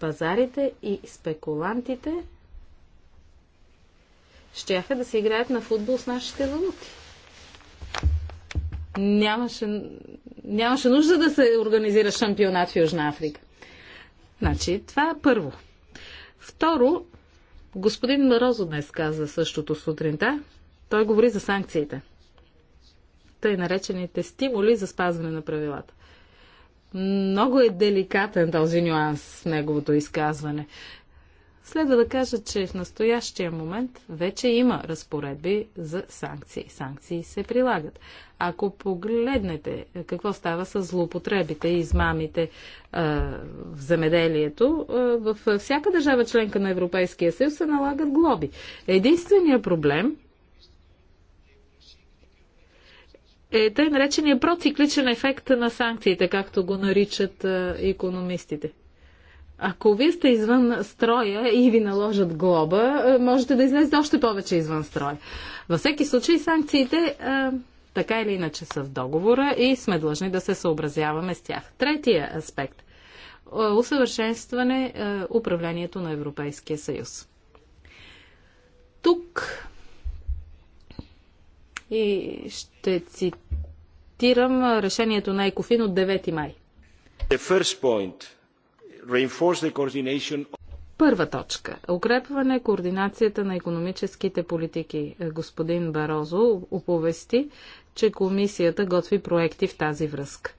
Speaker 1: пазарите и спекулантите щяха да се играят на футбол с нашите валути. Нямаше, нямаше нужда да се организира шампионат в Южна Африка. Значи, това е първо. Второ, господин Марозо днес каза същото сутринта. Той говори за санкциите тъй наречените стимули за спазване на правилата. Много е деликатен този нюанс в неговото изказване. Следва да кажа, че в настоящия момент вече има разпоредби за санкции. Санкции се прилагат. Ако погледнете какво става с злоупотребите и измамите а, в земеделието, във всяка държава членка на Европейския съюз се налагат глоби. Единственият проблем е тъй наречения процикличен ефект на санкциите, както го наричат економистите. Ако вие сте извън строя и ви наложат глоба, можете да излезете още повече извън строя. Във всеки случай санкциите а, така или иначе са в договора и сме длъжни да се съобразяваме с тях. Третия аспект усъвършенстване управлението на Европейския съюз. Тук и ще цитирам решението на Екофин от 9 май. Първа точка. Укрепване координацията на економическите политики. Господин Барозо оповести, че комисията готви проекти в тази връзка.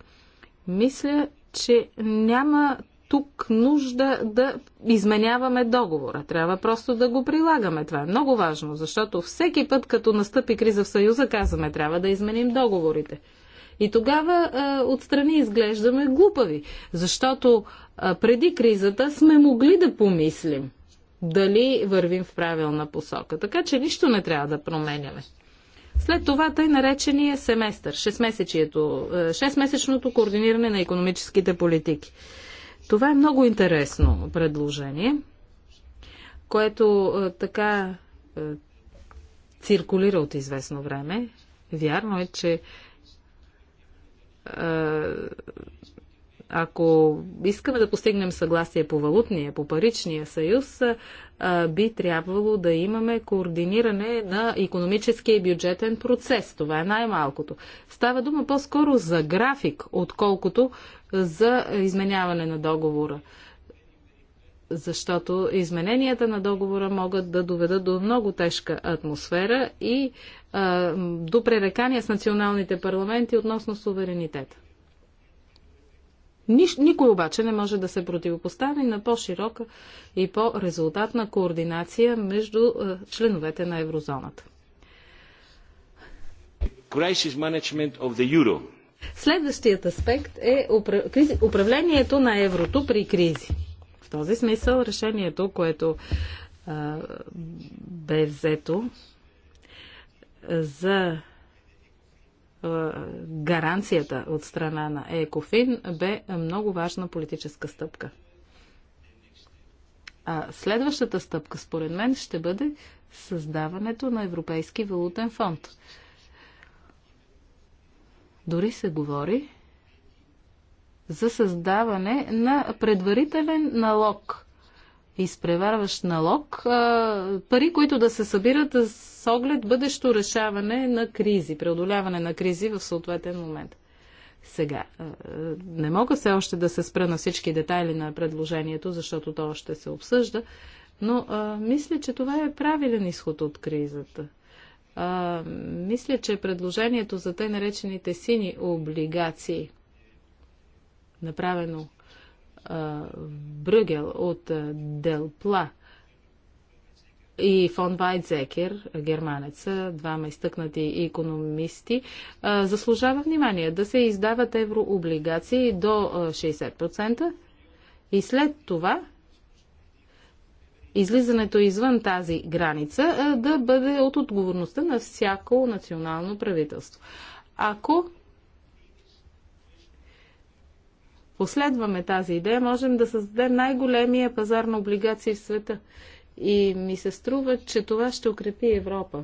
Speaker 1: Мисля, че няма тук нужда да изменяваме договора. Трябва просто да го прилагаме. Това е много важно, защото всеки път, като настъпи криза в Съюза, казваме, трябва да изменим договорите. И тогава а, отстрани изглеждаме глупави, защото а, преди кризата сме могли да помислим дали вървим в правилна посока. Така че нищо не трябва да променяме. След това тъй наречения семестър, 6-месечното координиране на економическите политики. Това е много интересно предложение, което е, така е, циркулира от известно време. Вярно е, че е, ако искаме да постигнем съгласие по валутния, по паричния съюз, би трябвало да имаме координиране на економическия и бюджетен процес. Това е най-малкото. Става дума по-скоро за график, отколкото за изменяване на договора. Защото измененията на договора могат да доведат до много тежка атмосфера и а, до пререкания с националните парламенти относно суверенитета. Ниш, никой обаче не може да се противопостави на по-широка и по-резултатна координация между е, членовете на еврозоната. Следващият аспект е управлението на еврото при кризи. В този смисъл решението, което е, бе взето за е, гаранцията от страна на ЕКОФИН бе много важна политическа стъпка. А следващата стъпка, според мен, ще бъде създаването на Европейски валутен фонд. Дори се говори за създаване на предварителен налог изпреварващ налог, пари, които да се събират с оглед бъдещо решаване на кризи, преодоляване на кризи в съответен момент. Сега, не мога все още да се спра на всички детайли на предложението, защото то още се обсъжда, но а, мисля, че това е правилен изход от кризата. А, мисля, че предложението за те наречените сини облигации, направено Брюгел от Делпла и фон Вайдзекер, германеца, двама изтъкнати економисти, заслужава внимание да се издават еврооблигации до 60% и след това излизането извън тази граница да бъде от отговорността на всяко национално правителство. Ако последваме тази идея, можем да създадем най-големия пазар на облигации в света. И ми се струва, че това ще укрепи Европа.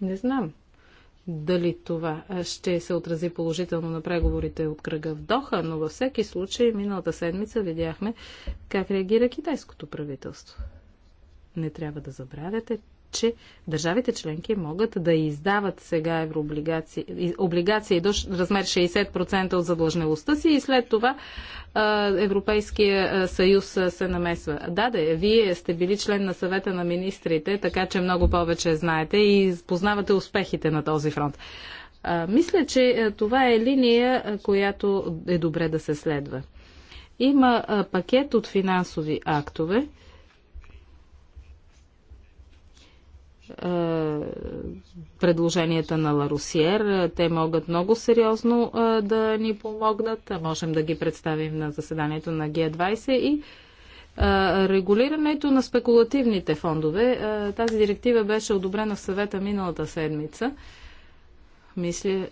Speaker 1: Не знам дали това ще се отрази положително на преговорите от кръга в Доха, но във всеки случай миналата седмица видяхме как реагира китайското правителство. Не трябва да забравяте, че държавите членки могат да издават сега еврооблигации, облигации до размер 60% от задлъжнелостта си и след това Европейския съюз се намесва. Да, да, вие сте били член на съвета на министрите, така че много повече знаете и познавате успехите на този фронт. Мисля, че това е линия, която е добре да се следва. Има пакет от финансови актове, Е, предложенията на Ларусиер. Те могат много сериозно е, да ни помогнат. Можем да ги представим на заседанието на Г20 и е, регулирането на спекулативните фондове. Тази директива беше одобрена в съвета миналата седмица. Мисля,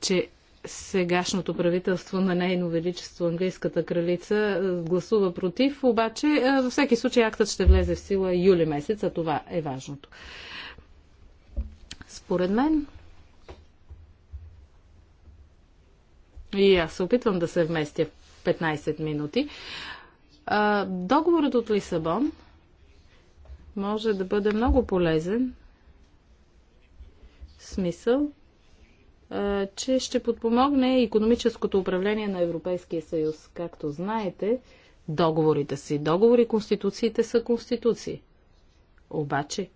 Speaker 1: че сегашното правителство на нейно величество английската кралица е, гласува против, обаче е, във всеки случай актът ще влезе в сила юли месец, а това е важното. Според мен и аз се опитвам да се вместя в 15 минути. Е, договорът от Лисабон може да бъде много полезен в смисъл, че ще подпомогне економическото управление на Европейския съюз. Както знаете, договорите си договори, конституциите са конституции. Обаче,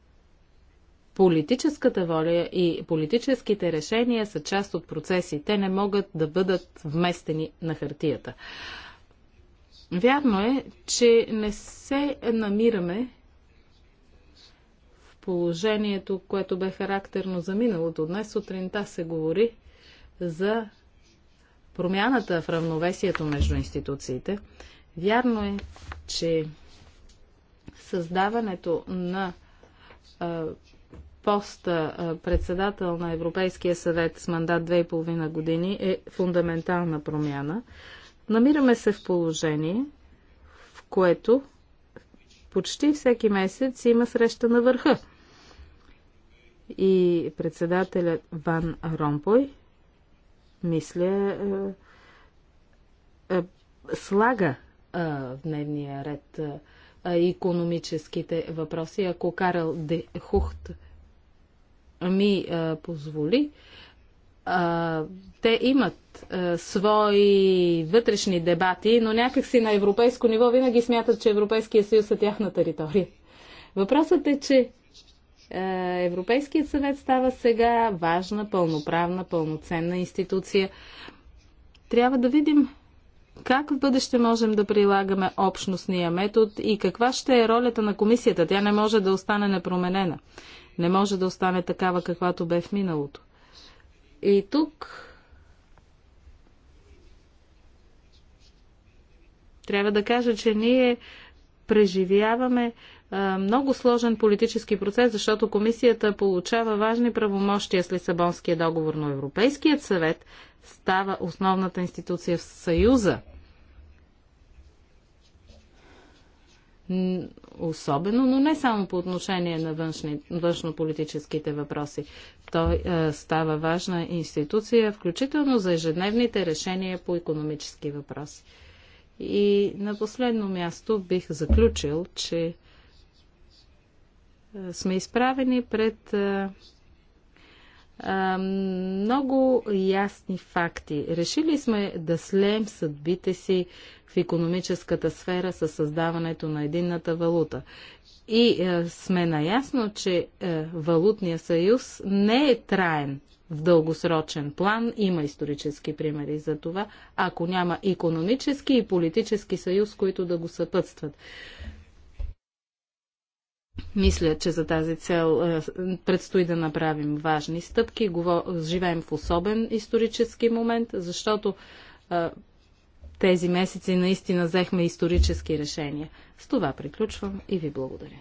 Speaker 1: политическата воля и политическите решения са част от процеси. Те не могат да бъдат вместени на хартията. Вярно е, че не се намираме положението, което бе характерно за миналото. Днес сутринта се говори за промяната в равновесието между институциите. Вярно е, че създаването на а, поста а, председател на Европейския съвет с мандат 2,5 години е фундаментална промяна. Намираме се в положение, в което почти всеки месец има среща на върха и председателят Ван Ромпой, мисля, е, е, слага е, в дневния ред економическите въпроси. Ако Карл де Хухт ми позволи, те имат свои вътрешни дебати, но някакси на европейско ниво винаги смятат, че Европейския съюз е тяхна територия. Въпросът е, че е, Европейският съвет става сега важна, пълноправна, пълноценна институция. Трябва да видим как в бъдеще можем да прилагаме общностния метод и каква ще е ролята на комисията. Тя не може да остане непроменена. Не може да остане такава, каквато бе в миналото. И тук трябва да кажа, че ние преживяваме е, много сложен политически процес, защото комисията получава важни правомощия с Лисабонския договор, но Европейският съвет става основната институция в Съюза. Особено, но не само по отношение на външни, външнополитическите въпроси. Той е, става важна институция, включително за ежедневните решения по економически въпроси. И на последно място бих заключил, че сме изправени пред много ясни факти. Решили сме да слеем съдбите си в економическата сфера със създаването на единната валута. И сме наясно, че е, валутния съюз не е траен в дългосрочен план. Има исторически примери за това, ако няма економически и политически съюз, които да го съпътстват. Мисля, че за тази цел е, предстои да направим важни стъпки. Живеем в особен исторически момент, защото е, тези месеци наистина взехме исторически решения. С това приключвам и ви благодаря.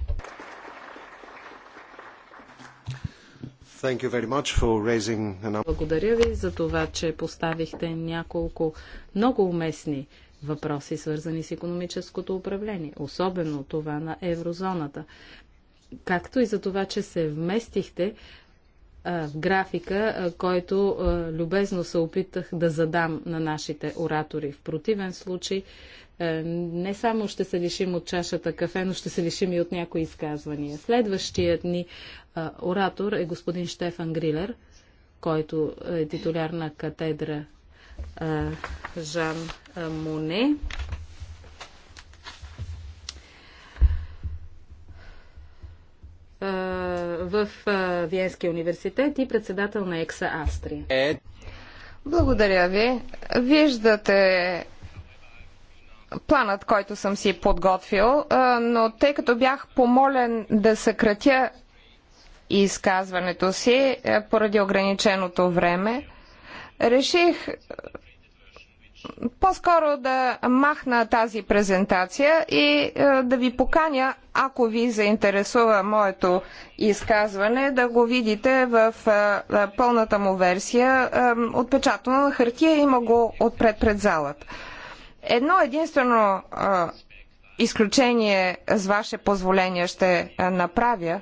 Speaker 1: Благодаря ви за това, че поставихте няколко много уместни въпроси, свързани с економическото управление, особено това на еврозоната както и за това, че се вместихте в графика, който любезно се опитах да задам на нашите оратори. В противен случай не само ще се лишим от чашата кафе, но ще се лишим и от някои изказвания. Следващият ни оратор е господин Штефан Грилер, който е титуляр на катедра Жан Моне. в Виенския университет
Speaker 2: и председател на ЕКСА Австрия. Е. Благодаря ви. Виждате планът, който съм си подготвил, но тъй като бях помолен да съкратя изказването си поради ограниченото време, реших по-скоро да махна тази презентация и е, да ви поканя, ако ви заинтересува моето изказване, да го видите в е, е, пълната му версия, отпечатано на хартия, има го отпред пред залата. Едно единствено изключение с ваше позволение ще направя.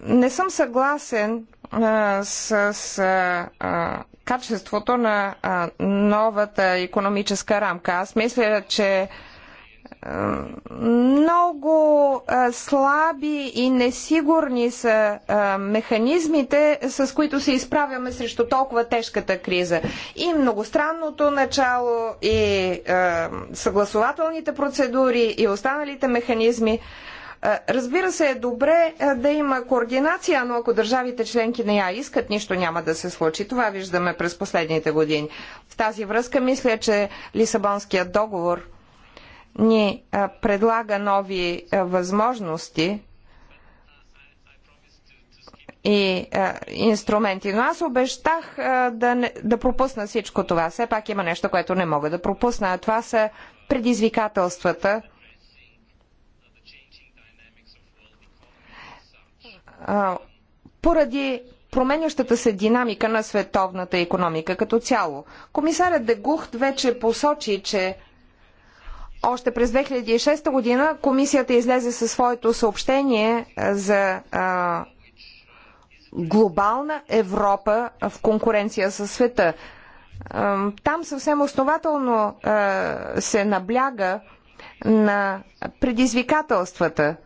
Speaker 2: Не съм съгласен с качеството на новата економическа рамка. Аз мисля, че много слаби и несигурни са механизмите, с които се изправяме срещу толкова тежката криза. И многостранното начало, и съгласователните процедури, и останалите механизми. Разбира се, е добре да има координация, но ако държавите членки не я искат, нищо няма да се случи. Това виждаме през последните години. В тази връзка мисля, че Лисабонският договор ни предлага нови възможности и инструменти. Но аз обещах да, не, да пропусна всичко това. Все пак има нещо, което не мога да пропусна. А това са предизвикателствата, поради променящата се динамика на световната економика като цяло. Комисарят Дегухт вече посочи, че още през 2006 година комисията излезе със своето съобщение за а, глобална Европа в конкуренция със света. А, там съвсем основателно а, се набляга на предизвикателствата.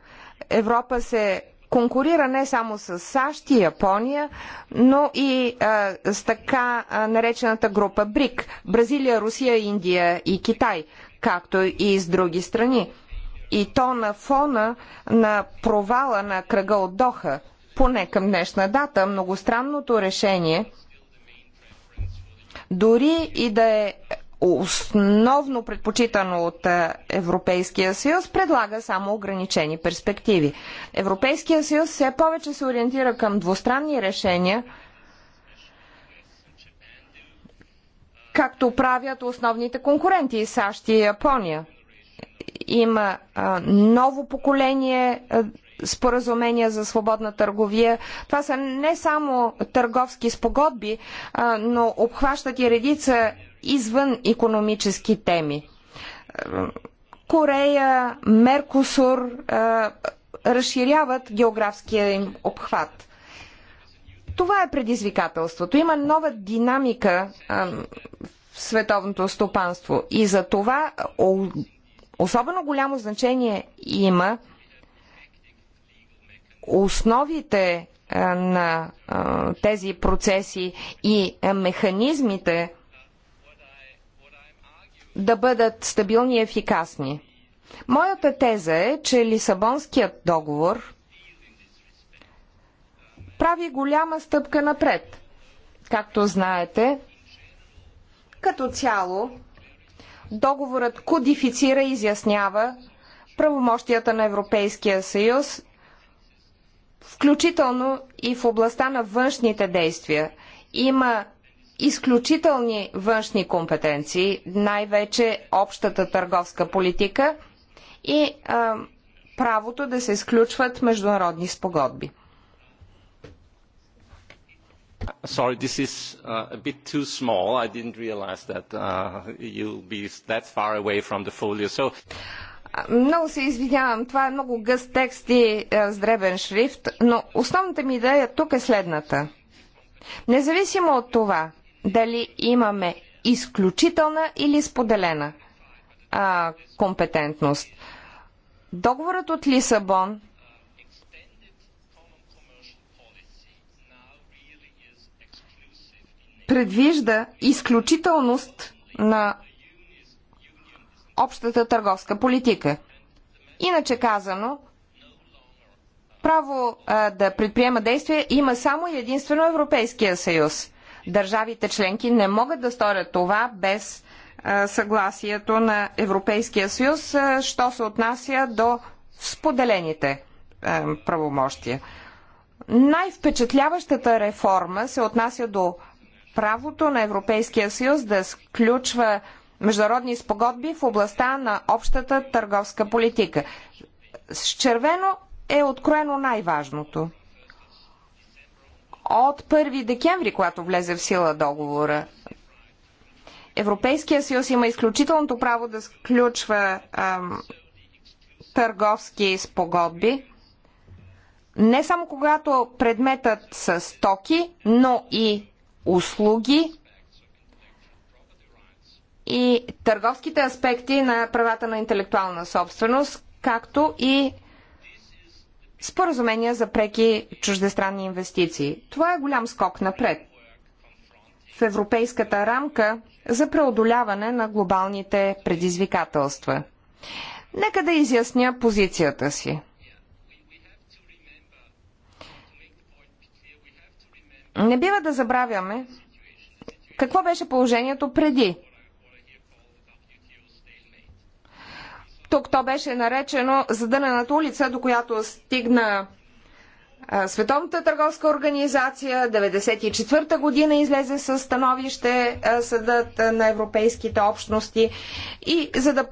Speaker 2: Европа се конкурира не само с САЩ и Япония, но и а, с така а, наречената група БРИК Бразилия, Русия, Индия и Китай, както и с други страни. И то на фона на провала на кръга от Доха, поне към днешна дата, многостранното решение, дори и да е основно предпочитано от е, Европейския съюз, предлага само ограничени перспективи. Европейския съюз все повече се ориентира към двустранни решения, както правят основните конкуренти САЩ и Япония. Има а, ново поколение а, споразумения за свободна търговия. Това са не само търговски спогодби, а, но обхващат и редица извън економически теми. Корея, Меркосур разширяват географския им обхват. Това е предизвикателството. Има нова динамика в световното стопанство и за това особено голямо значение има основите на тези процеси и механизмите, да бъдат стабилни и ефикасни. Моята теза е, че Лисабонският договор прави голяма стъпка напред. Както знаете, като цяло договорът кодифицира и изяснява правомощията на Европейския съюз, включително и в областта на външните действия. Има изключителни външни компетенции, най-вече общата търговска политика и а, правото да се изключват международни спогодби. Sorry, this is uh, a bit too small. I didn't realize that uh, you'll be that far away from the folio. So... Много се извинявам, това е много гъст текст и е, с дребен шрифт, но основната ми идея тук е следната. Независимо от това, дали имаме изключителна или споделена а, компетентност. Договорът от Лисабон предвижда изключителност на общата търговска политика. Иначе казано, право а, да предприема действия има само и единствено Европейския съюз. Държавите членки не могат да сторят това без съгласието на Европейския съюз, що се отнася до споделените правомощия. Най-впечатляващата реформа се отнася до правото на Европейския съюз да сключва международни спогодби в областта на общата търговска политика. С червено е откроено най-важното от 1 декември, когато влезе в сила договора. Европейския съюз има изключителното право да сключва ам, търговски спогодби, не само когато предметът са стоки, но и услуги и търговските аспекти на правата на интелектуална собственост, както и споразумения за преки чуждестранни инвестиции. Това е голям скок напред в европейската рамка за преодоляване на глобалните предизвикателства. Нека да изясня позицията си. Не бива да забравяме какво беше положението преди Тук то беше наречено задънената улица, до която стигна Световната търговска организация 1994 година излезе с становище съдът на европейските общности и за да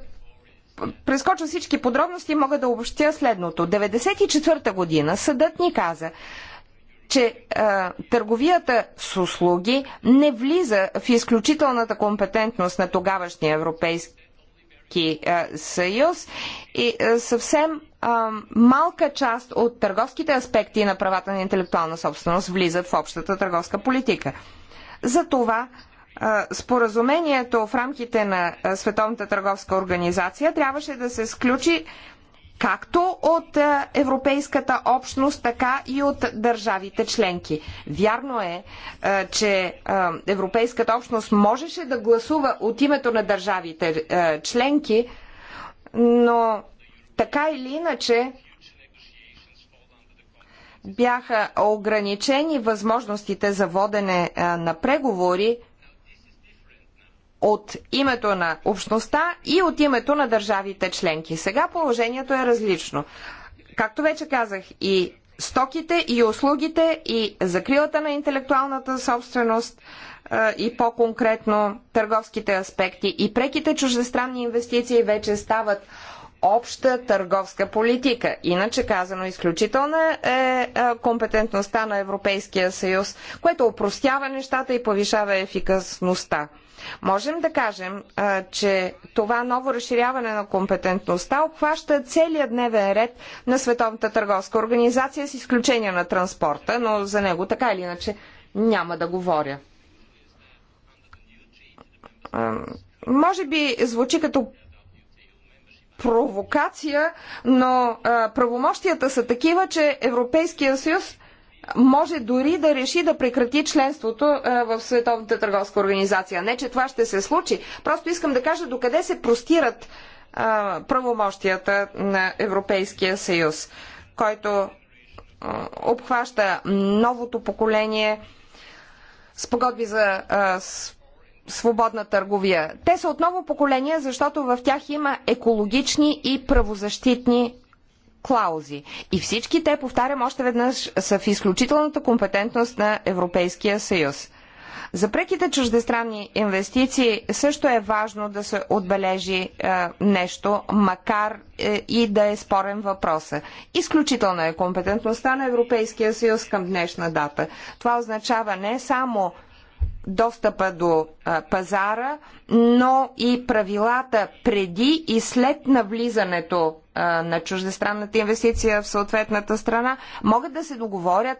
Speaker 2: прескоча всички подробности, мога да обобщя следното. 1994 година съдът ни каза, че а, търговията с услуги не влиза в изключителната компетентност на тогавашния европейски Европейски е, съюз и е, съвсем е, малка част от търговските аспекти на правата на интелектуална собственост влизат в общата търговска политика. Затова споразумението в рамките на Световната търговска организация трябваше да се сключи както от е, Европейската общност, така и от държавите членки. Вярно е, е че е, Европейската общност можеше да гласува от името на държавите членки, но така или иначе бяха ограничени възможностите за водене на преговори от името на общността и от името на държавите членки. Сега положението е различно. Както вече казах, и стоките, и услугите, и закрилата на интелектуалната собственост, и по-конкретно търговските аспекти, и преките чуждестранни инвестиции вече стават обща търговска политика. Иначе казано, изключителна е, е компетентността на Европейския съюз, което опростява нещата и повишава ефикасността. Можем да кажем, е, че това ново разширяване на компетентността обхваща целия дневен ред на Световната търговска организация с изключение на транспорта, но за него така или иначе няма да говоря. Може би звучи като провокация, но а, правомощията са такива, че Европейския съюз може дори да реши да прекрати членството а, в Световната търговска организация. Не, че това ще се случи. Просто искам да кажа докъде се простират а, правомощията на Европейския съюз, който обхваща новото поколение спогодби за а, с свободна търговия. Те са отново поколения, защото в тях има екологични и правозащитни клаузи. И всички те, повтарям още веднъж, са в изключителната компетентност на Европейския съюз. За преките чуждестранни инвестиции също е важно да се отбележи е, нещо, макар е, и да е спорен въпроса. Изключителна е компетентността на Европейския съюз към днешна дата. Това означава не само достъпа до пазара, но и правилата преди и след навлизането на чуждестранната инвестиция в съответната страна могат да се договорят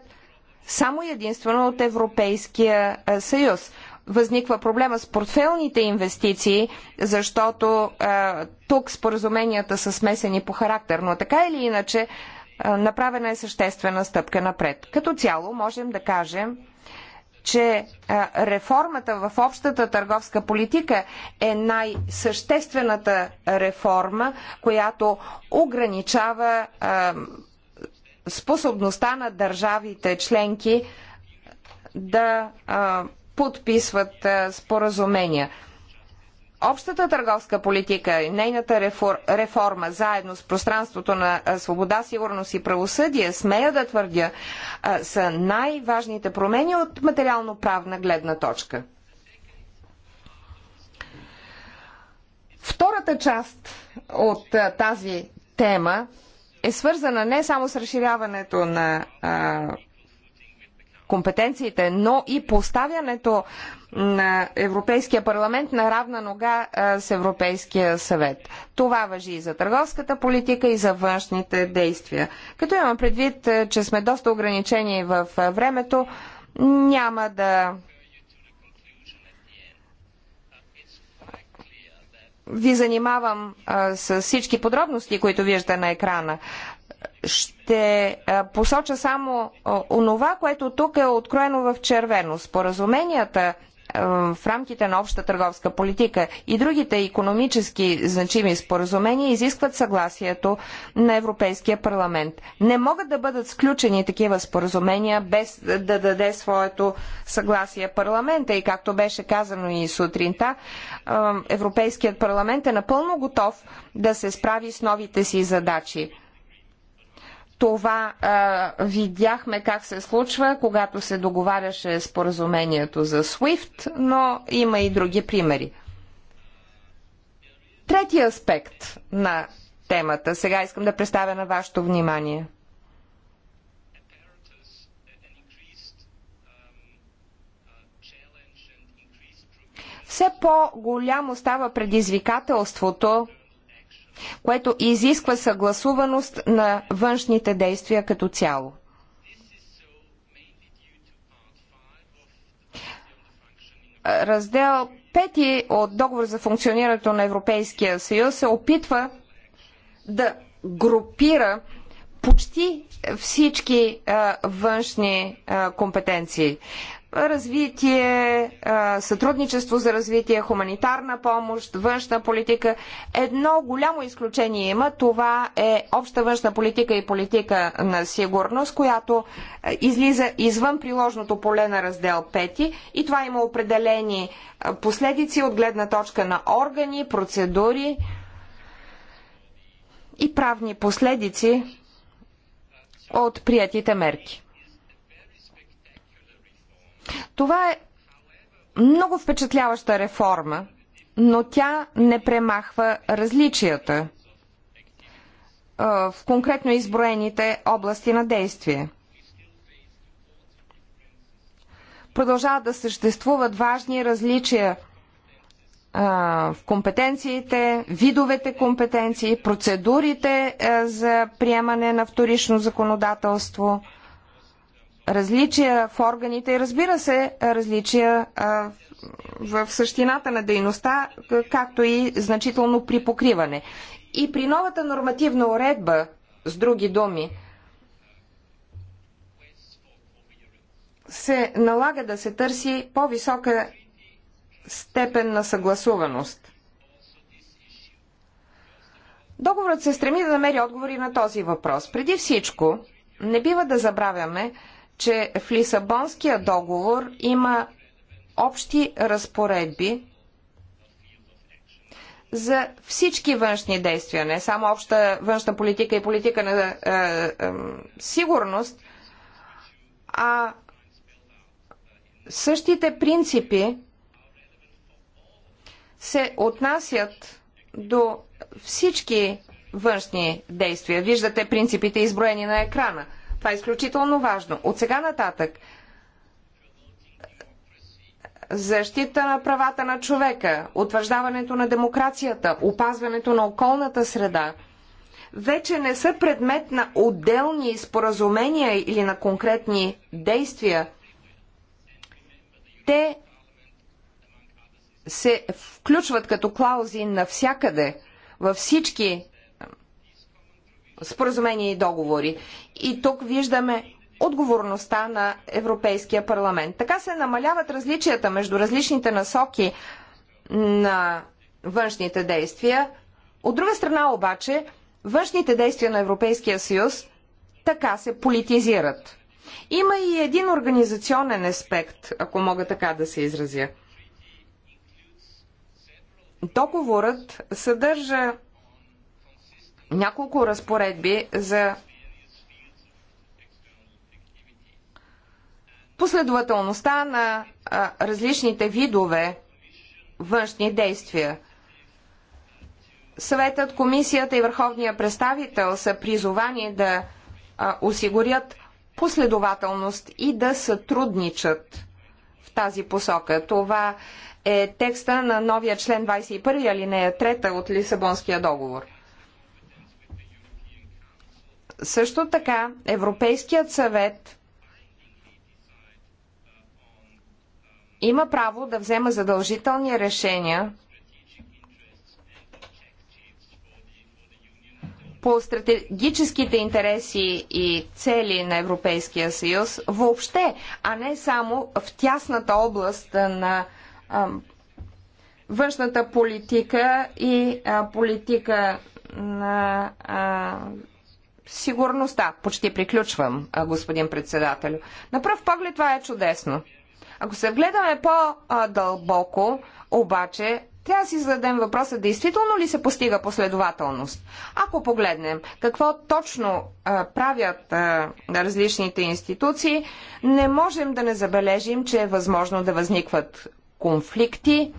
Speaker 2: само единствено от Европейския съюз. Възниква проблема с портфелните инвестиции, защото а, тук споразуменията са смесени по характер, но така или иначе а, направена е съществена стъпка напред. Като цяло можем да кажем, че е, реформата в общата търговска политика е най-съществената реформа, която ограничава е, способността на държавите членки да е, подписват споразумения. Общата търговска политика и нейната рефор... реформа заедно с пространството на свобода, сигурност и правосъдие, смея да твърдя, са най-важните промени от материално-правна гледна точка. Втората част от тази тема е свързана не само с разширяването на компетенциите, но и поставянето на Европейския парламент на равна нога с Европейския съвет. Това въжи и за търговската политика, и за външните действия. Като имам предвид, че сме доста ограничени в времето, няма да ви занимавам а, с всички подробности, които виждате на екрана. Ще посоча само онова, което тук е откроено в червено. Споразуменията в рамките на обща търговска политика и другите економически значими споразумения изискват съгласието на Европейския парламент. Не могат да бъдат сключени такива споразумения без да даде своето съгласие парламента и както беше казано и сутринта, Европейският парламент е напълно готов да се справи с новите си задачи това а, видяхме как се случва, когато се договаряше споразумението за SWIFT, но има и други примери. Третия аспект на темата сега искам да представя на вашето внимание. Все по-голямо става предизвикателството което изисква съгласуваност на външните действия като цяло. Раздел 5 от договор за функционирането на Европейския съюз се опитва да групира почти всички а, външни а, компетенции развитие, сътрудничество за развитие, хуманитарна помощ, външна политика. Едно голямо изключение има. Това е обща външна политика и политика на сигурност, която излиза извън приложното поле на раздел 5 и това има определени последици от гледна точка на органи, процедури и правни последици от приятите мерки. Това е много впечатляваща реформа, но тя не премахва различията в конкретно изброените области на действие. Продължават да съществуват важни различия в компетенциите, видовете компетенции, процедурите за приемане на вторично законодателство – различия в органите и разбира се, различия в същината на дейността, както и значително при покриване. И при новата нормативна уредба, с други думи, се налага да се търси по-висока степен на съгласуваност. Договорът се стреми да намери отговори на този въпрос. Преди всичко, не бива да забравяме, че в Лисабонския договор има общи разпоредби за всички външни действия, не само обща външна политика и политика на е, е, сигурност, а същите принципи се отнасят до всички външни действия. Виждате принципите изброени на екрана – това е изключително важно. От сега нататък защита на правата на човека, утвърждаването на демокрацията, опазването на околната среда вече не са предмет на отделни споразумения или на конкретни действия. Те се включват като клаузи навсякъде, във всички споразумения и договори. И тук виждаме отговорността на Европейския парламент. Така се намаляват различията между различните насоки на външните действия. От друга страна обаче, външните действия на Европейския съюз така се политизират. Има и един организационен аспект, ако мога така да се изразя. Договорът съдържа няколко разпоредби за последователността на а, различните видове външни действия. Съветът, комисията и върховния представител са призовани да а, осигурят последователност и да сътрудничат в тази посока. Това е текста на новия член 21 алинея 3 от Лисабонския договор. Също така, Европейският съвет има право да взема задължителни решения по стратегическите интереси и цели на Европейския съюз въобще, а не само в тясната област на външната политика и а, политика на а, сигурността. Почти приключвам, господин председател. На пръв поглед това е чудесно. Ако се вгледаме по-дълбоко, обаче, трябва да си зададем въпроса, действително ли се постига последователност? Ако погледнем какво точно а, правят а, различните институции, не можем да не забележим, че е възможно да възникват конфликти,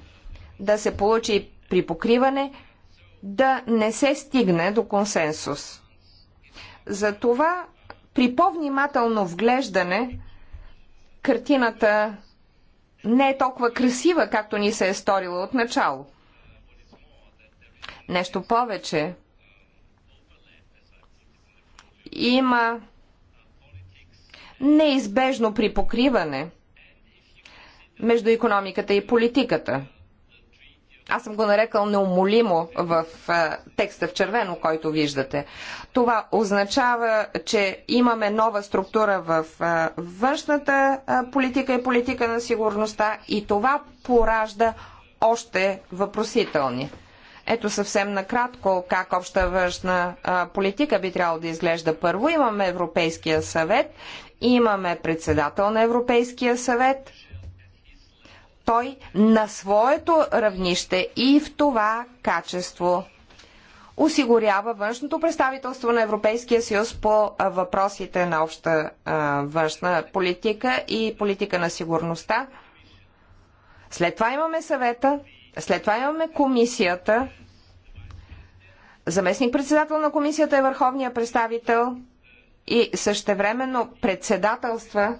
Speaker 2: да се получи припокриване, да не се стигне до консенсус. Затова при по-внимателно вглеждане картината не е толкова красива, както ни се е сторила от начало. Нещо повече. Има неизбежно припокриване между економиката и политиката – аз съм го нарекал неумолимо в текста в червено, който виждате. Това означава, че имаме нова структура в външната политика и политика на сигурността и това поражда още въпросителни. Ето съвсем накратко как обща външна политика би трябвало да изглежда. Първо имаме Европейския съвет, имаме председател на Европейския съвет – той на своето равнище и в това качество осигурява външното представителство на Европейския съюз по въпросите на обща външна политика и политика на сигурността. След това имаме съвета, след това имаме комисията. Заместник-председател на комисията е върховния представител и същевременно председателства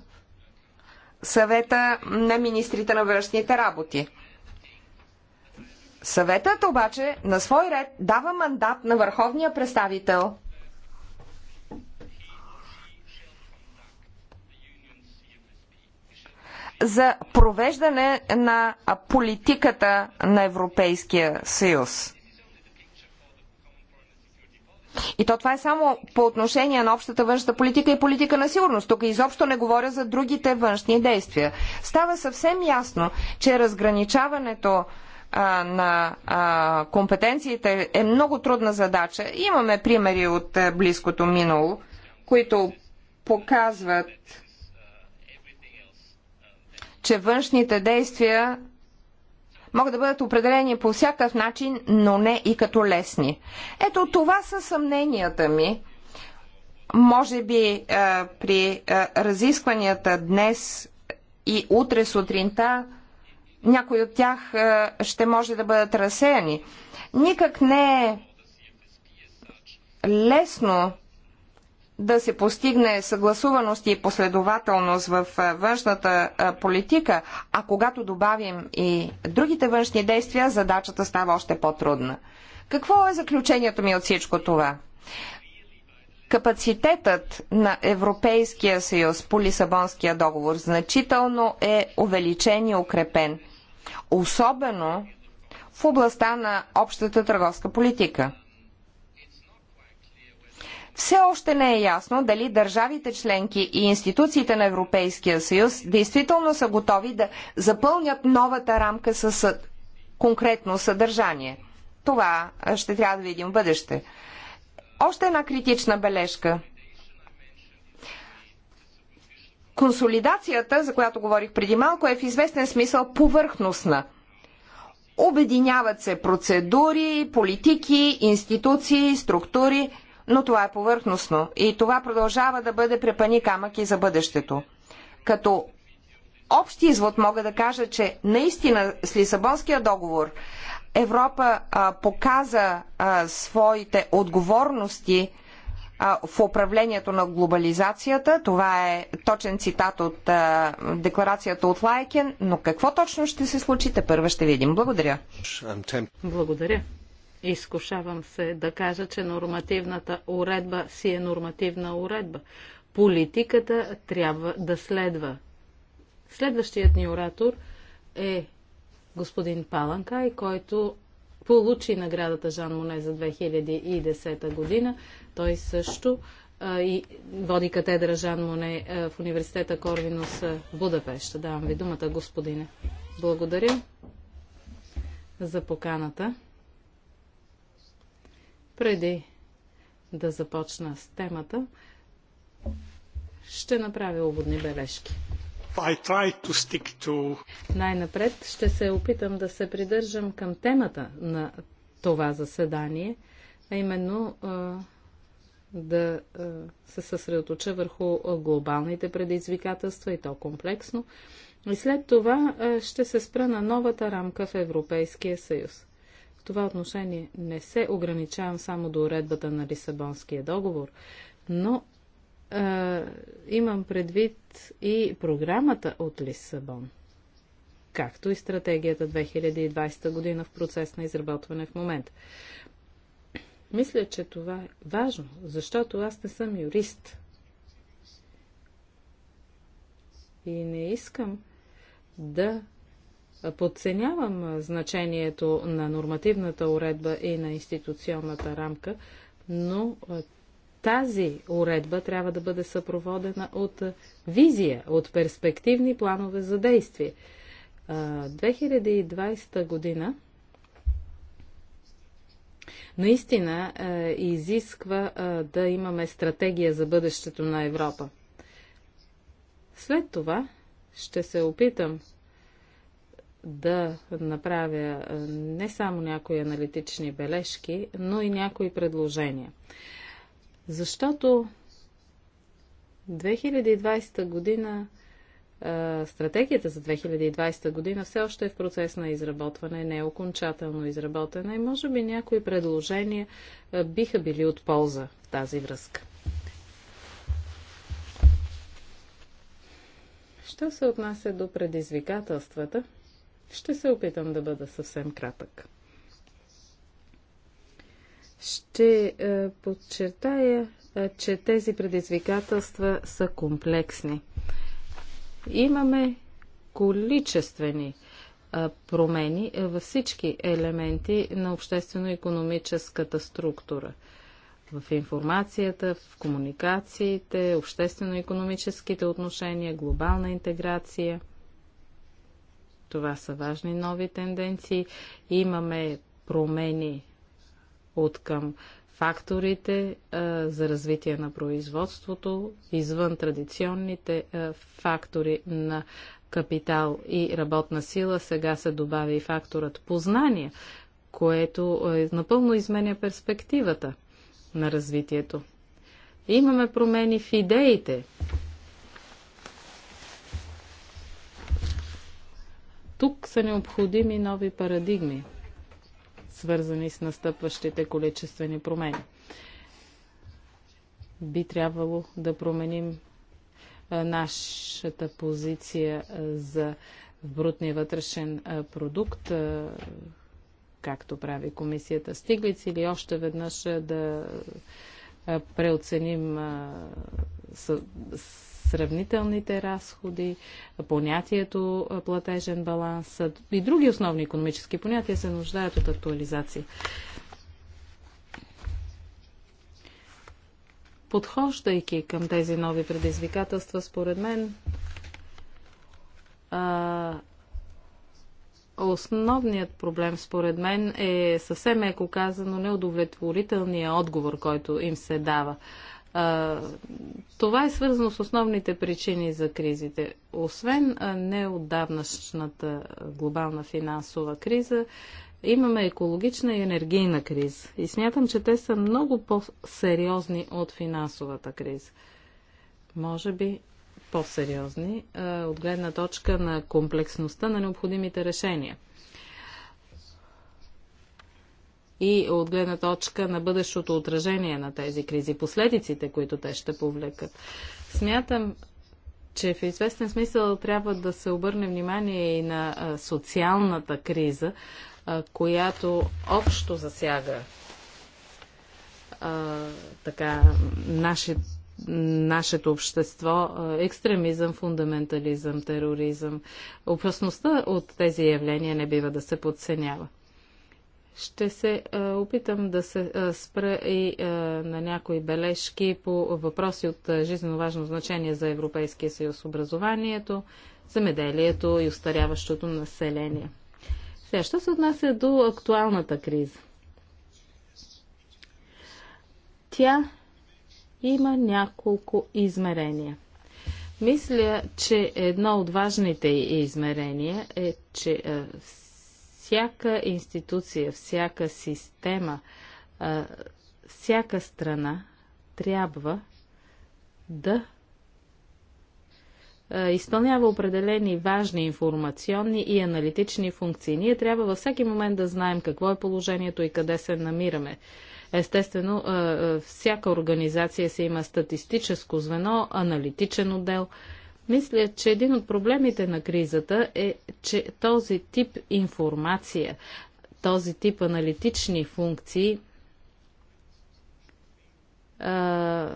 Speaker 2: съвета на министрите на външните работи. Съветът обаче на свой ред дава мандат на върховния представител за провеждане на политиката на Европейския съюз. И то това е само по отношение на общата външна политика и политика на сигурност. Тук изобщо не говоря за другите външни действия. Става съвсем ясно, че разграничаването на компетенциите е много трудна задача. Имаме примери от е, близкото минало, които показват, че външните действия могат да бъдат определени по всякакъв начин, но не и като лесни. Ето това са съмненията ми. Може би е, при е, разискванията днес и утре сутринта някои от тях е, ще може да бъдат разсеяни. Никак не е лесно да се постигне съгласуваност и последователност в външната политика, а когато добавим и другите външни действия, задачата става още по-трудна. Какво е заключението ми от всичко това? Капацитетът на Европейския съюз по Лисабонския договор значително е увеличен и укрепен, особено в областта на общата търговска политика – все още не е ясно дали държавите членки и институциите на Европейския съюз действително са готови да запълнят новата рамка с конкретно съдържание. Това ще трябва да видим в бъдеще. Още една критична бележка. Консолидацията, за която говорих преди малко, е в известен смисъл повърхностна. Обединяват се процедури, политики, институции, структури – но това е повърхностно и това продължава да бъде препани камък и за бъдещето. Като общ извод мога да кажа, че наистина с Лисабонския договор Европа а, показа а, своите отговорности а, в управлението на глобализацията. Това е точен цитат от а, декларацията от Лайкен, но какво точно ще се случи, те първа ще видим. Благодаря. Благодаря.
Speaker 1: Изкушавам се да кажа, че нормативната уредба си е нормативна уредба. Политиката трябва да следва. Следващият ни оратор е господин Паланкай, който получи наградата Жан Моне за 2010 година. Той също а, и води катедра Жан Моне а, в университета Корвинус в Будапешта. Давам ви думата, господине. Благодаря за поканата. Преди да започна с темата, ще направя уводни бележки.
Speaker 3: To to...
Speaker 1: Най-напред ще се опитам да се придържам към темата на това заседание, а именно да се съсредоточа върху глобалните предизвикателства и то комплексно. И след това ще се спра на новата рамка в Европейския съюз. В това отношение не се ограничавам само до уредбата на Лисабонския договор, но е, имам предвид и програмата от Лисабон, както и стратегията 2020 година в процес на изработване в момент. Мисля, че това е важно, защото аз не съм юрист. И не искам да Подценявам значението на нормативната уредба и на институционната рамка, но тази уредба трябва да бъде съпроводена от визия, от перспективни планове за действие. 2020 година наистина изисква да имаме стратегия за бъдещето на Европа. След това ще се опитам да направя не само някои аналитични бележки, но и някои предложения. Защото 2020 година стратегията за 2020 година все още е в процес на изработване, не е окончателно изработена и може би някои предложения биха били от полза в тази връзка. Що се отнася до предизвикателствата, ще се опитам да бъда съвсем кратък. Ще е, подчертая, е, че тези предизвикателства са комплексни. Имаме количествени е, промени във всички елементи на обществено-економическата структура. В информацията, в комуникациите, обществено-економическите отношения, глобална интеграция – това са важни нови тенденции. Имаме промени от към факторите а, за развитие на производството, извън традиционните а, фактори на капитал и работна сила, сега се добави и факторът познание, което а, напълно изменя перспективата на развитието. Имаме промени в идеите, Тук са необходими нови парадигми, свързани с настъпващите количествени промени. Би трябвало да променим нашата позиция за брутния вътрешен продукт, както прави комисията Стиглиц, или още веднъж да преоценим сравнителните разходи, понятието платежен баланс и други основни економически понятия се нуждаят от актуализация. Подхождайки към тези нови предизвикателства, според мен, Основният проблем, според мен, е съвсем еко казано неудовлетворителният отговор, който им се дава. А, това е свързано с основните причини за кризите. Освен неотдавнашната глобална финансова криза, имаме екологична и енергийна криза. И смятам, че те са много по-сериозни от финансовата криза. Може би по-сериозни от гледна точка на комплексността на необходимите решения – и от гледна точка на бъдещото отражение на тези кризи, последиците, които те ще повлекат. Смятам, че в известен смисъл трябва да се обърне внимание и на социалната криза, която общо засяга така, наши, нашето общество, екстремизъм, фундаментализъм, тероризъм. Опасността от тези явления не бива да се подценява. Ще се е, опитам да се е, спра и е, на някои бележки по въпроси от жизненно важно значение за Европейския съюз образованието, земеделието и устаряващото население. Сега, що се отнася до актуалната криза? Тя има няколко измерения. Мисля, че едно от важните измерения е, че всяка институция, всяка система, всяка страна трябва да изпълнява определени важни информационни и аналитични функции. Ние трябва във всеки момент да знаем какво е положението и къде се намираме. Естествено, всяка организация се има статистическо звено, аналитичен отдел – мисля, че един от проблемите на кризата е, че този тип информация, този тип аналитични функции а,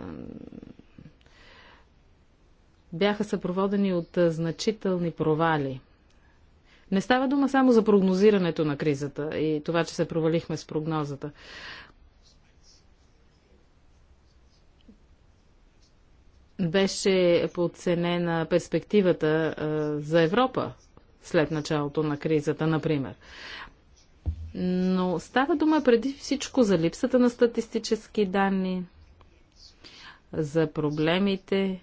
Speaker 1: бяха съпроводени от значителни провали. Не става дума само за прогнозирането на кризата и това, че се провалихме с прогнозата. беше подценена перспективата за Европа след началото на кризата, например. Но става дума преди всичко за липсата на статистически данни, за проблемите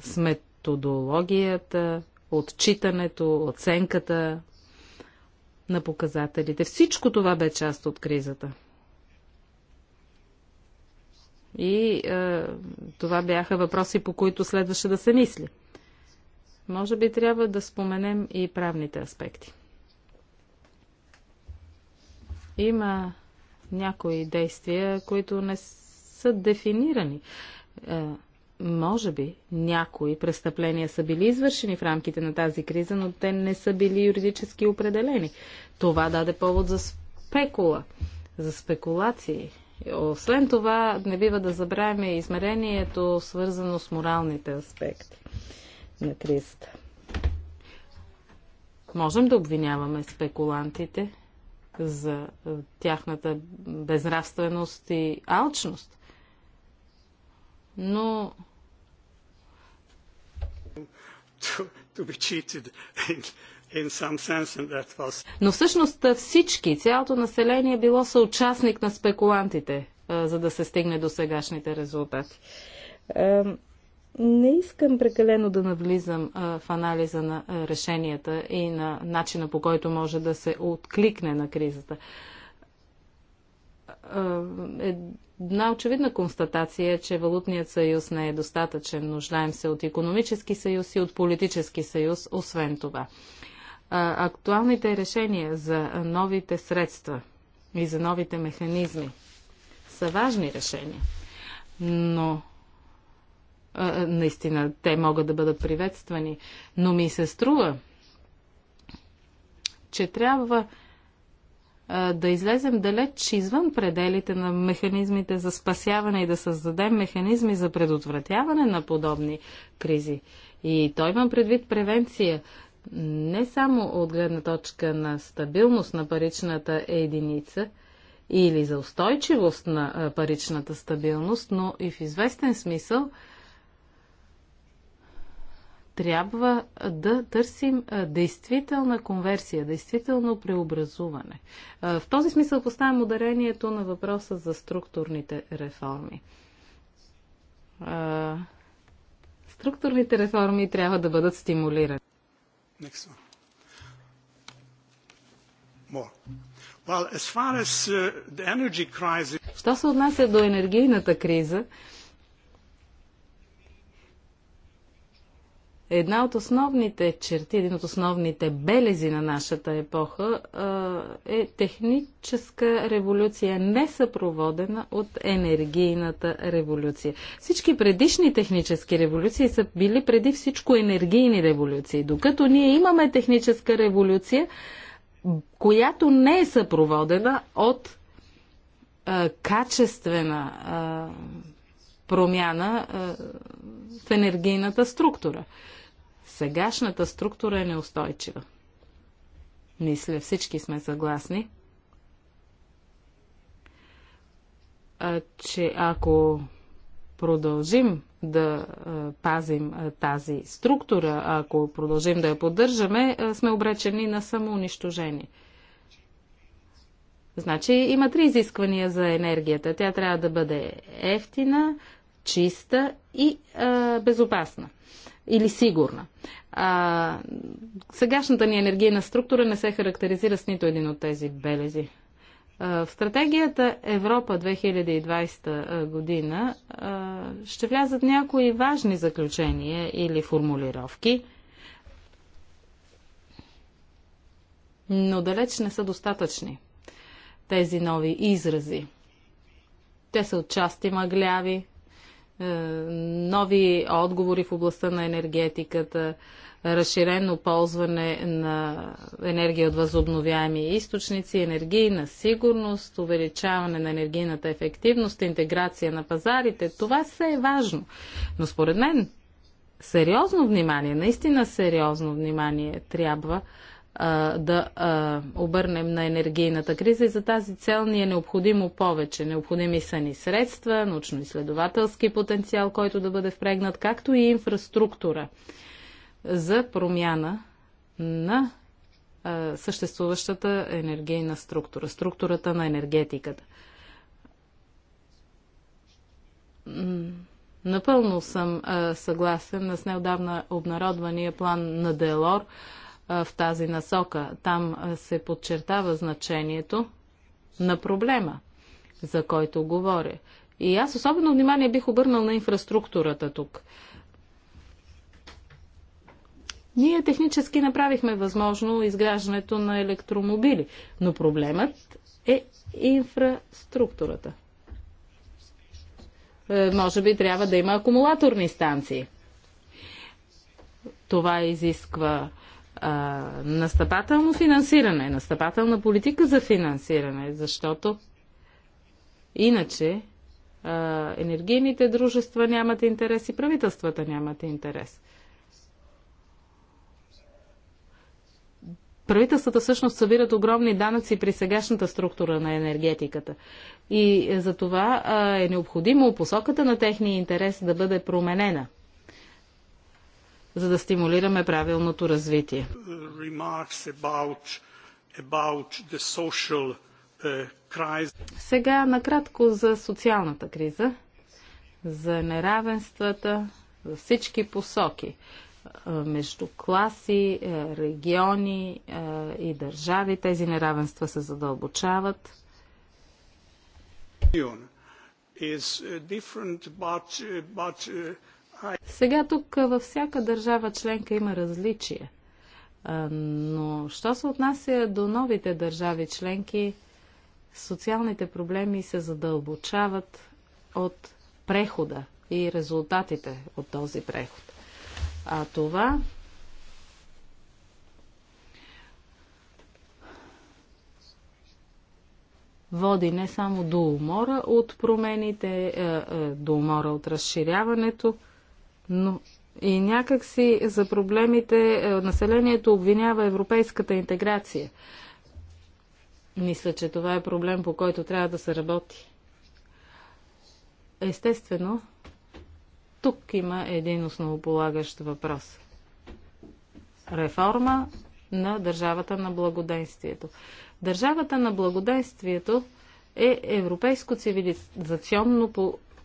Speaker 1: с методологията, отчитането, оценката на показателите. Всичко това бе част от кризата – и е, това бяха въпроси, по които следваше да се мисли. Може би трябва да споменем и правните аспекти. Има някои действия, които не са дефинирани. Е, може би някои престъпления са били извършени в рамките на тази криза, но те не са били юридически определени. Това даде повод за спекула, за спекулации. Освен това, не бива да забравяме измерението, свързано с моралните аспекти на кризата. Можем да обвиняваме спекулантите за е, тяхната безнравственост и алчност, но to, to be cheated но всъщност всички, цялото население е било съучастник на спекулантите, за да се стигне до сегашните резултати. Не искам прекалено да навлизам в анализа на решенията и на начина по който може да се откликне на кризата. Една очевидна констатация е, че валутният съюз не е достатъчен. Нуждаем се от економически съюз и от политически съюз, освен това актуалните решения за новите средства и за новите механизми са важни решения, но наистина те могат да бъдат приветствани, но ми се струва, че трябва да излезем далеч извън пределите на механизмите за спасяване и да създадем механизми за предотвратяване на подобни кризи. И той имам предвид превенция, не само от гледна точка на стабилност на паричната единица или за устойчивост на паричната стабилност, но и в известен смисъл трябва да търсим действителна конверсия, действително преобразуване. В този смисъл поставям ударението на въпроса за структурните реформи. Структурните реформи трябва да бъдат стимулирани. Next one. More. Well, as far as the energy crisis... Що се отнася до енергийната криза, uh, Една от основните черти, един от основните белези на нашата епоха е техническа революция, не съпроводена от енергийната революция. Всички предишни технически революции са били преди всичко енергийни революции. Докато ние имаме техническа революция, която не е съпроводена от а, качествена а, промяна а, в енергийната структура. Сегашната структура е неустойчива. Мисля, всички сме съгласни, а, че ако продължим да пазим тази структура, ако продължим да я поддържаме, сме обречени на самоунищожение. Значи има три изисквания за енергията. Тя трябва да бъде ефтина, чиста и а, безопасна или сигурна. А, сегашната ни енергийна структура не се характеризира с нито един от тези белези. В стратегията Европа 2020 година ще влязат някои важни заключения или формулировки, но далеч не са достатъчни тези нови изрази. Те са отчасти мъгляви, е, нови отговори в областта на енергетиката, разширено ползване на енергия от възобновяеми източници, енергийна сигурност, увеличаване на енергийната ефективност, интеграция на пазарите. Това все е важно. Но според мен сериозно внимание, наистина сериозно внимание трябва а, да а, обърнем на енергийната криза и за тази цел ни е необходимо повече. Необходими са ни средства, научно-изследователски потенциал, който да бъде впрегнат, както и инфраструктура за промяна на а, съществуващата енергийна структура, структурата на енергетиката. Напълно съм а, съгласен с неодавна обнародвания план на Делор, а, в тази насока. Там се подчертава значението на проблема, за който говоря. И аз особено внимание бих обърнал на инфраструктурата тук. Ние технически направихме възможно изграждането на електромобили, но проблемът е инфраструктурата. Е, може би трябва да има акумулаторни станции. Това изисква а, настъпателно финансиране, настъпателна политика за финансиране, защото иначе а, енергийните дружества нямат интерес и правителствата нямат интерес. Правителствата всъщност събират огромни данъци при сегашната структура на енергетиката. И е, за това е необходимо посоката на техния интерес да бъде променена за да стимулираме правилното развитие.
Speaker 3: Uh,
Speaker 1: Сега накратко за социалната криза, за неравенствата във всички посоки между класи, региони и държави. Тези неравенства се задълбочават. Is uh, different, but, uh, but uh, сега тук във всяка държава членка има различия. Но що се отнася до новите държави членки, социалните проблеми се задълбочават от прехода и резултатите от този преход. А това води не само до умора от промените, до умора от разширяването, но и някакси за проблемите е, населението обвинява европейската интеграция. Мисля, че това е проблем, по който трябва да се работи. Естествено, тук има един основополагащ въпрос. Реформа на държавата на благоденствието. Държавата на благоденствието е европейско цивилизационно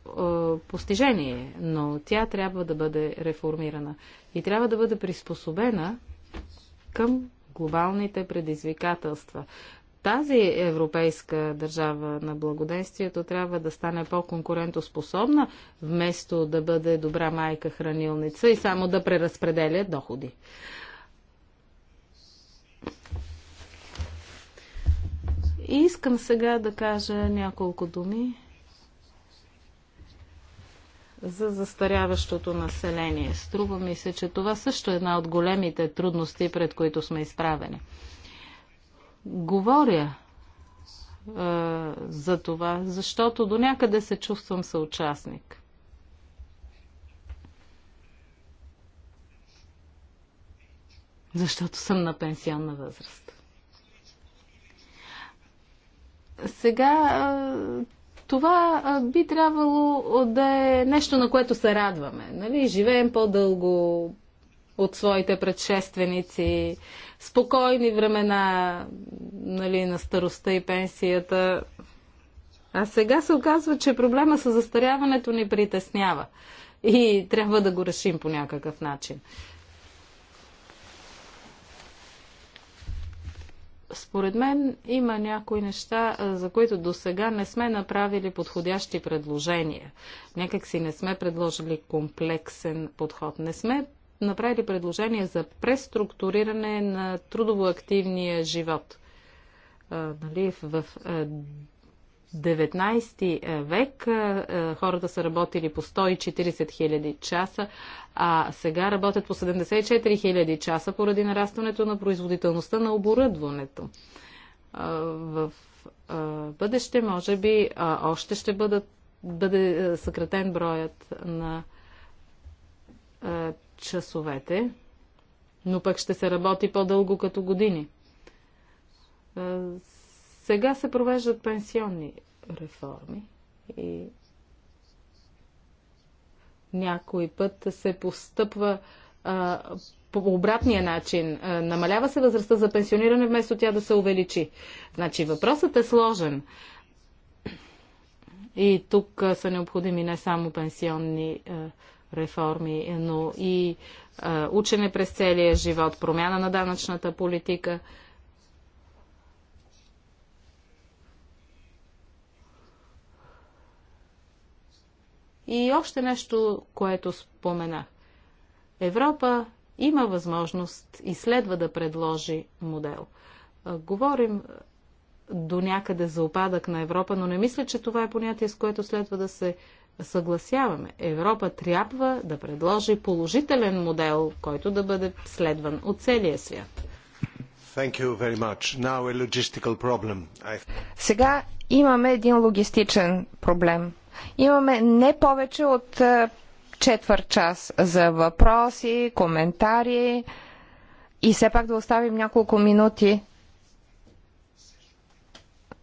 Speaker 1: е, постижение, но тя трябва да бъде реформирана и трябва да бъде приспособена към глобалните предизвикателства. Тази европейска държава на благоденствието трябва да стане по-конкурентоспособна, вместо да бъде добра майка хранилница и само да преразпределя доходи. И искам сега да кажа няколко думи за застаряващото население. Струва ми се, че това също е една от големите трудности, пред които сме изправени. Говоря е, за това, защото до някъде се чувствам съучастник. Защото съм на пенсионна възраст. Сега е, това би трябвало да е нещо, на което се радваме. Нали? Живеем по-дълго от своите предшественици, спокойни времена нали, на старостта и пенсията. А сега се оказва, че проблема с застаряването ни притеснява и трябва да го решим по някакъв начин. Според мен има някои неща, за които до сега не сме направили подходящи предложения. Някак си не сме предложили комплексен подход. Не сме направили предложение за преструктуриране на трудово активния живот. Нали, в 19 е, век е, е, хората са работили по 140 хиляди часа, а сега работят по 74 хиляди часа поради нарастването на производителността на оборудването. В бъдеще, може би, още ще бъдат, бъде съкратен броят на часовете, но пък ще се работи по-дълго като години сега се провеждат пенсионни реформи и някой път се постъпва а, по обратния начин. А, намалява се възрастта за пенсиониране, вместо тя да се увеличи. Значи въпросът е сложен. И тук а, са необходими не само пенсионни а, реформи, но и а, учене през целия живот, промяна на данъчната политика – И още нещо, което споменах. Европа има възможност и следва да предложи модел. Говорим до някъде за опадък на Европа, но не мисля, че това е понятие, с което следва да се съгласяваме. Европа трябва да предложи положителен модел, който да бъде следван от целия свят.
Speaker 2: I... Сега имаме един логистичен проблем. Имаме не повече от е, четвърт час за въпроси, коментари и все пак да оставим няколко минути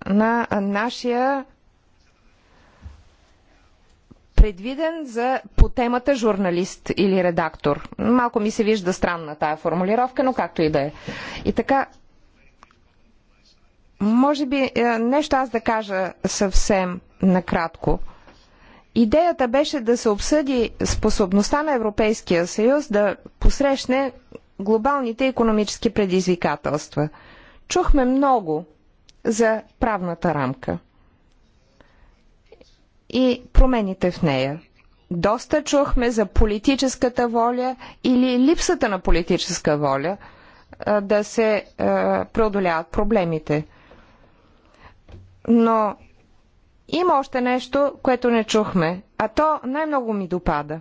Speaker 2: на нашия предвиден за по темата журналист или редактор. Малко ми се вижда странна тая формулировка, но както и да е. И така, може би е, нещо аз да кажа съвсем накратко. Идеята беше да се обсъди способността на Европейския съюз да посрещне глобалните економически предизвикателства. Чухме много за правната рамка и промените в нея. Доста чухме за политическата воля или липсата на политическа воля е, да се е, преодоляват проблемите – но има още нещо, което не чухме, а то най-много ми допада.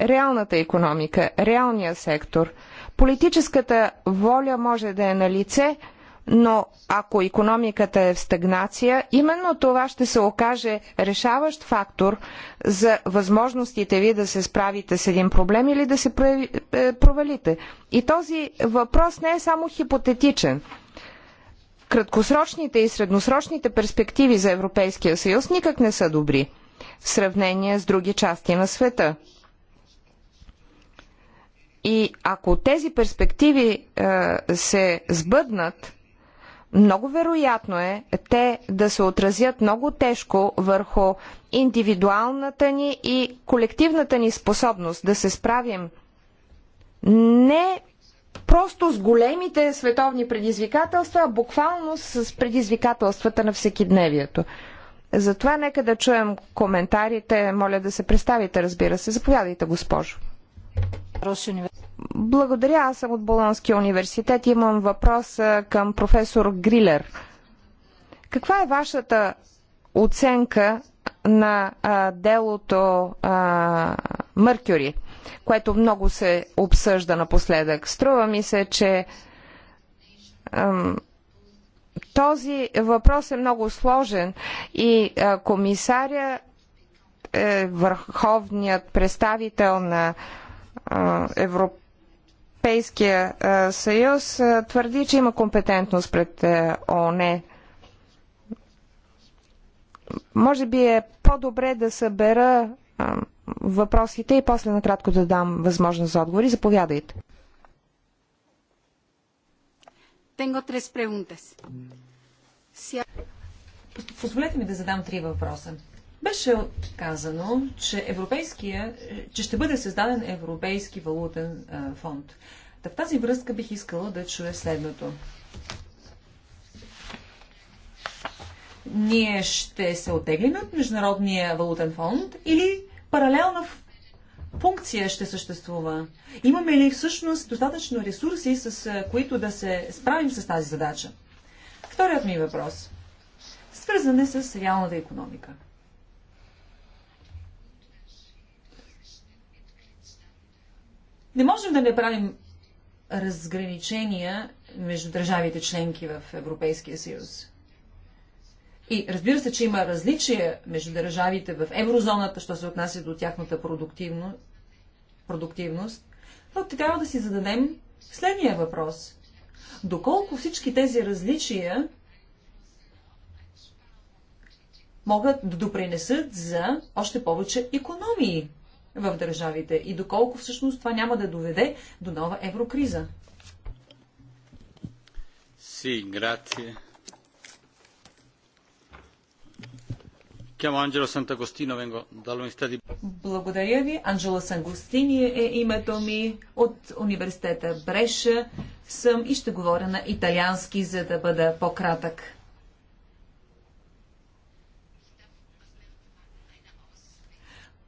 Speaker 2: Реалната економика, реалния сектор. Политическата воля може да е на лице, но ако економиката е в стагнация, именно това ще се окаже решаващ фактор за възможностите ви да се справите с един проблем или да се е, провалите. И този въпрос не е само хипотетичен краткосрочните и средносрочните перспективи за Европейския съюз никак не са добри в сравнение с други части на света. И ако тези перспективи е, се сбъднат, много вероятно е те да се отразят много тежко върху индивидуалната ни и колективната ни способност да се справим не просто с големите световни предизвикателства, а буквално с предизвикателствата на всекидневието. Затова нека да чуем коментарите. Моля да се представите, разбира се. Заповядайте, госпожо. Благодаря, аз съм от Болонския университет. Имам въпрос към професор Грилер. Каква е вашата оценка на а, делото а, Мъркюри? което много се обсъжда напоследък. Струва ми се, че този въпрос е много сложен и комисаря е върховният представител на Европейския съюз твърди, че има компетентност пред ООН. Може би е по-добре да събера въпросите и после накратко да дам възможност за отговори. Заповядайте.
Speaker 1: Tengo tres preguntas. Позволете ми да
Speaker 3: задам три въпроса. Беше казано, че, европейския, че ще бъде създаден Европейски валутен а, фонд. Та в тази връзка бих искала да чуя следното. Ние ще се отеглим от Международния валутен фонд или паралелна функция ще съществува? Имаме ли всъщност достатъчно ресурси, с които да се справим с тази задача? Вторият ми въпрос. Свързане с реалната економика. Не можем да не правим разграничения между държавите членки в Европейския съюз. И разбира се, че има различия между държавите в еврозоната, що се отнася до тяхната продуктивно, продуктивност, но трябва да си зададем следния въпрос. Доколко всички тези различия могат да допринесат за още повече економии в държавите и доколко всъщност това няма да доведе до нова еврокриза. Си, sí, Благодаря ви. Анджела Сангостини е името ми от университета Бреша. Съм и ще говоря на италиански, за да бъда по-кратък.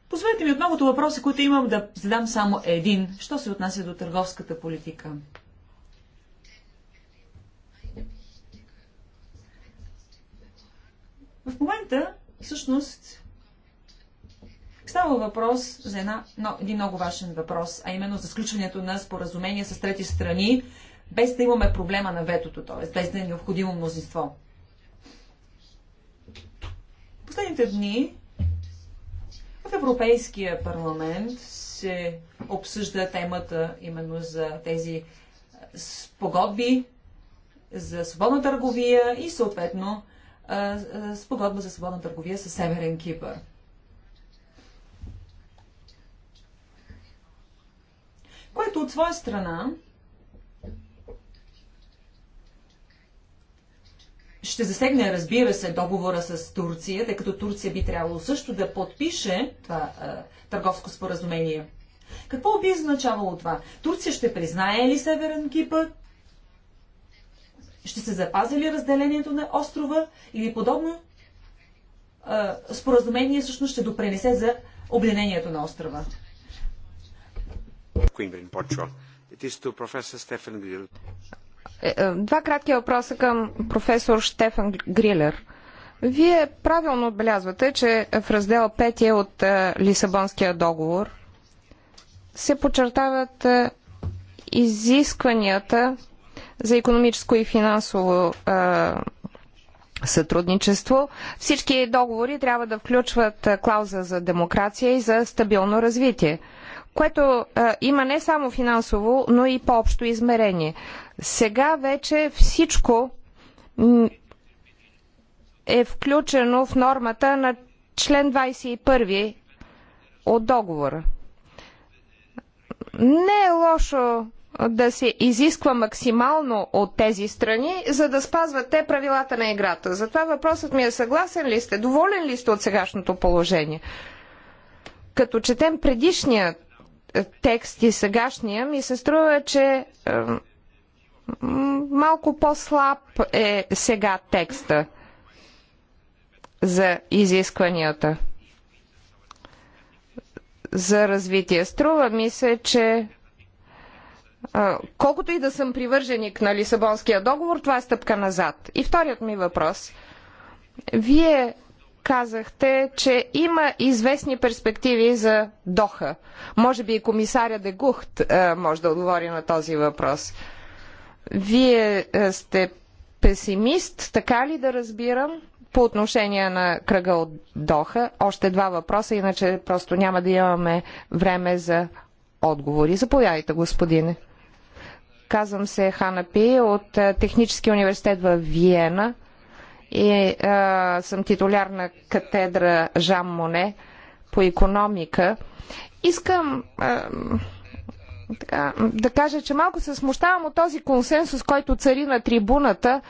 Speaker 3: Позволете ми от многото въпроси, които имам да задам само един, що се отнася до търговската политика. В момента Всъщност, става въпрос за една, но, един много важен въпрос, а именно за сключването на споразумения с трети страни, без да имаме проблема на ветото, т.е. без да е необходимо мнозинство. Последните дни в Европейския парламент се обсъжда темата именно за тези спогодби за свободна търговия и съответно спогодба за свободна търговия с Северен Кипър. Което от своя страна ще засегне, разбира се, договора с Турция, тъй като Турция би трябвало също да подпише това а, търговско споразумение. Какво би означавало това? Турция ще признае ли Северен Кипър? Ще се запази ли разделението на острова или подобно а, споразумение всъщност ще допренесе за обединението на острова?
Speaker 2: Е, е, два кратки въпроса към професор Штефан Грилер. Вие правилно отбелязвате, че в раздел 5 е от Лисабонския договор се подчертават изискванията за економическо и финансово а, сътрудничество. Всички договори трябва да включват клауза за демокрация и за стабилно развитие, което а, има не само финансово, но и по-общо измерение. Сега вече всичко е включено в нормата на член 21 от договора. Не е лошо да се изисква максимално от тези страни, за да спазват те правилата на играта. Затова въпросът ми е съгласен ли сте, доволен ли сте от сегашното положение? Като четем предишния е, текст и сегашния, ми се струва, че е, малко по-слаб е сега текста за изискванията за развитие. Струва ми се, че колкото и да съм привърженик на Лисабонския договор, това е стъпка назад. И вторият ми въпрос. Вие казахте, че има известни перспективи за Доха. Може би и комисаря Дегухт може да отговори на този въпрос. Вие сте песимист, така ли да разбирам, по отношение на кръга от Доха? Още два въпроса, иначе просто няма да имаме време за отговори. Заповядайте, господине. Казвам се Хана Пи от Техническия университет в Виена и а, съм титуляр на катедра Жан Моне по економика. Искам а, така, да кажа, че малко се смущавам от този консенсус, който цари на трибуната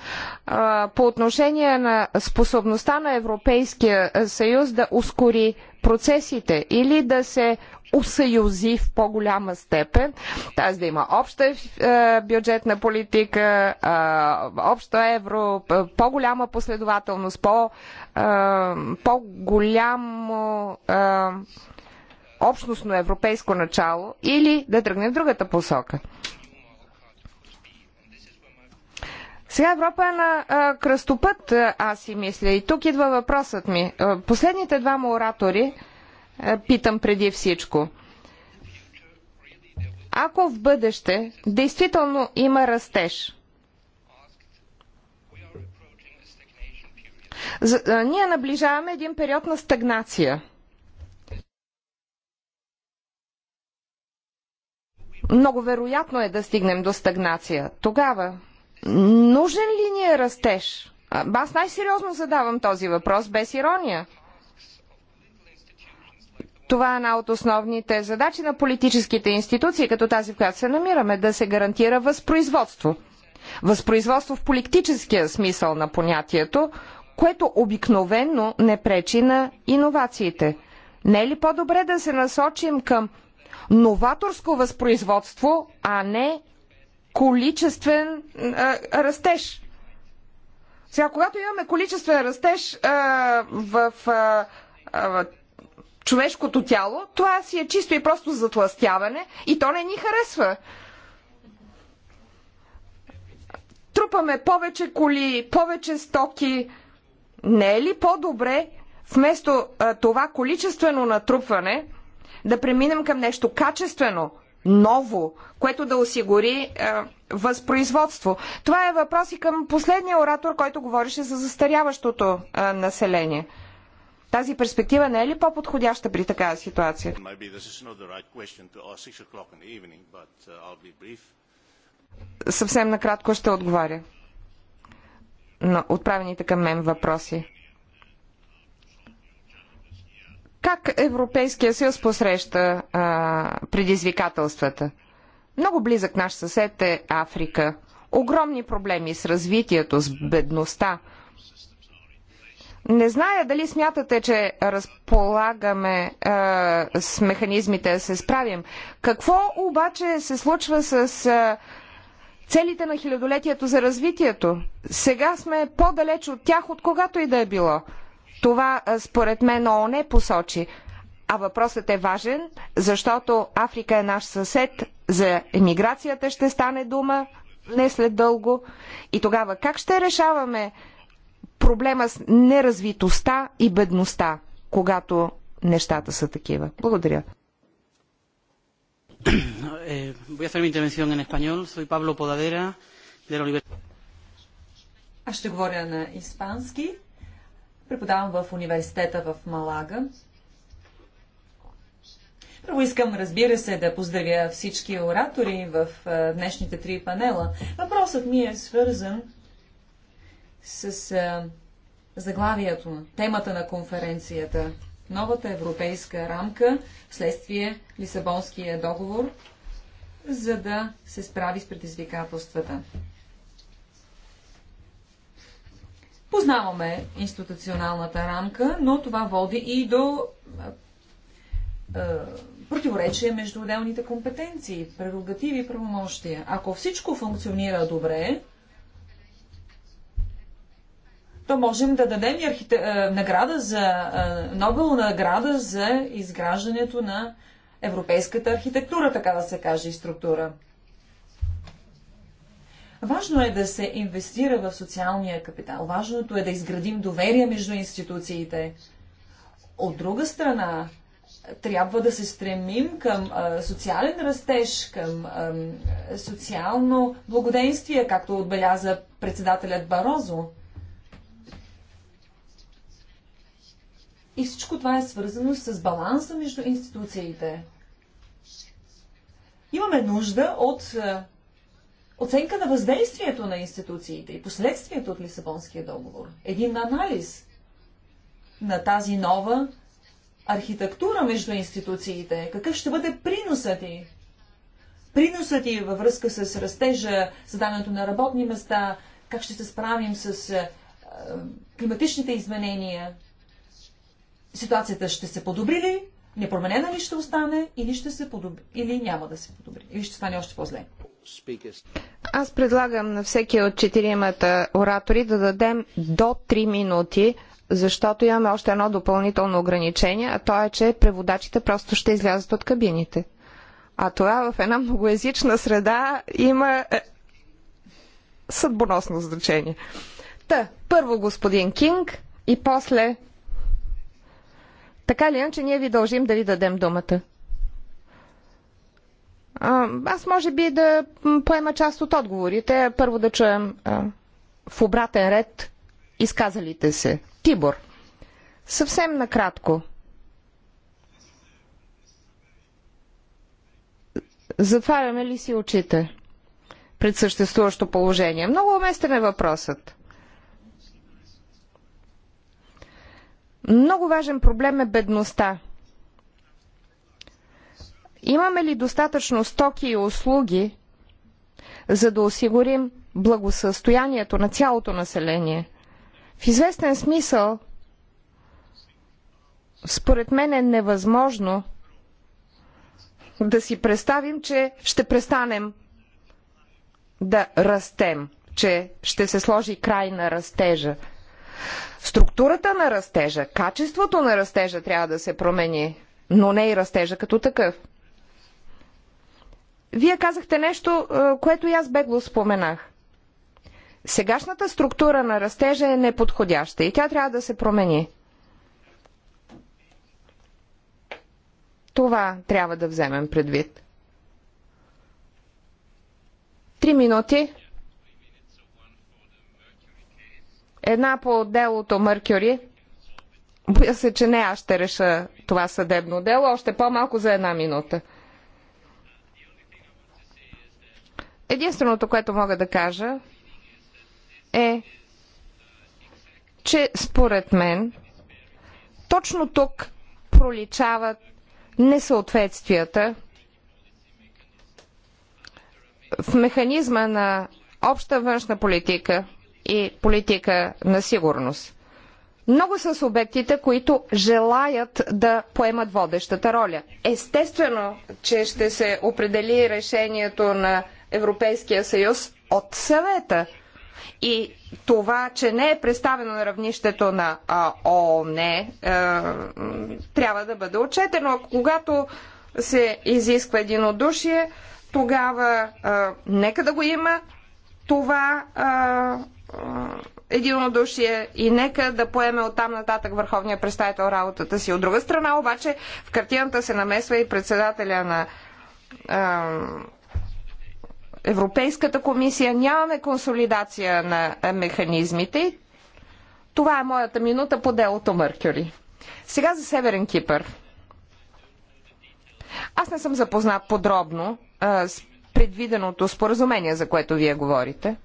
Speaker 2: а, по отношение на способността на Европейския съюз да ускори процесите или да се усъюзи в по-голяма степен, т.е. да има обща е, бюджетна политика, общо евро, по-голяма последователност, по- е, по-голямо е, общностно европейско начало или да тръгне в другата посока. Сега Европа е на а, кръстопът, аз си мисля. И тук идва въпросът ми. Последните двама оратори а, питам преди всичко. Ако в бъдеще действително има растеж, за, а, ние наближаваме един период на стагнация. много вероятно е да стигнем до стагнация. Тогава, нужен ли ни е растеж? Аз най-сериозно задавам този въпрос, без ирония. Това е една от основните задачи на политическите институции, като тази, в която се намираме, да се гарантира възпроизводство. Възпроизводство в политическия смисъл на понятието, което обикновенно не пречи на иновациите. Не е ли по-добре да се насочим към новаторско възпроизводство, а не количествен а, растеж. Сега, когато имаме количествен растеж а, в а, а, човешкото тяло, това си е чисто и просто затластяване и то не ни харесва. Трупаме повече коли, повече стоки. Не е ли по-добре вместо а, това количествено натрупване – да преминем към нещо качествено, ново, което да осигури е, възпроизводство. Това е въпрос и към последния оратор, който говореше за застаряващото е, население. Тази перспектива не е ли по-подходяща при такава ситуация? Uh, Съвсем накратко ще отговаря на отправените към мен въпроси. Как Европейския съюз посреща а, предизвикателствата? Много близък наш съсед е Африка. Огромни проблеми с развитието, с бедността. Не зная дали смятате, че разполагаме а, с механизмите да се справим. Какво обаче се случва с а, целите на хилядолетието за развитието? Сега сме по-далеч от тях, от когато и да е било. Това според мен ООН е посочи. А въпросът е важен, защото Африка е наш съсед. За емиграцията ще стане дума не след дълго. И тогава как ще решаваме проблема с неразвитостта и бедността, когато нещата са такива? Благодаря.
Speaker 3: Е, Аз ще говоря на испански. Преподавам в университета в Малага. Първо искам, разбира се, да поздравя всички оратори в днешните три панела. Въпросът ми е свързан с заглавието заглавието, темата на конференцията новата европейска рамка вследствие Лисабонския договор, за да се справи с предизвикателствата. Познаваме институционалната рамка, но това води и до е, противоречие между отделните компетенции, прерогативи и правомощия. Ако всичко функционира добре, то можем да дадем и архите... награда за, Нобел награда за изграждането на европейската архитектура, така да се каже, и структура. Важно е да се инвестира в социалния капитал. Важното е да изградим доверие между институциите. От друга страна, трябва да се стремим към а, социален растеж, към а, социално благоденствие, както отбеляза председателят Барозо. И всичко това е свързано с баланса между институциите. Имаме нужда от оценка на въздействието на институциите и последствието от Лисабонския договор. Един анализ на тази нова архитектура между институциите. Какъв ще бъде приносът ти? Приносът ти във връзка с растежа, създаването на работни места, как ще се справим с климатичните изменения. Ситуацията ще се подобри ли? Непроменена ли ще остане или, ще се или няма да се подобри? Или ще стане още по-зле?
Speaker 2: Аз предлагам на всеки от четиримата оратори да дадем до 3 минути, защото имаме още едно допълнително ограничение, а то е, че преводачите просто ще излязат от кабините. А това в една многоязична среда има е, съдбоносно значение. Та, първо господин Кинг и после... Така ли, че ние ви дължим да ви дадем думата? Аз може би да поема част от отговорите. Първо да чуем в обратен ред изказалите се. Тибор. Съвсем накратко. Затваряме ли си очите пред съществуващо положение? Много уместен е въпросът. Много важен проблем е бедността – Имаме ли достатъчно стоки и услуги, за да осигурим благосъстоянието на цялото население? В известен смисъл, според мен е невъзможно да си представим, че ще престанем да растем, че ще се сложи край на растежа. Структурата на растежа, качеството на растежа трябва да се промени, но не и растежа като такъв. Вие казахте нещо, е, което и аз бегло споменах. Сегашната структура на растежа е неподходяща и тя трябва да се промени. Това трябва да вземем предвид. Три минути. Една по делото Мъркюри. Боя се, че не аз ще реша това съдебно дело, още по-малко за една минута. Единственото, което мога да кажа е, че според мен точно тук проличават несъответствията в механизма на обща външна политика и политика на сигурност. Много са субектите, които желаят да поемат водещата роля. Естествено, че ще се определи решението на Европейския съюз от съвета. И това, че не е представено на равнището на ООН, е, трябва да бъде отчетено. Когато се изисква единодушие, тогава е, нека да го има това е, единодушие и нека да поеме оттам нататък върховния представител работата си. От друга страна, обаче, в картината се намесва и председателя на Европейската комисия, нямаме консолидация на механизмите. Това е моята минута по делото Мъркюри. Сега за Северен Кипър. Аз не съм запознат подробно а, с предвиденото споразумение, за което вие говорите.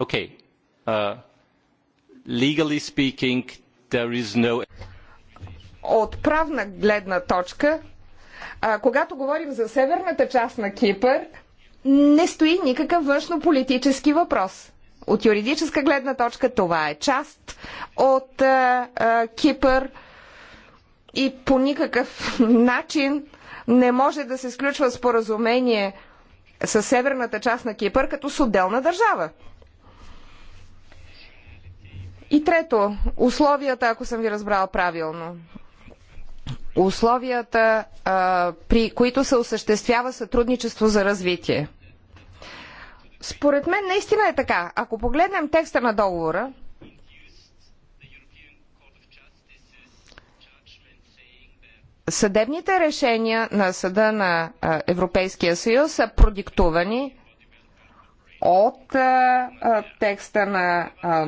Speaker 2: Okay. Uh, legally speaking, there is no... От правна гледна точка а, когато говорим за северната част на Кипър, не стои никакъв външно-политически въпрос. От юридическа гледна точка това е част от а, а, Кипър и по никакъв начин не може да се сключва споразумение с северната част на Кипър като с отделна държава. И трето, условията, ако съм ви разбрал правилно условията, при които се осъществява сътрудничество за развитие. Според мен наистина е така. Ако погледнем текста на договора, съдебните решения на Съда на Европейския съюз са продиктувани от а, а, текста на а,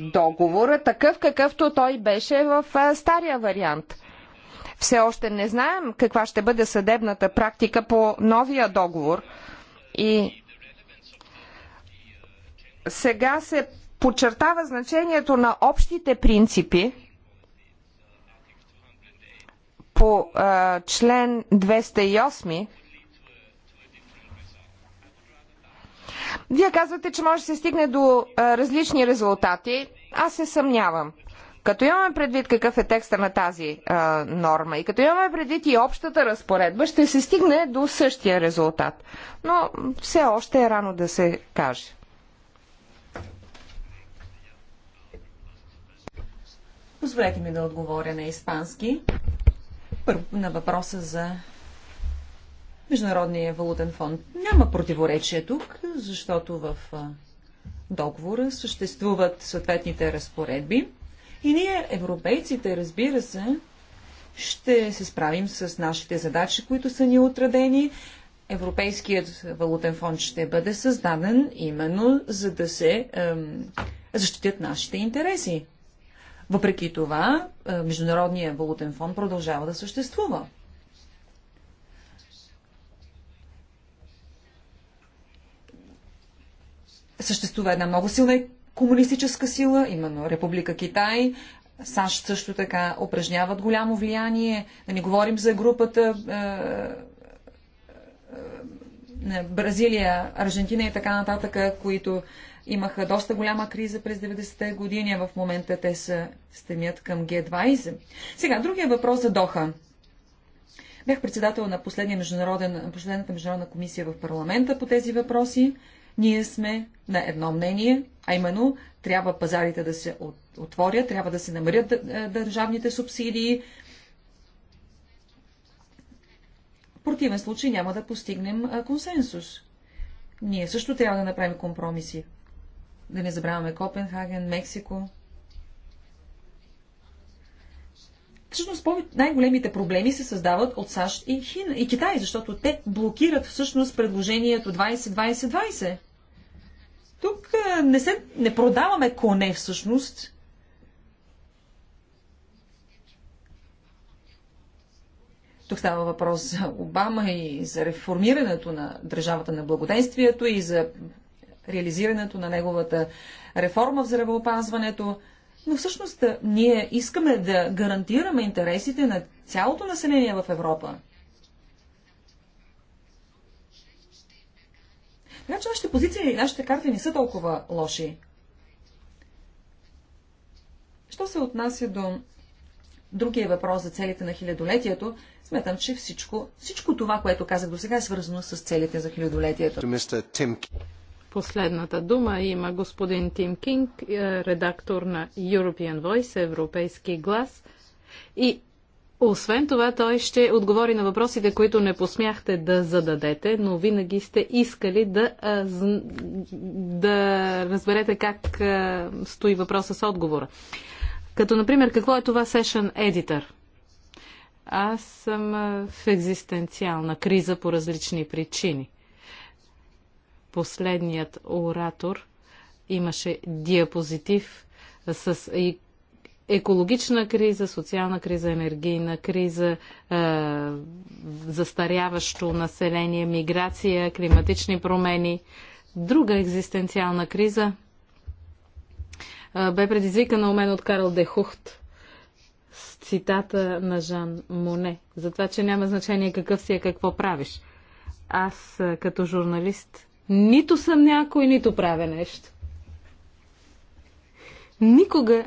Speaker 2: договора, такъв какъвто той беше в а, стария вариант. Все още не знаем каква ще бъде съдебната практика по новия договор и сега се подчертава значението на общите принципи по а, член 208 Вие казвате, че може да се стигне до а, различни резултати. Аз се съмнявам. Като имаме предвид какъв е текста на тази а, норма и като имаме предвид и общата разпоредба, ще се стигне до същия резултат. Но все още е рано да се каже.
Speaker 3: Позволете ми да отговоря на испански. Първо на въпроса за Международния валутен фонд. Няма противоречие тук, защото в договора съществуват съответните разпоредби и ние, европейците, разбира се, ще се справим с нашите задачи, които са ни отредени. Европейският валутен фонд ще бъде създаден именно за да се ем, защитят нашите интереси. Въпреки това, е, Международният валутен фонд продължава да съществува. Съществува една много силна комунистическа сила, именно Република Китай. САЩ също така упражняват голямо влияние. Да не говорим за групата е, е, е Бразилия, Аржентина и така нататък, които имаха доста голяма криза през 90-те години, а в момента те се стремят към Г-20. Сега, другия въпрос за Доха. Бях председател на последния международен, последната международна комисия в парламента по тези въпроси ние сме на едно мнение, а именно трябва пазарите да се отворят, трябва да се намерят е, държавните субсидии. В противен случай няма да постигнем консенсус. Ние също трябва да направим компромиси. Да не забравяме Копенхаген, Мексико. Всъщност най-големите проблеми се създават от САЩ и, Хина, и Китай, защото те блокират всъщност предложението 20-20-20. Тук не, се, не продаваме коне всъщност. Тук става въпрос за Обама и за реформирането на държавата на благоденствието и за реализирането на неговата реформа в здравеопазването. Но всъщност ние искаме да гарантираме интересите на цялото население в Европа. Значи нашите позиции и нашите карти не са толкова лоши. Що се отнася до другия въпрос за целите на хилядолетието, смятам, че всичко, всичко това, което казах до сега, е свързано с целите за
Speaker 2: хилядолетието.
Speaker 1: Последната дума има господин Тим Кинг, е, редактор на European Voice, Европейски глас. И освен това, той ще отговори на въпросите, които не посмяхте да зададете, но винаги сте искали да, да разберете как стои въпроса с отговора. Като, например, какво е това Session Editor? Аз съм в екзистенциална криза по различни причини. Последният оратор имаше диапозитив с екологична криза, социална криза, енергийна криза, е, застаряващо население, миграция, климатични промени. Друга екзистенциална криза е, бе предизвикана у мен от Карл Дехухт с цитата на Жан Моне за това, че няма значение какъв си е какво правиш. Аз е, като журналист нито съм някой, нито правя нещо никога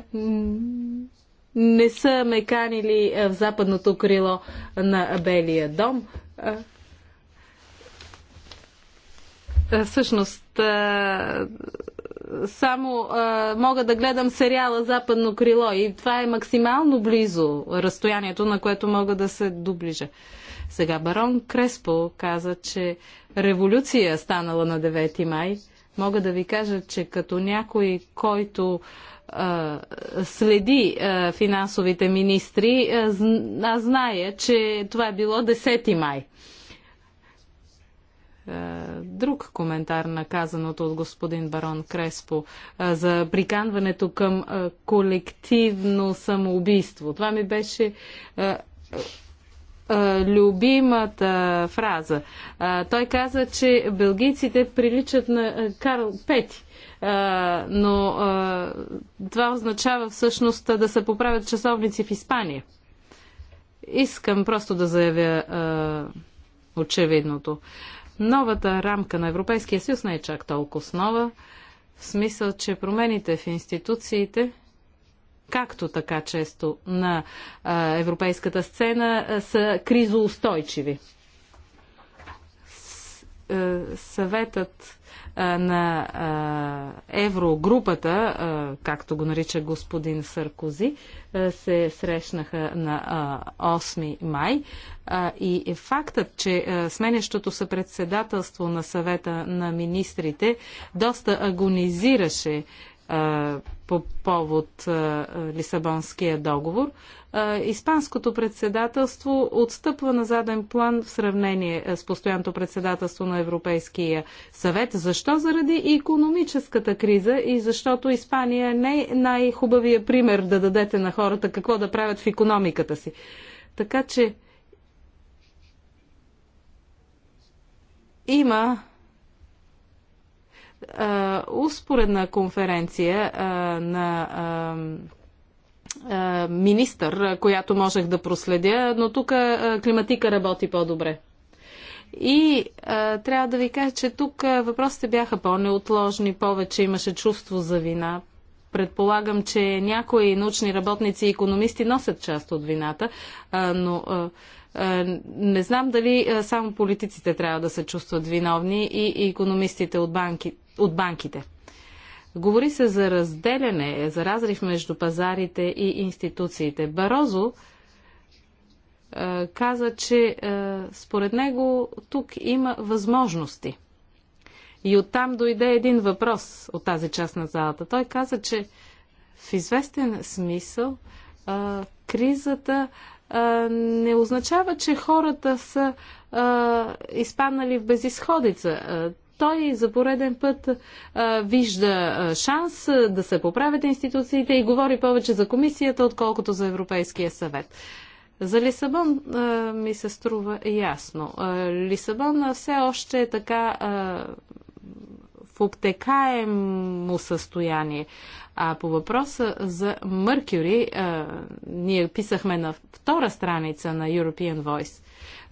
Speaker 1: не са ме канили е, в западното крило на Белия дом. Всъщност, само мога да гледам сериала Западно крило и това е максимално близо разстоянието, на което мога да се доближа. Сега барон Креспо каза, че революция станала на 9 май. Мога да ви кажа, че като някой, който следи финансовите министри, а зная, че това е било 10 май. Друг коментар на казаното от господин барон Креспо за приканването към колективно самоубийство. Това ми беше любимата фраза. Той каза, че белгийците приличат на Карл Пети но това означава всъщност да се поправят часовници в Испания. Искам просто да заявя очевидното. Новата рамка на Европейския съюз не е чак толкова основа, в смисъл, че промените в институциите както така често на европейската сцена, са кризоустойчиви. съветът на еврогрупата, както го нарича господин Саркози, се срещнаха на 8 май. И фактът, че сменящото съпредседателство на съвета на министрите доста агонизираше по повод Лисабонския договор. Испанското председателство отстъпва на заден план в сравнение с постоянното председателство на Европейския съвет. Защо? Заради економическата криза и защото Испания е не е най-хубавия пример да дадете на хората какво да правят в економиката си. Така че има успоредна конференция а, на а, а, министър, която можех да проследя, но тук климатика работи по-добре. И а, трябва да ви кажа, че тук въпросите бяха по-неотложни, повече имаше чувство за вина. Предполагам, че някои научни работници и економисти носят част от вината, а, но а, е, не знам дали е, само политиците трябва да се чувстват виновни и економистите от, банки, от банките. Говори се за разделяне, за разрив между пазарите и институциите. Барозо е, каза, че според него тук има възможности. И оттам дойде един въпрос от тази част на залата. Той каза, че в известен смисъл кризата не означава, че хората са изпаднали в безисходица той за пореден път а, вижда а, шанс а, да се поправят институциите и говори повече за комисията, отколкото за Европейския съвет. За Лисабон а, ми се струва ясно. А, Лисабон все още е така а, обтекаемо състояние. А по въпроса за Мъркюри, ние писахме на втора страница на European Voice.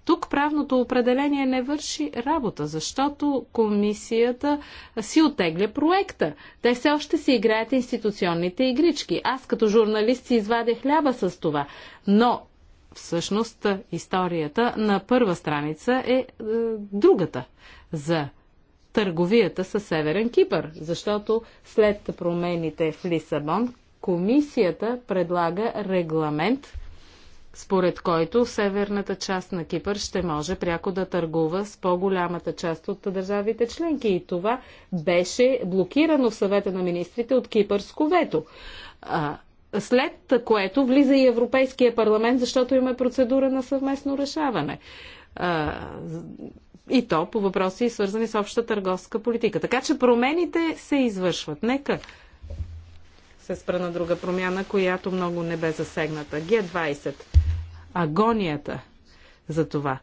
Speaker 1: Тук правното определение не върши работа, защото комисията си отегля проекта. Те все още си играят институционните игрички. Аз като журналист си извадя хляба с това. Но всъщност историята на първа страница е, е другата за търговията със Северен Кипър, защото след промените в Лисабон, комисията предлага регламент, според който северната част на Кипър ще може пряко да търгува с по-голямата част от държавите членки. И това беше блокирано в съвета на министрите от Кипърско вето. След което влиза и Европейския парламент, защото има процедура на съвместно решаване и то по въпроси, свързани с обща търговска политика. Така че промените се извършват. Нека се спра на друга промяна, която много не бе засегната. Г20. Агонията за това.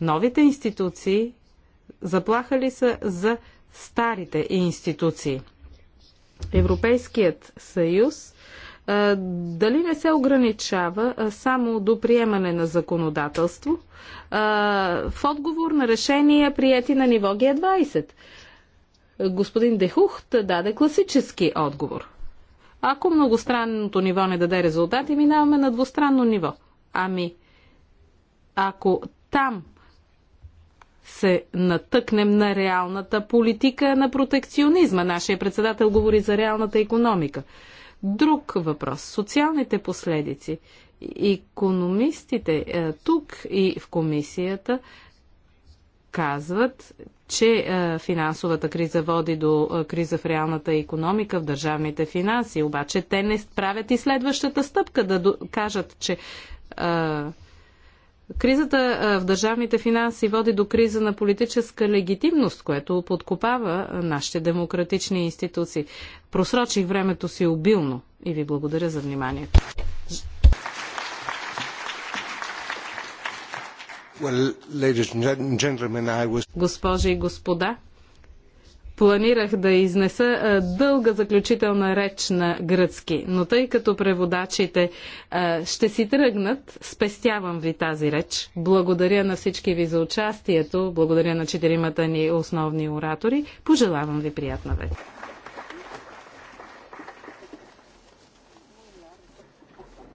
Speaker 1: Новите институции заплахали са за старите институции? Европейският съюз дали не се ограничава само до приемане на законодателство в отговор на решения, прияти на ниво Г20? Господин Дехухт даде класически отговор. Ако многостранното ниво не даде резултати, минаваме на двустранно ниво. Ами, ако там се натъкнем на реалната политика на протекционизма. Нашия председател говори за реалната економика. Друг въпрос. Социалните последици. Економистите е, тук и в комисията казват, че е, финансовата криза води до е, криза в реалната економика, в държавните финанси. Обаче те не правят и следващата стъпка да кажат, че Кризата в държавните финанси води до криза на политическа легитимност, което подкопава нашите демократични институции. Просрочих времето си обилно и ви благодаря за вниманието. Well, was... Госпожи и господа, планирах да изнеса дълга заключителна реч на гръцки, но тъй като преводачите ще си тръгнат, спестявам ви тази реч. Благодаря на всички ви за участието, благодаря на четиримата ни основни оратори. Пожелавам ви приятна вечер.